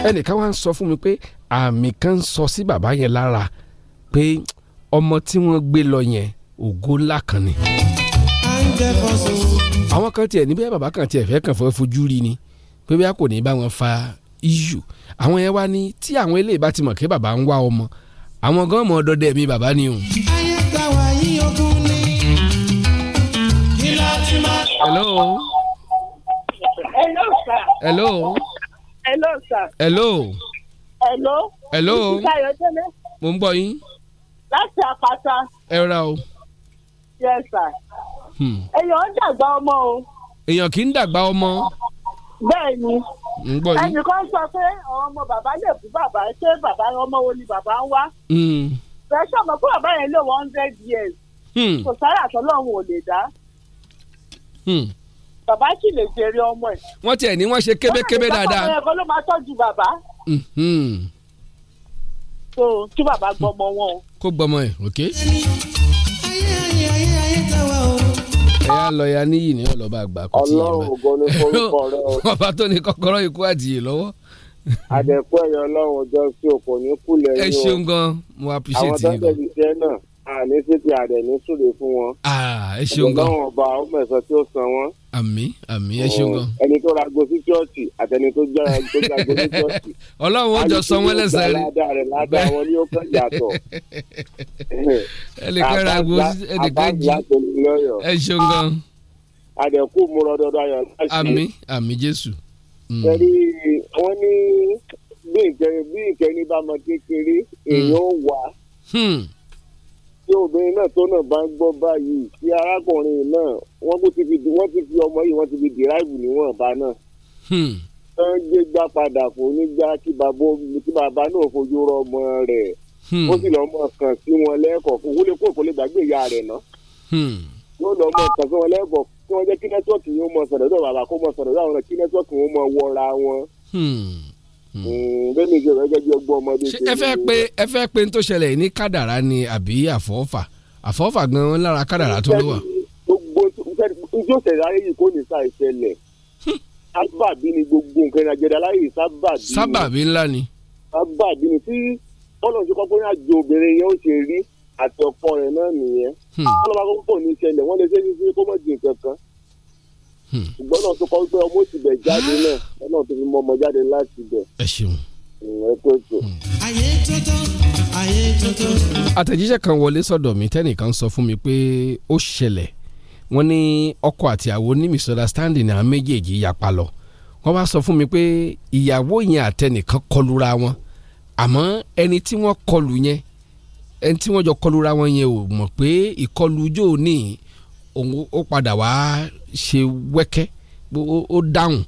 ẹnìkan wá ń sọ fún mi pé àmì kan ń sọ sí bàbá yẹn lára pé ọmọ tí wọ́n gbé lọ yẹn ògo ńlá ni. àwọn kan tiẹ̀ níbẹ̀ bàbá kan tiẹ̀ fẹ́ kàn fọ́ fojú rí ni pé bí a kò ní bá wọn fa iyù àwọn yẹn wá ní tí àwọn eléyìí bá ti mọ̀ pé bàbá ń wá ọmọ àwọn gan mọ̀ ọdọdẹ mi bàbá ni o. hello. hello sir. hello hello sir. hello. hello. hello. ìsìnká ayọ̀dẹ́lẹ̀. mo ń gbọ́ yín. láti àpáta. ẹ ra o. yes sir. Hmm. èèyàn ń dàgbà ọmọ o. èèyàn kì í dàgbà ọmọ. bẹ́ẹ̀ ni. ń gbọ́ yín. ẹnìkan sọ pé àwọn ọmọ bàbá lè bú bàbá ṣé bàbá ọmọ wo ni bàbá ń wá. bẹ́ẹ̀ hmm. ṣe ọmọ fún bàbá yẹn lò one hundred years. Hmm. kò sára àtọ́lọ́run ò lè dá bàbá sì lè jèrè ọmọ ẹ̀. wọ́n tiẹ̀ ní wọ́n ṣe kébékébé dáadáa. wọ́n kọ́ ló máa tọ́jú bàbá. Mm-hmm. so kí bàbá gbọmọ wọn kó gbọmọ ẹ ok. ẹ̀yà lọ́ọ̀yà níyì ní ọlọ́ba àgbà kò tí ì bá. ọlọ́run ògo ni forúkọ rẹ o. [LAUGHS] àdìyẹ lọ́wọ́ àdẹ̀kú ẹ̀yọ́ ọlọ́run ọjọ́ sí òpò ní kúlẹ̀ yìí o. ẹ ṣeun gan mo appreciate yín àwọn tó ń tẹ̀sí náà àní sípè àdẹ ní súre fún wọn. ẹ ṣeun gan. ọgbọ́n ọba ọmọọ̀sán tí ó san wọn. àmín àmín ẹ ṣeun gan. ẹni tó ra ago sí chọ́ọ̀chì àtẹni tó já ago sí [LAUGHS] ọlọ́run ó jọ san wọ́n lẹ́sẹ̀ rẹ̀. àyè tó lè ládàá wọn ni ó kàn yàtọ̀. [LAUGHS] ẹnìkan ra ago ẹnìkan jí ẹ ṣeun gan. àdẹ̀kù múra dọ́dọ́ ayọ̀ láṣẹ. àmín àmín jésù. pẹ̀lú mm. wọn ní bí ìkẹrin bá mọ kékeré mm. èèyàn wà. Hmm tí obìnrin náà tó náà bá ń gbọ́ báyìí tí arákùnrin náà wọ́n ti fi wọ́n ti fi ọmọ yìí wọ́n ti fi dìráìbù níwọ̀nba náà. Hmm. wọ́n gbé gbá padà fún onígbà kí bàbá náà fojú rọ ọmọ rẹ̀ hmm. ó sì lọ́mọ kan sí wọn lẹ́ẹ̀kọ̀ fún wọlé kó kó lè gbàgbé ìyá rẹ̀ náà. yóò hmm. lọ́mọ kan sí wọn lẹ́ẹ̀kọ̀ kí wọ́n jẹ́ kí nẹ́tíwọ̀kì yóò mọ sọ̀rọ̀ lẹ́nu ìjọba ẹgbẹ́ bí ọgbọ́n ọmọdé. ṣé ẹ fẹ́ pé ẹ fẹ́ pé tó ṣẹlẹ̀ ní kádàrá ni àbí àfọ́fà àfọ́fà gan-an lára kádàrá tó ló wà. gbogbo ojú ọ̀sẹ̀ ayé yìí kò ní sá ìṣẹ̀lẹ̀ sábàbí ni gbogbo nǹkan ìrìnàjò aláyè sábàbí. sábàbí ńlá ni. sábàbí ni tí ọlọ́run ṣe kọ́kọ́ ìrìnàjò obìnrin yẹn ó ṣe rí àti rẹ̀ náà nìyẹn. Hmm. ọlọ́run akọ́kọ́ ní ṣẹlẹ̀ wọ́n lè ṣe é ṣe kó mọ̀ jìn kankan. Hmm. ṣùgbọ́n náà tó kọ́ pé ọmọ ti bẹ̀ jáde náà ọ̀nà tó fi mọ ọmọ jáde láti bẹ̀. ẹ ṣeun. Hmm, ẹ tó tó. Hmm. ayé tuntun ayé tuntun. àtẹ̀jíṣẹ́ kan wọlé sọ́dọ̀ mi tẹ́nìkan sọ fún mi pé ó ṣẹlẹ̀ wọ́n ní ọkọ àti àwo ní misunderstanding ní àwọn méjèèjì yapa lọ wọ́n wá sọ fún mi pé ìyàwó yẹn àtẹnìkan kọlura wọn àmọ́ ẹni tí wọ́n kọlù yẹn ẹni tí wọ́n jọ kọlura wọn yẹn ò mọ̀ pé ìkọlù jóò níyì òun ó padà wá ṣe wẹ́kẹ́ ó dáhùn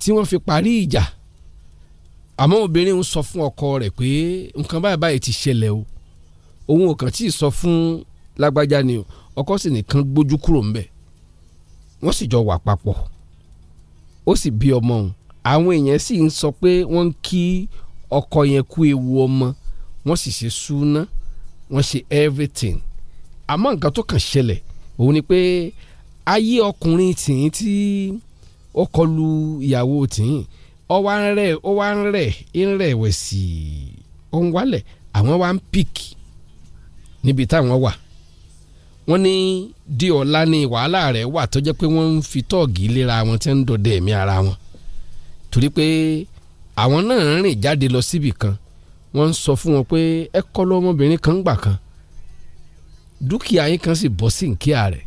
tí wọ́n fi parí ìjà àmọ́ obìnrin ń sọ fún ọkọ rẹ̀ pé nǹkan báyìí báyìí ti ṣẹlẹ̀ o òun ò kàn tí ì sọ fún lágbájá ni o ọkọ sì nìkan gbójú kúrò ńbẹ̀ wọ́n sì jọ wà papọ̀ ó sì bí ọmọ òun àwọn èèyàn sì ń sọ pé wọ́n ń kí ọkọ yẹn kú ewu ọmọ wọ́n sì ṣe súná wọ́n ṣe everything àmọ́ nǹkan tó kàn ṣẹlẹ̀ òun ni pé ayé ọkùnrin tìǹ tí ó kọlu ìyàwó tìǹ ó wá ń rẹ̀ ó wá ń rẹ̀ ń rẹ̀wẹ̀sì ó ń wálẹ̀ àwọn wá ń pìkì níbi táwọn wà wọ́n ní di ọ̀la ni wàhálà rẹ̀ wà tó jẹ́ pé wọ́n ń fi tọ́ọ̀gì léra wọn tí ń dọdẹ ẹ̀mí ara wọn torí pé àwọn náà ń rìn jáde lọ síbì kan wọ́n ń sọ fún wọn pé ẹ kọ́ lọ́mọbìnrin kan gbà kan dúkìá yín kan sì bọ́ sí nkíà rẹ̀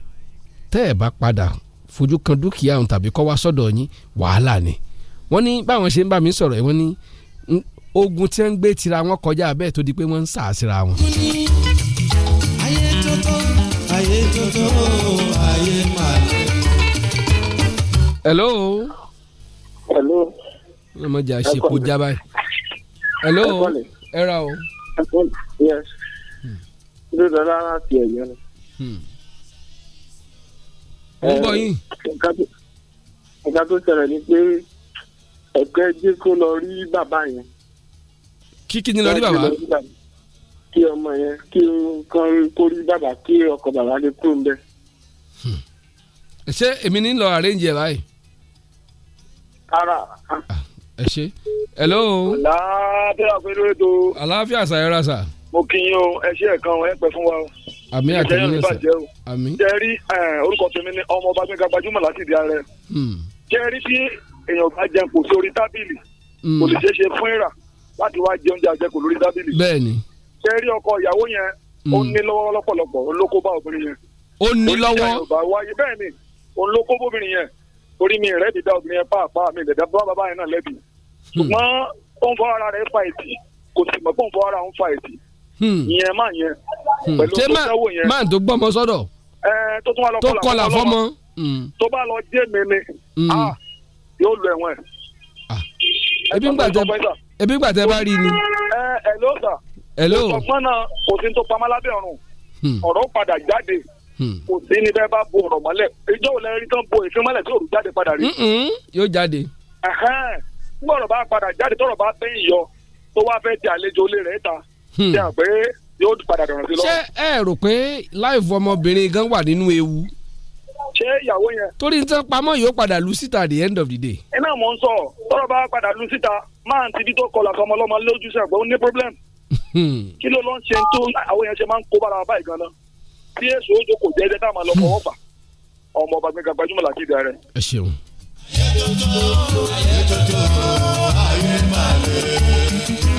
tẹ́ ẹ̀ bá padà fojú kan dúkìá òun tàbí kọ́ wá sọ́dọ̀ yín wàhálà ni wọ́n ní báwọn ṣe ń bá mi sọ̀rọ̀ ẹ̀ wọ́n ní ogun tí wọ́n ń gbé tira wọn kọjá bẹ́ẹ̀ tó di pé wọ́n ń sàásìra wọn. hello. hello. ọmọ jà ṣèkó jábáyé. hello. ẹ ra o. yes ló dára láti ẹ̀yọ́ ni. ó hmm. ń eh, bọ̀ yìí. nǹkan tó ṣẹlẹ̀ ni pé ẹ̀kọ́ ẹjẹ́ kó lọ rí bàbá yẹn. kí kí ni lọ rí bàbá. kí ọmọ yẹn kí nǹkan kó rí bàbá kí ọkọ̀ bàbá lè kúrò ń bẹ̀. Hmm. ṣé èmi ní lọ àrẹ́ǹjì ẹ̀ báyìí. ara. Ah, ẹ ṣe. hello. àlàáfíà pẹ̀lú ètò. àlàáfíà sàyẹ́rà sà mo kí yín o ẹ ṣe ẹ̀kan ẹ pẹ́ fún wa o. àmì àtẹ̀yìn ẹ̀sẹ̀ àmì. jẹ́rí orúkọ tèmi ni ọmọ ọba gbẹ̀ngà gbajúmọ̀ láti di ààrẹ. jẹ́rí hmm. tí èèyàn bá jẹun kò sórí tábìlì hmm. kò sì ṣeé ṣe fún ìrà láti wá jẹ oúnjẹ àjẹkù lórí tábìlì. bẹ́ẹ̀ni. jẹ́rí ọkọ ìyàwó yẹn ó hmm. ní lọ́wọ́ lọ́pọ̀lọpọ̀ olóko bá obìnrin yẹn. ó ní lọ́wọ́. bẹ́ẹ̀ni olóko bóbìnrin yẹn orí mi rẹ̀ ti dá obìnrin yẹn pàápàá mi ìdẹ̀dá bá bàbá yẹn náà lẹ́bi. ṣùgbọ́n ó ń fọ ara rẹ̀ fa ètì kò sì mọ̀ pé ó ń fọ ara òun fa ètì. Hmm. ìyẹn máa yẹn hmm. pẹ̀lú tó sáwó yẹn. máa tó gbọ́mọ sọ́dọ̀. ẹ tó tún wà lọ kọlà fọmọ. Hmm. tó bá lọ jẹ́ mi ni ah, yóò lu ẹ̀wọ̀n ẹ̀. Ah. ebi ń gbàtẹ ebi ń gbàtẹ bá rí ni. ẹ ẹ ló sà. ẹ ló. ọ̀gbọ́n náà kò sí tó pamọ́ lábẹ́ ọ̀run ọ̀rọ̀ padà jáde kò sí ní bẹ́ẹ̀ bá bo ọ̀rọ̀ mọ́lẹ̀ ìjọ ò lẹ́rìí tán bo ìfín mọ́lẹ̀ tí òòrùn jáde padà rí. yóò jáde. nígbà ọ̀rọ̀ bá padà jáde tọ̀rọ̀ bá fẹ́ yọ tó wá fẹ́ di àlejò olè rẹ̀ ta Hmm. ṣé àpé ẹ rò pé láìfọ ọmọbìnrin gan wà nínú ewu. ṣé ìyàwó yẹn. torí n pamọ́ yóò padà lu síta the end of the day. ẹ mò ń sọ tọ́rọ̀ bá padà lu síta máa ń tibí tó kọlà sọmọ ọlọ́mọ lójú sàgbọ́ ó ní problem. Hmm. kí ló ló ń ṣe tó àwọn yẹn ṣe máa ń kó bára báyìí gan náà bí èso ojú kò jẹ́ ẹgbẹ́ tá a máa lọ fọwọ́ fà ọmọ ọba gbẹngàn gbajúmọ̀ làkè ìdá rẹ̀. ẹ ṣeun. ayé tuntun ayé tuntun ayé máa lè.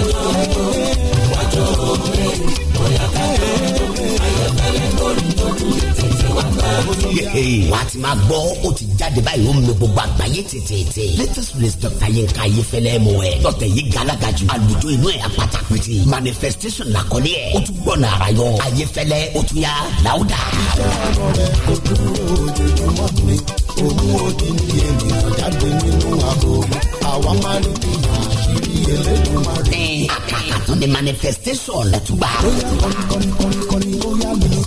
wà á ti máa gbọ́ ó ti jáde báyìí ó mi gbogbo àgbáyé tètè. latest release Dr. Yinka Ayefẹlẹ mu ẹ dr yi galaga ju alujo inú ẹ apata pété manifestation lakọni ẹ o tún gbọ́ nara yọ Ayefẹlẹ o tún yà láwùdà. Òun òdi ni ènìyàn jáde nínú àbò, àwa máa ń bí àṣírí ẹlẹ́dùn máa rí. Àkàkà tó ni manifestation lẹ́tùgbà. Bóyá kọ́ni kọ́ni kọ́ni kọ́ni mi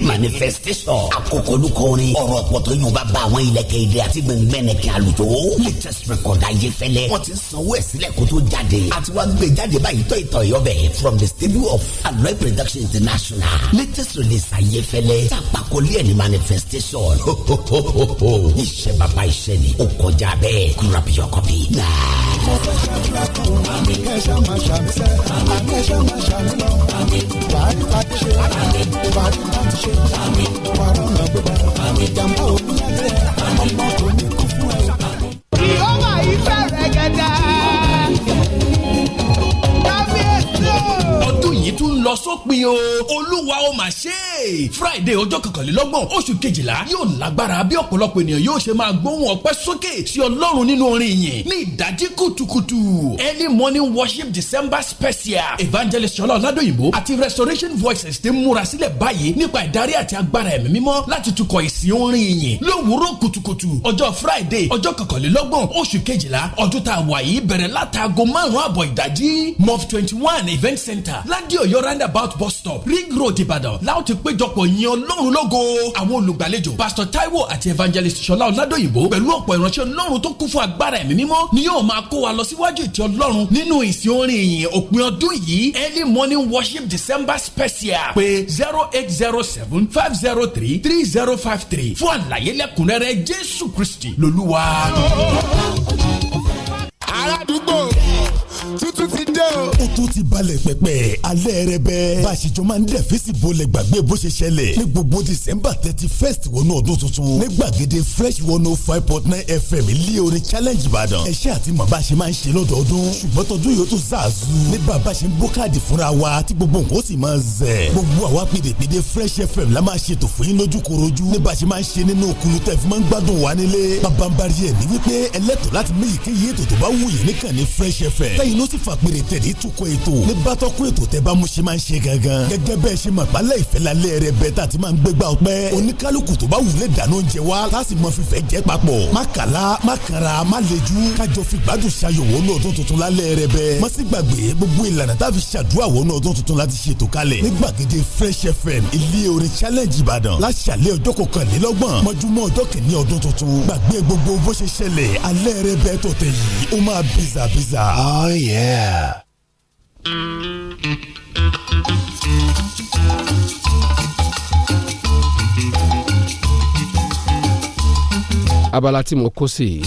manifestation akokoluko orin ọ̀rọ̀ pọ̀tọ́ yóò ba àwọn ilẹ̀kẹ̀ ilé àti gbẹ̀ngbẹ̀nẹ̀kẹ̀ àlùjọ latest record ayéfẹ́lẹ́ wọ́n ti sanwó ẹ̀ sílẹ̀ kó tó jáde àti wá gbé jáde báyìí tọ́ ìtọ̀ ìyọ́bẹ̀ from the studio of aloe production international latest release ayéfẹ́lẹ́ tàpákọ́lé ẹ̀ ní manifestation iṣẹ́ bàbá iṣẹ́ ni ó kọjá bẹ́ẹ̀ grab your copy now. mo wàhálà àti ṣe wàhálà rẹ̀ gẹ́gẹ́. yìí tún lọ sópin o olúwa ó mà ṣe friday ọjọ́ kọkànlélọ́gbọ̀n oṣù kejìlá yóò lágbára bí ọ̀pọ̀lọpọ̀ ènìyàn yóò ṣe máa gbóhùn ọpẹ́ sókè sí ọlọ́run nínú orin yìí ní ìdájí kùtùkùtù early morning worship december special evangelist ṣọlá ọ̀làdọ̀yìnbó àti restoration voices ti múra sílẹ̀ báyìí nípa ìdarí àti agbára ẹ̀mí mímọ́ láti tukọ̀ ìsìn orin yìí lówùúrọ̀ kùtùkùtù ọjọ́ friday ọjọ́ kọkànlélọ́gbọ̀n oṣù kejìlá ọdún tá a wà yìí bẹ̀rẹ̀ látàgò márùn-ún àbọ̀ ìdájí twenty one event center ládé ọ̀yọ́ roundabout bus stop ring road ìbàdàn láwọn ti péjọpọ̀ yìn ọlọ́run lógo àwọn olùgbàlejò pastor taiwo àti evangelist ṣọlá ọ̀làdọ̀yìnbó pẹ̀lú ọ̀pọ̀ ìránṣẹ́ ọlọ́run tó kún fún agbára ẹ̀mí mímọ́ ni yóò máa kó wa lọ síwájú ìtì ọlọ́run nínú ìsìn orin ìyìn òpin ọdún yìí early morning worship december special pé zero eight zero seven five zero three three zero five three fún àlàyé lẹ́kùnrẹ́rẹ́ jésù kristi lolúwa. aládùúgbò tuntun ti dé o. ó tún ti balẹ̀ pẹ́pẹ́ alẹ́ rẹ bẹ́ẹ̀. bá a ṣe jọ máa ń dẹ̀ fèsì bolẹ̀ gbàgbé bó ṣe ṣẹlẹ̀ ní gbogbo december thirty first wọnú ọdún tuntun ní gbàgede fresh one oh five point nine fm ilé orin challenge ìbàdàn ẹ̀ṣẹ́ àti mọ̀ bá a ṣe máa ń ṣe lọ́dọọdún ṣùgbọ́n tọdún yóò tún zàzú ní bá a bá ṣe ń bó káàdì fúnra wa tí gbogbo nǹkan ó sì máa zẹ̀ gbogbo àwa pèdèpèdè fresh fm la máa ṣètò fún yín lójúkorojú ní bá a ṣe máa ń ṣe nínú òkulu tẹ̀ fi máa ń gbádùn wa nílé bàbá ń bari ẹ̀ ní wípé ẹlẹ́tọ̀ọ́ láti mú ìkéyìí fresh fm tẹ́yìn ló sì tẹ̀lé tukọ̀ ètò ní bátọ́kù ètò tẹ́ bá mú ṣe máa ń ṣe gangan gẹ́gẹ́ bẹ́ẹ̀ ṣe mọ̀ pálẹ̀ ìfẹ́ lálẹ́ rẹ bẹ́ẹ̀ tà ti máa ń gbégbá ọpẹ́ oníkálukú tó bá wulẹ̀ dáná oúnjẹ wa láti mọ fífẹ́ jẹ́ papọ̀ má kàlá má kanra má lejú kájọ fi gbádùn ṣayọ̀wọ́ ní ọdún tuntun lálẹ́ rẹ bẹ́ẹ̀ má sì gbàgbé gbogbo ìlànà Fresh FM ilé challenge Ìbàdàn láṣàlẹ̀ ọjọ́ kọkànlélọ́gbọ̀n mọ́júmọ́ ọjọ́ kìíní ọdún tuntun gbàgbé gbogbo bó ṣe ṣẹlẹ̀ alẹ́ rẹ tó tẹ̀ yìí ó máa bìzàbìzà. Oh yeah abala tí mo kó sí i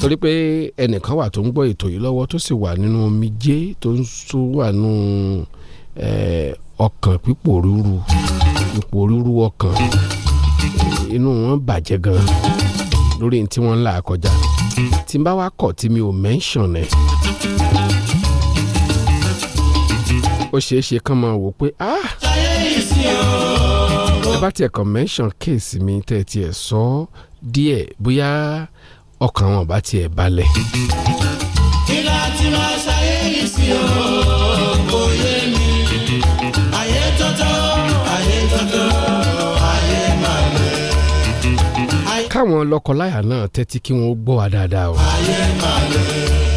torí pé ẹnìkan wà tó ń gbọ́ ètò yìí lọ́wọ́ tó sì wà nínú omijé tó ń sún wà nínú ọkàn pípò ríru ipò ríru ọkàn inú wọn bàjẹ́ gan lórí tí wọ́n ń là kọjá tí n bá wá kọ̀ tí mi ò mẹ́ńsàn ẹ̀ ó ṣeé ṣe kán máa wò pé ah! ẹ bá tiẹ̀ convention case mi tẹ́ ẹ tiẹ̀ sọ díẹ̀ bóyá ọkàn wọn bá tiẹ̀ balẹ̀. kí la ti máa ṣayé yìí sí o kò yé mi ayé tọ́tọ́ ayé tọ́tọ́ ayé máa lẹ̀. káwọn lọ́kọláya náà tẹ́tí kí wọ́n gbọ́ wa dáadáa o. ayé máa lẹ̀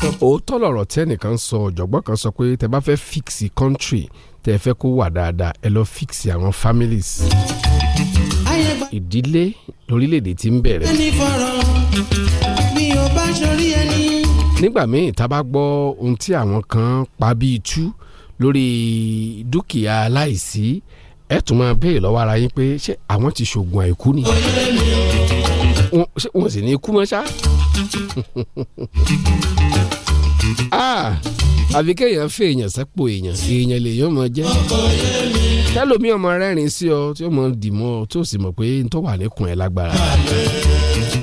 sọ. òótọ́ lọ̀rọ̀ tí ẹnìkan sọ ọ̀jọ̀gbọ́n kan sọ pé tẹ bá fẹ́ fíksì country tẹ fẹ́ kó wà dáadáa ẹ lọ fíksì àwọn families. ìdílé lórílẹ̀‐èdè ti ń bẹ̀rẹ̀. nígbà míì tá bá gbọ́ ohun tí àwọn kan pa bíi tú lórí dúkìá aláìsí ẹ tún máa béèrè lọ́wọ́ ara yín pé ṣé àwọn ti ṣoògùn àìkú ni. wọ́n sì ní ikú mọ́ ṣáá. [LAUGHS] Ah, àbí kéèyàn fi èèyàn sẹ́pò èèyàn èèyàn lèèyàn mọ̀ jẹ́ tẹ́lómi ọmọ rẹ́rìn sí ọ tí ó mọ̀ dì mọ́ tí ó sì mọ̀ pé n tó wà lẹ́kùn ẹ̀ lágbára.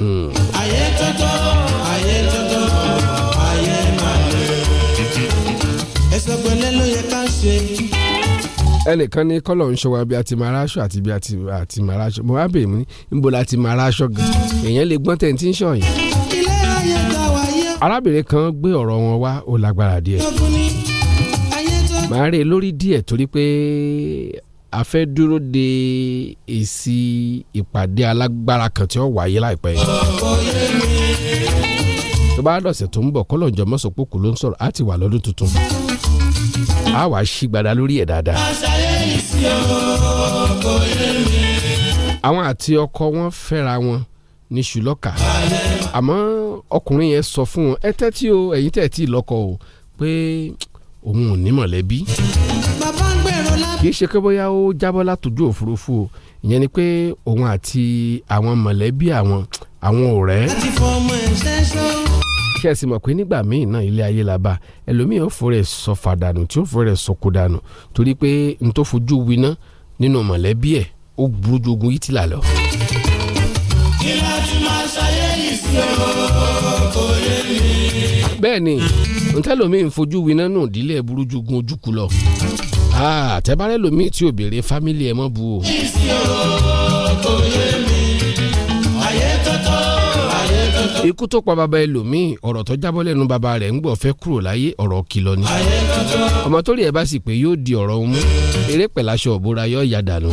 Hmm. ẹnìkan ní kọ́lọ̀ ń ṣọ́ bí a ti máa ráṣọ àti bí a ti máa ráṣọ mo wá bèèmí níbo la ti máa ráṣọ gan èèyàn lè gbọ́n tẹ̀ ń tí ń ṣọ̀yìn arábìnrin kan gbé ọ̀rọ̀ wọn wá ó lágbára díẹ̀ màá rè lórí díẹ̀ torí pé a fẹ́ dúró de èsì ìpàdé alágbára kan tí ó wáyé láìpẹ́ tó bá dọ̀sẹ̀ tó ń bọ̀ kọ́lọ̀njọ́ mọ́sọ̀pọ̀kù ló ń sọ̀rọ̀ á ti wà lọ́dún tuntun a wàá ṣí gbada lórí ẹ̀ dáadáa. àwọn àti ọkọ wọn fẹ́ra wọn ní ṣùlọ́kà àmọ́ ọkùnrin yẹn sọ fún ẹ tẹ́tí o ẹ̀yin tẹ́tí lọ́kọ o pé òun ò ní mọ̀lẹ́bí kì í ṣe pé bóyá ó jábọ́ látòjú òfurufú o ìyẹn ni pé òun àti àwọn mọ̀lẹ́bí àwọn àwọn ọ̀rẹ́ kí ẹ sì mọ̀ pé nígbà míì náà ilé ayé la bá ẹlòmíì ó fòrè sọ fàdànù tí ó fòrè sọ kó dànù torí pé n tó fojú winá nínú mọ̀lẹ́bí ẹ̀ ó burú jogun yìí ti lọ bẹ́ẹ̀ ni ntẹ́lómi ń fojú winá nù dílé burú ju gun ojú kú lọ ah, tẹ́bárẹ́ lomi tí ò béèrè fámìlì ẹ̀ mọ́ bu o. ikú tó pa bàbá ẹlòmíì ọ̀rọ̀ tó jábọ́ lẹ́nu bàbá rẹ̀ ń gbọ́ fẹ́ kúrò láyé ọ̀rọ̀ kìlọ̀ ni. ọmọ tó rí ẹ bá sì pé yóò di ọ̀rọ̀ òun eré pẹ̀láṣọ òbúra yóò yá dànù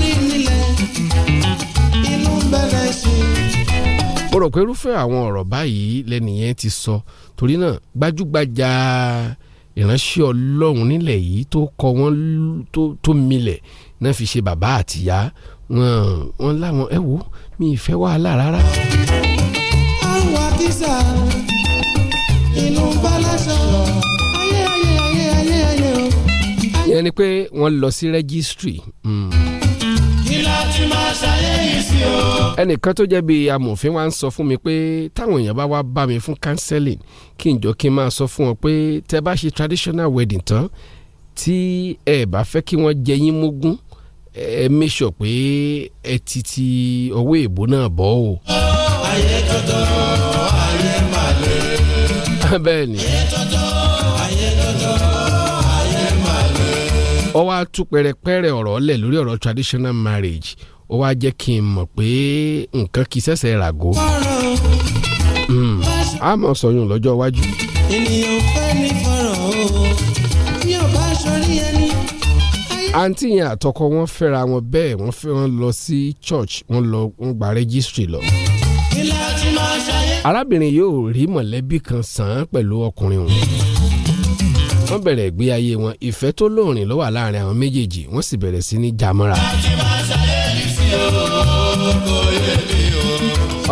mo rò pé irúfẹ́ àwọn ọ̀rọ̀ báyìí lẹ́nìyẹn ti sọ torí náà gbajúgbajà ìránṣẹ́ ọlọ́run nílẹ̀ yìí tó kọ wọ́n tó milẹ̀ náà fi ṣe bàbá àtìyá wọn láwọn ẹ wo mi ì fẹ́ wàhálà rárá. àwọn akísà inú bá ayé ayé ayé ayé ayé o. ìyẹn ni pé wọ́n lọ sí rẹ́gísítírì. Mm ẹnìkan tó jẹ́ bí amòfin wa ń sọ fún mi pé táwọn èèyàn bá wá bá mi fún counseling kí n jọ kí n máa sọ fún wọn pé tẹ bá ṣe traditional wedding tán tí ẹ bá fẹ́ kí wọ́n jẹ yín mógún ẹ make pé ẹ ti ti ọwọ́ èèbó náà bọ́ o. ayé tọ́tọ́ ayé màlẹ́. [LAUGHS] bẹ́ẹ̀ ni. ayé tọ́tọ́. ó wá tú pẹ̀rẹ̀pẹ̀rẹ̀ ọ̀rọ̀ lẹ̀ lórí ọ̀rọ̀ traditional marriage ó wá jẹ́ kí n mọ̀ pé nǹkan kì í ṣẹ̀ṣẹ̀ ràgó hmm, a mọ̀ sọyún lọ́jọ́ iwájú. ènìyàn fẹ́ ní fọ̀rọ̀ o bí ò bá sọrí ẹni. àǹtí yẹn àtọkọ wọn fẹ́ra wọn bẹ́ẹ̀ wọ́n fẹ́ wọn lọ sí church wọ́n lọ wọ́n gba registry lọ. arábìnrin yóò rí mọ̀lẹ́bí kan sàn án pẹ̀lú ọkùnrin òun wọ́n bẹ̀rẹ̀ ìgbé ayé wọn ìfẹ́ tó lóòrìn ló wà láàrin àwọn méjèèjì wọ́n sì bẹ̀rẹ̀ sí ní jamọ́ra.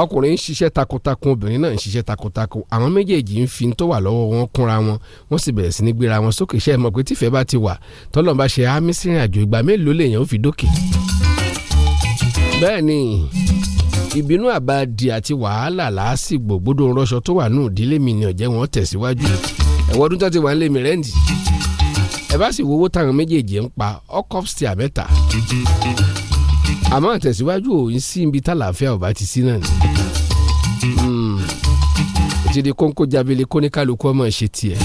ọkùnrin ń ṣiṣẹ́ takuntakun obìnrin náà ń ṣiṣẹ́ takuntakun àwọn méjèèjì ń fi tó wà lọ́wọ́ wọn kúnra wọn wọ́n sì bẹ̀rẹ̀ sí ní gbéra wọn sókè ṣe é pé tífẹ́ bá ti wà tọ́lọ́n bá ṣe àmì sírìn àjò ìgbà mélòó lèèyàn ó fi dókè. bẹ́ẹ̀ ni ìbínú àbádi àti wàhálà làásìgbò gbódò rọṣọ tó wà nù ìdílé mi ni ọ̀jẹ̀ wọn tẹ̀síwájú ẹ̀wọ́n ọdún tó ti wà ń lé mi rẹ́ǹdì ẹ bá sì wowó táwọn méjèèjì ń pa ọkọ̀ sí àbẹ́ta àmọ́ àtẹ̀síwájú òun sí ibi tálàáfíà ọba ti sí náà ni hmm. ti di kónkó jábílẹ̀ kóníkálukú ọmọ ṣe tiẹ̀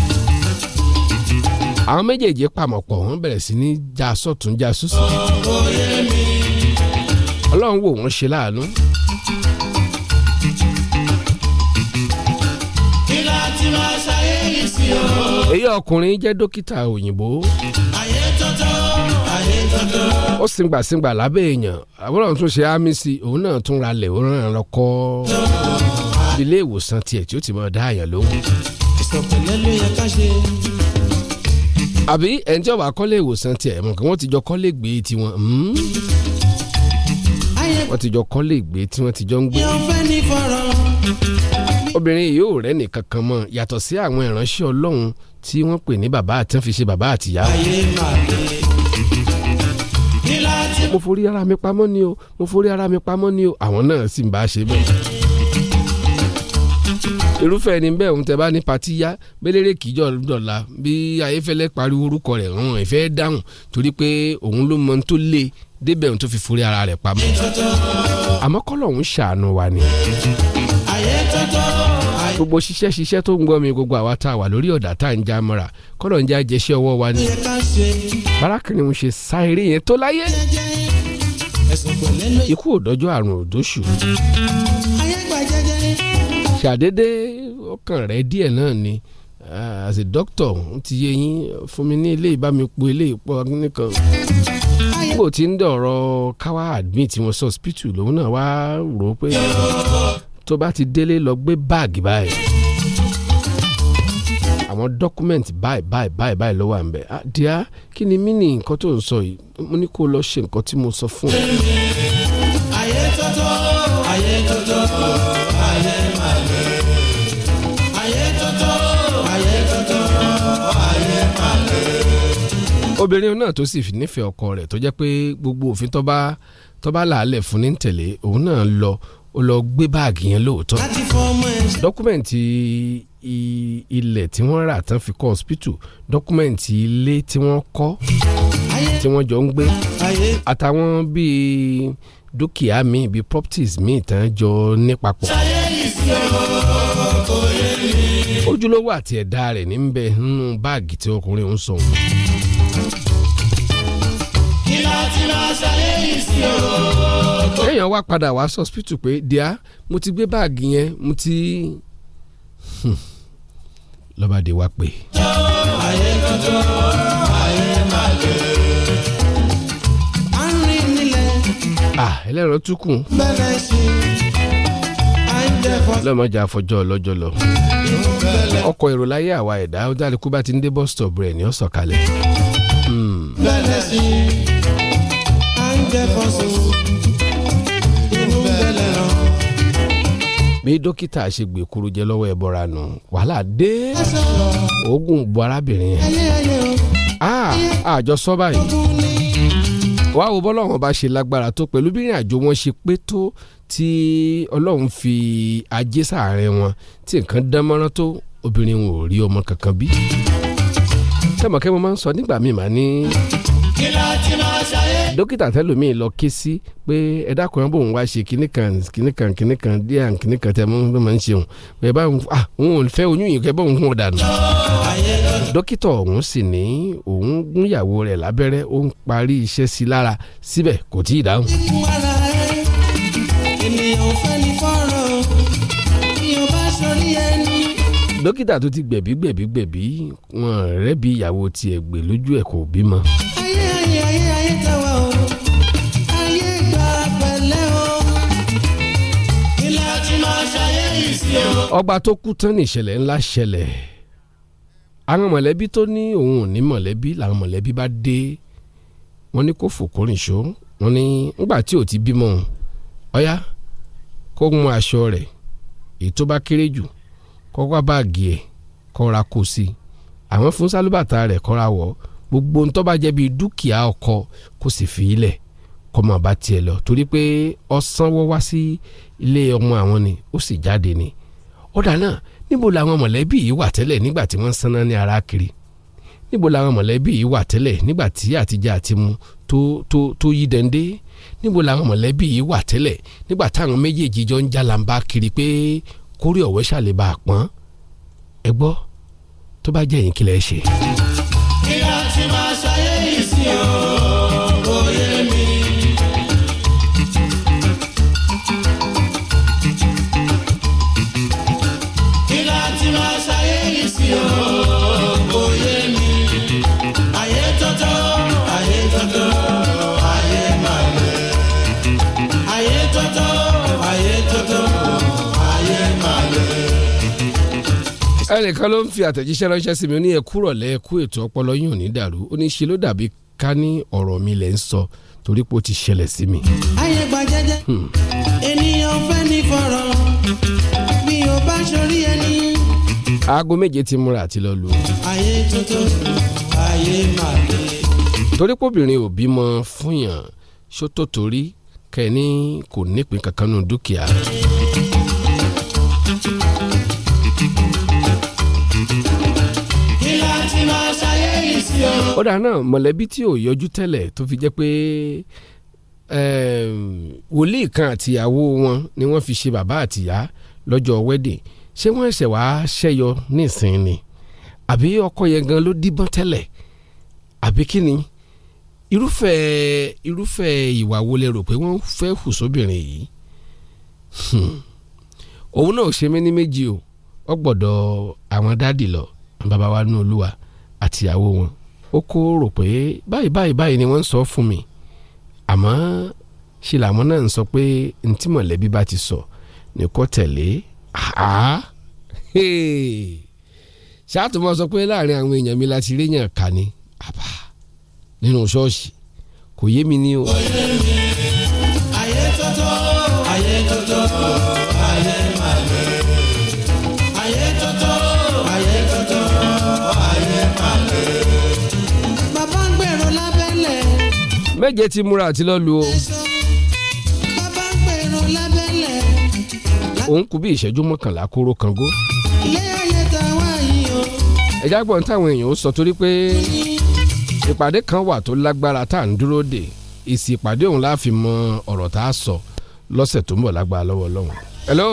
àwọn méjèèjì pamọ́ pọ̀ wọ́n bẹ̀rẹ̀ sí ní já sọ́tún já sósì ọlọ́run wò wọ́n ṣe láàánú èyí ọkùnrin jẹ́ dókítà òyìnbó ó sìngbàsìngbà lábẹ́ èèyàn àbúrò tún ṣe ámì sí òun náà tún ra lẹ̀ òun náà lọ kọ́ ilé ìwòsàn tiẹ̀ tí ó ti máa dá àyàn lóhùn. àbí ẹni tí ó wà kọ́lé ìwòsàn tiẹ̀ mọ̀ kí wọ́n ti jọ kọ́lé gbé tiwọn hmm? wọ́n ti jọ kọ́lé gbé tí wọ́n ti jọ ń gbé obìnrin yìí ò rẹ́ nìkan kan mọ́ yàtọ̀ sí àwọn ìránṣẹ́ ọlọ́run tí wọ́n pè ní bàbá àti fi ṣe bàbá àtìyá. mo forí ara mi pamọ́ ni o mo forí ara mi pamọ́ ni o àwọn náà sì ń bá a ṣe bẹ́ẹ̀. irúfẹ́ ẹni bẹ́ẹ̀ òun tẹ́ bá ní patí yá bẹ́lẹ́rẹ́ kìjọ dọ̀la bí ayéfẹ́lẹ́ pariwo orúkọ rẹ̀ hàn ìfẹ́ dáhùn torí pé òun ló mọ tó lé débẹ̀ òun tó fi forí ara rẹ̀ pamọ́ àmọ́ kọ́ lọ́hún ṣàánú wa ni gbogbo ṣiṣẹ́ ṣiṣẹ́ tó ń gbọ́ mi gbogbo àwa tá a wà lórí ọ̀dà tá à ń já mọ́ra kọ́lọ̀ ń já jẹ́ṣẹ́ ọwọ́ wa ni. bárakìnrin mo ṣe sá eré yẹn tó láyé. ikú òdọ́jọ́ àrùn òdóṣù. ṣàdédé ọkàn rẹ̀ díẹ̀ náà ni ah, as a doctor n ti yé yín fún mi ní ilé ìbámi po ilé ìpọ nìkan nígbò tí ń dọ̀rọ̀ káwá admit wọn sọ hospital lòun náà wá rò ó pé tó bá ti délé lọ gbé báàgì báyìí àwọn dọ́kúmẹ̀ntì báyìí báyìí báyìí báyìí ló wà ń bẹ̀ díà kí ni mí ní nǹkan tó ń sọ yìí mo ní kó lọ ṣe nǹkan tí mo sọ fún ọ. ayé tọ́tọ́ ayé tọ́tọ́ ayé máa lè. ayé tọ́tọ́ ayé tọ́tọ́ ayé máa lè. obìnrin náà tó sì nífẹ̀ẹ́ ọkọ rẹ̀ tó jẹ́ pé gbogbo òfin tó bá tó bá làálẹ̀ fún ní tẹ̀lé òun náà lọ ó lọ gbé báàgì yẹn lóòótọ́ dọ́kúmẹ̀ntì ilẹ̀ tí wọ́n rà tán fi kọ́ hospital dọ́kúmẹ̀ntì ilé tí wọ́n kọ́ tí wọ́n jọ ń gbé àtàwọn bíi dúkìá mi bíi properties mi tán jọ nípapọ̀ ojúlówó àti ẹ̀dá rẹ̀ níbẹ̀ nínú báàgì tí ọkùnrin ń sọ èèyàn wá padà wá sọ́spítù pé díà mo ti gbé báàgì yẹn mo ti [LAUGHS] lọ́ba wá pé. ayé tuntun ayé máa lè. a ń rìn nílẹ̀. ah ẹlẹ́rọ tún kù. bẹ́ẹ̀ ṣe lọ́mọdé àfọjọ́ ọlọ́jọ́ lọ. ọkọ̀ èrò láyé àwa ẹ̀dá ó dálé kú bá ti ń dé bus stop rẹ̀ ní ọ̀sán kalẹ̀. bẹ́ẹ̀ hmm. ṣe jẹ́ fọ́sùn inú bẹ̀lẹ̀ rán. bí dókítà ṣe gbé kúrú jẹ lọ́wọ́ ẹ̀bọ̀ra nù wàhálà dé oògùn bu arábìnrin yẹn àjọ sọ báyìí wàá wo bọ́lọ́run bá ṣe lágbára tó pẹ̀lú bí ìrìn àjò wọn ṣe pé tó tí ọlọ́run fi ajé sàárẹ̀ wọn tí nǹkan dán mọ́rán tó obìnrin wọn ò rí ọmọ kankan bí. kẹ́mọ̀kẹ́mọ̀ máa ń sọ nígbà míì máa ní kí la ti máa ṣayé. dókítà tẹlumi lọ ké sí pé ẹ dákun ẹ bóun wá ṣe kinní kan kinní kan kinní kan díẹ̀ kinní kan tẹ mọ́ bí mo ń ṣeun bẹ́ẹ̀ bá òun ah, ò fẹ́ oyún yìí kẹ́ bóun kún ọ̀dà nù. dókítà ọ̀hún sì ní òun gúnyàwó rẹ̀ lábẹ́rẹ́ ó ń parí iṣẹ́ sí lára síbẹ̀ kò tí ì dáhùn. dókítà tó ti gbẹ̀bí gbẹ̀bí gbẹ̀bí wọn rẹ́bi ìyàwó tiẹ̀ gbè lójú ẹ̀ kò bímọ. ọba tó kú tán ní ìṣẹ̀lẹ̀ ńlá ṣẹlẹ̀ àwọn mọ̀lẹ́bí tó ní òun ò ní mọ̀lẹ́bí làwọn mọ̀lẹ́bí bá dé wọ́n ní kó fòkórìn ṣó wọ́n ní ńgbà tí ò ti bímọ ọ̀yá kó mú aṣọ rẹ̀ èyí tó bá kéré jù kó wá báàgì ẹ̀ kó ra kó sí i àwọn fún sálúbàtà rẹ̀ kó ra gbogbo ń tó jẹ́ bíi dúkìá ọkọ kó sì fi í lẹ̀ bá tiẹ̀ lọ torí pé ọ̀sánwó wá sí ilé ọmọ àwọn ni ó sì jáde ni ọ̀dà náà níbo làwọn mọ̀lẹ́bí yìí wà tẹ́lẹ̀ nígbà tí wọ́n ń sanná ní ara kiri níbo làwọn mọ̀lẹ́bí yìí wà tẹ́lẹ̀ nígbà tí àtijọ́ àti mu tó tó tó yí dẹ́ndé níbo làwọn mọ̀lẹ́bí yìí wà tẹ́lẹ̀ nígbà táwọn méjèèjì jọ ń jalamba kiri pé kórè ọ̀wẹ́ ṣàlẹ̀ bá a pọ́n ẹ gbọ́ tó bá jẹ́ yín kí ṣe. kí a ti máa ṣayé ẹnìkan ló ń fi àtẹ̀jíṣẹ́ ránṣẹ́ sí mi ó ní ẹ kúrọ̀ lẹ́ kú ètò ọpọlọ yín ò ní dàrú ó ní ṣe ló dàbí ká ní ọ̀rọ̀ mi lẹ́ ń sọ torí pé ó ti ṣẹlẹ̀ sí mi. ayé gba jẹ́jẹ́ hmm. ènìyàn fẹ́ ní fọ̀rọ̀ mi ò bá sórí ẹni. aago méje ti múra àti lọ lu. ayé tuntun ayé màlè. torí pòbìnrin ò bímọ fún yàn ṣó tó torí kẹ́ni kò nípìn kankan nù dúkìá. ó dáa náà mọ̀lẹ́bí tí ò yọjú tẹ́lẹ̀ tó fi jẹ́ pé wòlíì kan àtìyàwó wọn ni wọ́n fi ṣe bàbá àtìyá lọ́jọ́ wedding ṣé wọ́n ṣẹ̀ wá ṣẹ́yọ nísìnyí ni àbí ọkọ yẹn gan ló díbọ́n tẹ́lẹ̀ àbí kí ni irúfẹ́ irúfẹ́ ìwà wo lẹ rò pé wọ́n fẹ́ hù sóbìnrin yìí hmm. òun náà ṣe mí ní méjì o ọ gbọ́dọ̀ àwọn dáàdì lọ bàbá wa nù olúwa àtìyàwó wọn ó kó rò pé báyìí báyìí báyìí ni wọ́n ń sọ fún mi àmọ́ ṣe làwọn náà ń sọ pé ntí mọ̀lẹ́bí bá ti sọ ni kò tẹ̀lé àá ṣáàtúmọ̀ sọ pé láàrin àwọn èèyàn mi láti rí yàn ká ni nínú ṣọ́ọ̀ṣì kò yé mi ní o. méje ti múra àti lọ o. òun kù bí ìṣẹ́jú mọ́kànlá kóró kangó. ẹ̀já gbọ́n táwọn èèyàn ó sọ torí pé ìpàdé kan wà tó lágbára tá à ń dúró dè èsì ìpàdé ọ̀hún la fi mọ ọ̀rọ̀ tá a sọ lọ́sẹ̀ tó ń bọ̀ lágbára lọ́wọ́ Ọlọ́run. hello.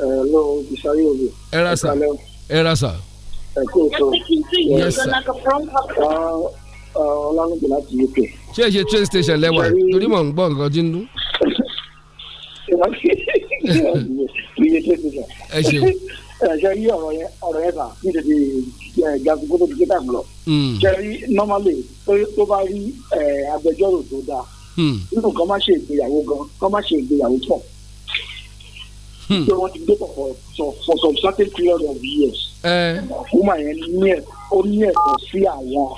hello bisayo obi. ẹ ra sa ẹ ra sa. ẹ kí ọlánúgbò láti uk. ṣé ẹ ṣe train station lẹ́wà torí mò ń gbọ́ nǹkan jí ń dún. [LAUGHS] ẹ ṣeun. [LAUGHS] ṣe rí ọ̀rọ̀ yẹn ọ̀rọ̀ yẹn fà ní tètè jagun kótó tó kéta gbọ́. Hmm. ṣe rí normally tó bá rí agbẹjọ́rò tó dáa hmm. nínú kan má ṣe ìgbéyàwó gan kan má ṣe ìgbéyàwó pọ̀ pé hmm. wọ́n ti gbé pọ̀ for for some certain period of years. woman yẹn ó ní ẹ̀kọ́ sí àwọn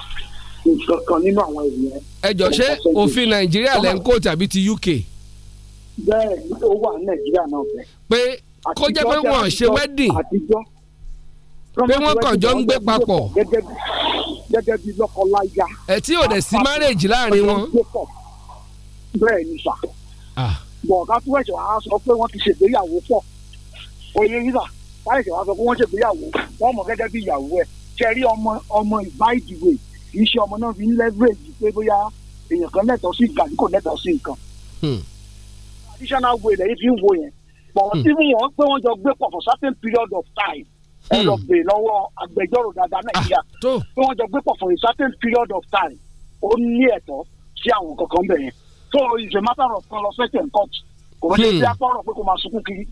kankan nínú àwọn ènìyàn. ẹ jọ ṣé òfin nàìjíríà lẹ́ ń kó tàbí ti uk. bẹ́ẹ̀ ó wà ní nàìjíríà náà bẹ́ẹ̀. pé kó jẹ́ pé wọ́n ṣe wedding pé wọ́n kàn jọ ń gbé papọ̀. gẹ́gẹ́ bí lọ́kọ-láya. ẹ tí ò dẹ̀ sí márèèjì láàrin wọn. bẹ́ẹ̀ ni sà. Ah. bọ̀ọ̀ká tó ẹ̀ṣẹ̀ wàá sọ pé wọ́n ti ṣègbéyàwó pọ̀ oyè yìí sà táyà ìṣẹ̀wá sọ pé wọ́n ṣègbéyàwó wọ́n mọ̀ gẹ́gẹ́ bí ìyàwó ẹ̀ ṣẹ̀rí ọmọ ọmọ ìbá ìdìbò yìí kì í ṣe ọmọ náà fi ń leverage pé bóyá èèyàn kan lẹ́tọ̀ọ́ sí nǹkan àbí kò lẹ́tọ̀ọ́ sí nǹkan. Hmm. additional way lẹ́yìn fi ń wo yẹn but tí hmm. wọ́n gbé wọ́n jọ gbé pọ̀ for certain period of time ẹ lọ hmm. bèè lọ́wọ́ agbẹjọ́rò dáadáa ah, nàìjíríà tí wọ́n jọ gbé pọ̀ for a certain period of time ó ní ẹ̀tọ́ sí àwọn kankan bẹ̀yẹn so it's a matter of conflict and court kò wọ́n lè fi apá ọ̀rọ̀ pé kò máa sunkún kiri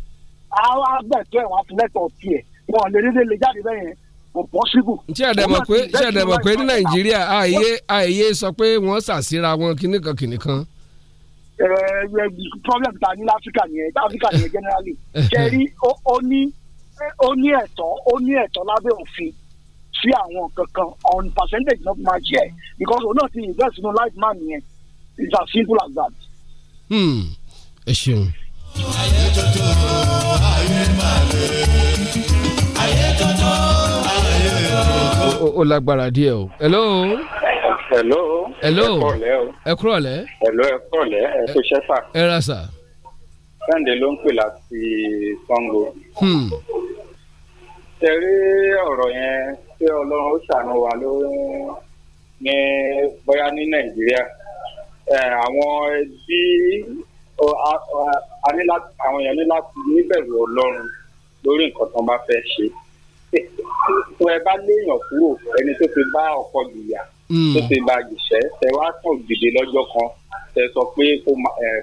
àwọn agbẹ̀tọ́ ẹ̀ wọ́n á fi lẹ́tọ̀ọ́ tiẹ̀ wọn ò lè dédé lè jáde bẹ́yẹn kò pọ́síbù. ṣé ẹ̀dẹ̀ mọ̀ pé ṣé ẹ̀dẹ̀ mọ̀ pé ní nàìjíríà àìyé àìyé sọ pé wọ́n ṣàṣìra wọn kìnnìkan kìnnìkan. ẹ eh, ẹ eh, problem ta ní áfíríkà nìyẹn áfíríkà nìyẹn generally kẹrí eh, ó ní ó ní ẹ̀tọ́ ó ní ẹ̀tọ́ lábẹ́ òfin sí àwọn kankan on percentage náà máa jẹ́ because òun náà ti invest nínú life man yẹn it's as simple as that. Hmm, ẹ ṣeun. ayé tuntun ayé màlè ayé tuntun ó lágbára díẹ̀ o. hello. hello. hello. ẹ kúrọ̀lẹ́. hello ẹ kúrọ̀lẹ́ ẹ kú iṣẹ́ sà. ẹ ra sà. Kẹ́hìndé ló ń pè láti Sango. Hmm. ṣe ọ̀rọ̀ yẹn pé Ọlọ́run ó ṣàánú wa ló ní bóyá ní Nàìjíríà àwọn ẹbí àwọn èèyàn ní láti níbẹ̀rù Ọlọ́run lórí nǹkan tó bá fẹ́ ṣe ẹ bá léèyàn kúrò ẹni tó ti bá ọkọ jìyà hmm. tó ti bá jìṣẹ́ tẹ wá kàn dìde lọ́jọ́ kan tẹ sọ pé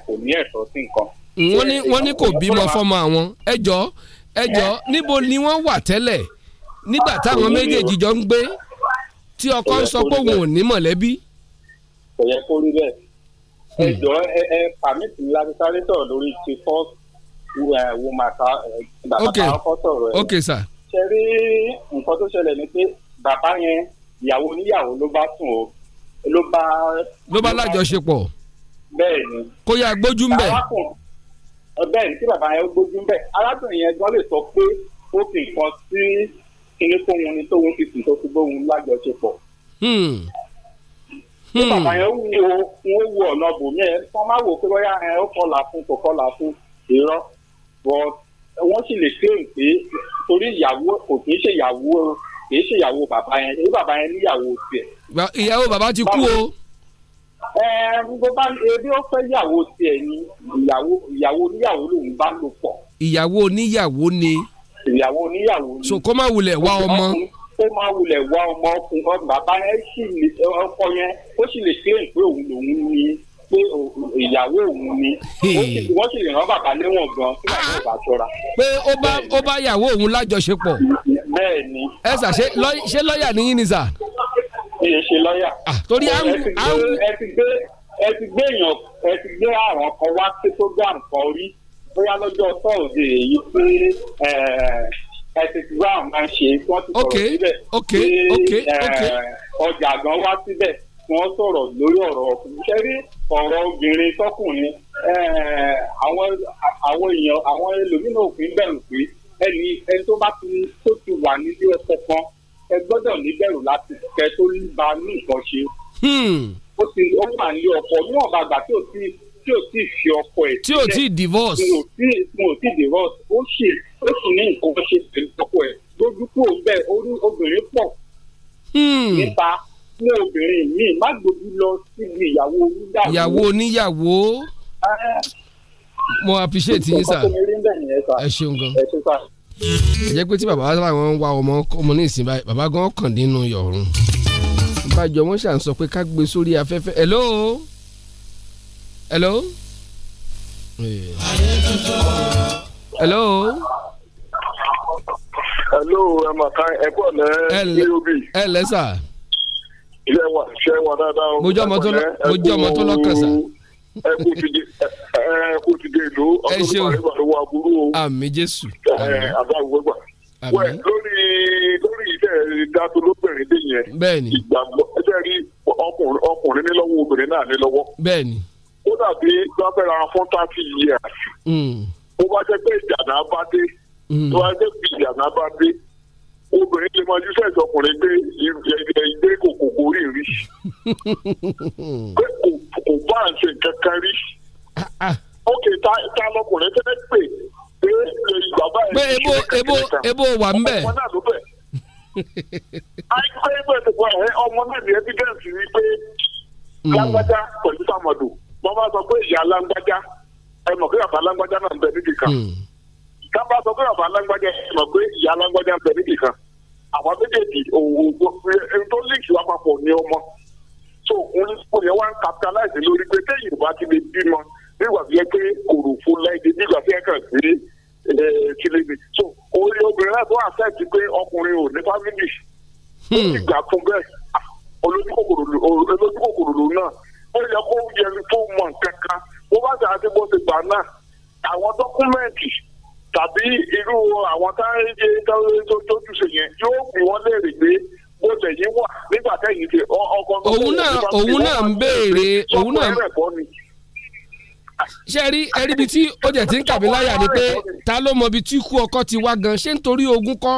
kò ní ẹ̀tọ́ sí nǹkan. Hmm, wọ́n ní wọ́n ní kò bímọ fọ́mọ àwọn ẹ jọ ẹ jọ níbo ni wọ́n wà tẹ́lẹ̀ nígbà táwọn méjèèjì jọ ń gbé tí ọkọ ń sọ pé òun ò ní mọ̀lẹ́bí. kò yẹ kó rí bẹ́ẹ̀ ẹ hmm. jọ ẹ ẹ pàmìtì láti sáré sọ̀rọ̀ lórí ti fọ́ọ̀sì wúwo màtá bàbá ọkọ sọ̀rọ̀ ẹ. ok sir ṣe rí nǹkan tó ṣẹlẹ̀ ni pé bàbá yẹn ìyàwó oníyàwó ló bá sùn o ló bá. ló bá lájọṣepọ̀. bẹ́ẹ̀ ni. kó yá gbójú ń bẹ̀. bẹ́ẹ̀ ni kí bàbá yẹn gbójú ń bẹ̀ arákùnrin yẹn gan lè sọ pé ó fi nǹkan sí kiri fóun ni tóun fi sùn tó fi bóun lájọṣepọ̀. Hmm. kí hmm. bàbá yẹn wù ú wọ́n wù ọ̀nà bòmí ẹ̀ wọ́n má wò pé bóyá ẹ̀ ó kọlà fún kò kọlà fún irọ́ but wọ́n sì lè claim pé torí ìyàwó kò kì í ṣèyàwó kì í ṣèyàwó bàbá yẹn ní bàbá yẹn níyàwó tiẹ̀. ìyàwó bàbá ti kú o. bó bá ebi ó fẹ́ ìyàwó tiẹ̀ ni ìyàwó ìyàwó oníyàwó lòun bá lò pọ̀. ìyàwó oníyàwó ni. ìyàwó oníyàwó ni. so kó wulẹ̀ wá ọmọ. kó má wulẹ̀ wá ọmọ ọkùnrin bàbá yẹn sì ọkọ yẹn ó sì lè claim pé òun lòun ni pé ìyàwó òun ni wọ́n sì lè rán bàbá léwọ̀n gan kí bàbá ò bá ṣọ́ra. pé ó bá ó bá ìyàwó òun lájọṣepọ̀. bẹ́ẹ̀ ni. ẹ sà ṣé lọ́ọ̀yà ni yín ni sà. mi ò ṣe lọ́ọ̀yà. torí à ń ẹ ti gbé ẹ ti gbé èèyàn ẹ ti gbé àrùn kan wá sí program kan rí bóyá lọ́jọ́ sọ́ọ̀dẹ̀ èyí pé ẹ̀ẹ́dẹ̀gbọ́n máa ń ṣe wọ́n ti sọ̀rọ̀ síbẹ̀ pé ọjà gan wá síbẹ̀ wọ́n sọ̀rọ̀ lórí ọ̀rọ̀ ọkùnrin ṣe rí ọ̀rọ̀ obìnrin tọkùnrin àwọn àwọn èèyàn àwọn ẹlòmíràn òfin bẹ̀rù pé ẹni ẹni tó bá ti tó ti wà nílé ọkọ kan ẹ gbọ́dọ̀ níbẹ̀rù láti kẹ tó bá ní nǹkan ṣe. Hmm. ó ti ó wà nílé ọkọ níwọ̀n bàgbà tí ò tí tí ò tí fi ọkọ ẹ̀ sílẹ̀ tí ò tí divorce tí ò tí mo ò tí divorce ó ṣe ó sì ní nǹkan ṣe pẹ̀lú ọkọ ẹ̀ lójú kúrò bẹ́ẹ̀ obìnrin pọ̀ hmm. nípa fún obìnrin mi má gbójú lọ síbi ìyàwó oníyàwó. ìyàwó oníyàwó. mo appreciate yín sà ẹ ṣeun gan. ẹ jẹ́ pé tí bàbá làwọn ń wa ọmọ ọmọ ní ìsìn báyìí bàbá gan kàn nínú yọ̀ọ̀rùn. bàjọ́ wọn ṣà sọ pé ká gbé sórí afẹ́fẹ́ hello hello. hello hello ẹ mà ká ẹ kọ́ lẹ́ ẹ lẹ́ ilé wa ṣe wa dáadáa o. mo jẹ́ ọmọ tó lọ́kàn sá. ẹ kò ti dé ẹ kò ti dé ìlú ọdún bàrẹ́bà ló wà burú o. àmín jésù. àbáwọ̀ gbà. wẹ́ẹ̀ lórí lórí ilé dátó lóbìnrin dé yẹn. bẹ́ẹ̀ni. ìgbàgbọ́ ẹ jẹ́ rí ọkùnrin nílọ́wọ́ obìnrin náà nílọ́wọ́. bẹ́ẹ̀ni. ó dàbí gbàgbẹ́ra fún thirty years. Hmm. ó bá jẹ́ pé ìjànà bá dé. Hmm. tó bá jẹ́ pé ìjànà bá dé. obìnrin lè máa júṣẹ́ ìjọkùnrin dé ìdè kòkò borí rí [LAUGHS] pé kò bá à ń ṣe nǹkan rí ok ta ta bàbá ṣe ebo ebo ebo wà ń bẹ̀. ọmọ ọmọ náà ní evidence ni pé hmm. lágbájá sọ pé ìyá lágbájá ẹ mọ̀ pé bàbá lágbájá náà ń bẹ nídìí hmm. ká bá sọ pé bàbá alágbájá ẹ mọ̀ pé ìyá alágbájá ń bẹ níbì kan àwọn méjèèjì òwò ẹni tó líǹkì wá papọ̀ ní ọmọ tó òun kò yẹ wá ń capitalize lórí pé téèyàn bá ti lè bímọ nígbà tí ẹ pé kòròfo láìdé nígbà tí ẹ kàn sí kílé mi so orí obìnrin náà tó àfẹ́ẹ̀tì pé ọkùnrin ò ní fámìlì ó ti gbà fún bẹ́ẹ̀ ah, olójúkòkòrò lòun náà ó yẹ kó yẹ fún mọ̀ nǹkan kan bó bá ṣe àti bó ṣe gbà náà àwọn dọ́kúmẹ́ǹtì tàbí irú àwọn táyé tójú ṣe yẹn yóò bí wọ́n léèrè pé bó tẹ̀ yín wà nígbà tẹ̀yìn ṣe ọkọ̀ tó tẹ̀yìn nígbà òun náà ń béèrè òun náà ṣe rí ẹríbi tí ó jẹ̀ tí ń kàbí láyà ni pé ta ló mọ ibi tí ikú ọkọ ti wá gan ṣé nítorí ogun kọ́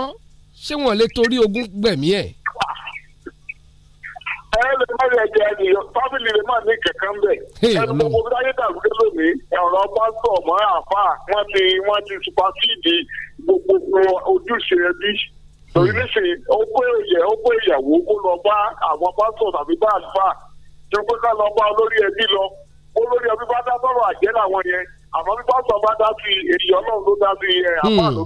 ṣé wọ́n lè torí ogun gbẹ̀mí ẹ̀. ẹ lè má yẹ jẹ ẹni fámìlì rẹ ní kẹkẹ ń bẹ ẹni gbogbo bí ayé dàrú dé lónìí ọ̀rọ̀ pásítọ̀ mọ́ àfà wọ́n ti wọ́n ti supasíìdì gbogbo ojúṣe ẹbí torí nísìnyí ó pé ìyẹ ó pé ìyàwó kó lọ bá àwọn pásítọ̀ tàbí bá tí lọ bá olórí ẹbí lọ ẹbí bá dá sọ̀rọ̀ àjẹ́ làwọn yẹn àmọ́ bí pásítọ̀ bá dá sí èyí ọlọ́run ló dá sí ẹ̀ àbá ló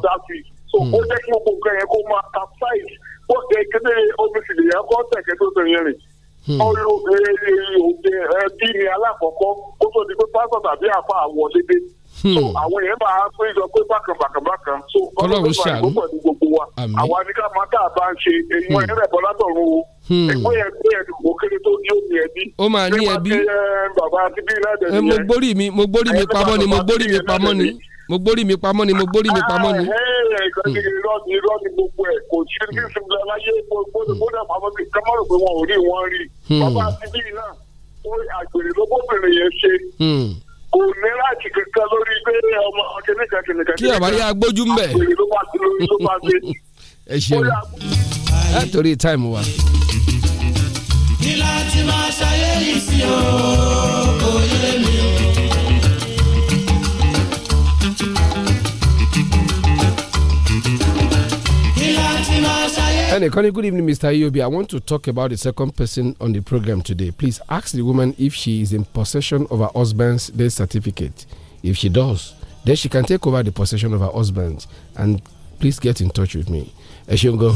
bí hmm. eh, eh, eh, ni alákọ̀ọ́kọ́ kó tó di pé pásọ̀ tàbí àfa àwọlé dé so hmm. àwọn èèyàn máa ń pín jọ pé bákan bákan bákan so ọlọ́run ṣàánú pẹ̀lú gbogbo wa àwa ní ká máa tá a bá ń ṣe èyí wọn ẹ̀rẹ̀ bọ́lá tọ̀run o hmm. ẹgbẹ́ yẹn gbé yẹn kò kéré tó ní omi ẹbí. ó máa ní ẹbí bàbá àti bí náà dẹ̀ ní yẹn. mo gbórí mi mo gbórí mi pamọ́ ni mo gbórí mi pamọ́ ni mo gbórí mi pamọ́ ni mo gbórí mi pamọ́ ni. ìrọ́ ah, eh, ni irọ́ ni gbogbo ẹ̀ kò sí ní ìsinmi aláyé gbọ́dọ̀ pamọ́ sí kámọ́rò pé wọn ò rí wọn rí hmm. bàbá àtibí náà ó àgbèrè lọ́gbọ́bìnrin yẹn ṣe hmm. kò ní láti kankan lórí pé ọmọ kìnìkan kìnìkan. kí àbáyé agbójú ń bẹ̀. àgbèrè ló bá ti lórí ló bá ti. [LAUGHS] ẹ ṣeun ẹ torí táìmù wa. kí láti máa ṣayé yìí sí o kò yé mi Connie, good evening, Mr. Iobi. I want to talk about the second person on the program today. Please ask the woman if she is in possession of her husband's death certificate. If she does, then she can take over the possession of her husband. And please get in touch with me. Eshiongo.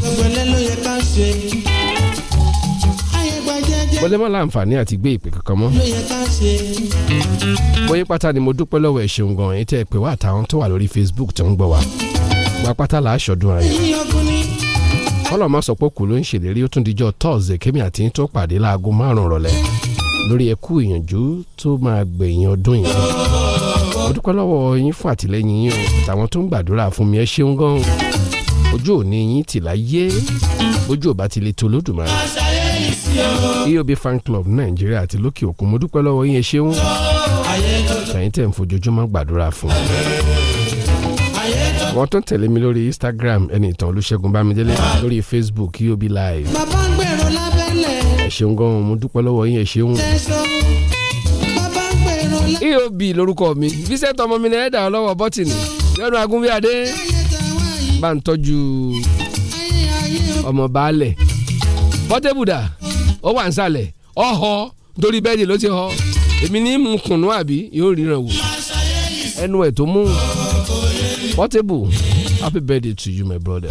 bọ́lẹ́ mọ́ láǹfààní àti gbé ìpè kankan mọ́. bóyá pátá ni mo dúpẹ́ lọ́wọ́ ẹ̀ ṣeun ẹ̀ tẹ́ ẹ pè wá àtàwọn tó wà lórí Facebook tó ń gbọ́ wa. gba pátá là ṣọdún ayọ̀. kọ́lọ̀ má sọ pé kù ló ń ṣèlérí ó tún dijọ́ tọ́ọ̀sì kémi àti tó pàdé láago márùn-ún lórí ẹkú ìyànjú tó máa gbẹ̀yìn ọdún yìí mo dúpẹ́ lọ́wọ́ yín fún àtìlẹ́yìn yín o tàwọn tó ń gbàdúrà fún mi ẹ ṣeun gan ojú òní yín tì láyé ojú ò bá ti le tó lódùmarè eob fan club nàìjíríà àti lókè òkun mo dúpẹ́ lọ́wọ́ yín ẹ ṣeun ṣàyìn ń fojoojúmọ́ gbàdúrà fún mi àwọn tó ń tẹ̀lé mi lórí Instagram ẹni ìtàn Olúṣẹ́gun Bámidélé lórí Facebook UOB Live. bàbá ń gbèrò lábẹ́lẹ̀. ẹ ṣeun gan-an mo dúpẹ́ lọ́wọ́ yín ẹ ṣeun. UOB lórúkọ mi Vincent ọmọ mi náà ẹ̀dà ọlọ́wọ́ bọ́tìnì lẹ́nu agúnbíàdé bá ń tọ́jú ọmọ baálẹ̀ Portable ó wà ń sàlẹ̀ ọ̀họ́ torí bẹ́ẹ̀ni ló ti họ èmi ní mú kùnú àbí yóò ríran wò ẹnu ẹ̀ tó mú un. Portable, happy birthday to you, my brother.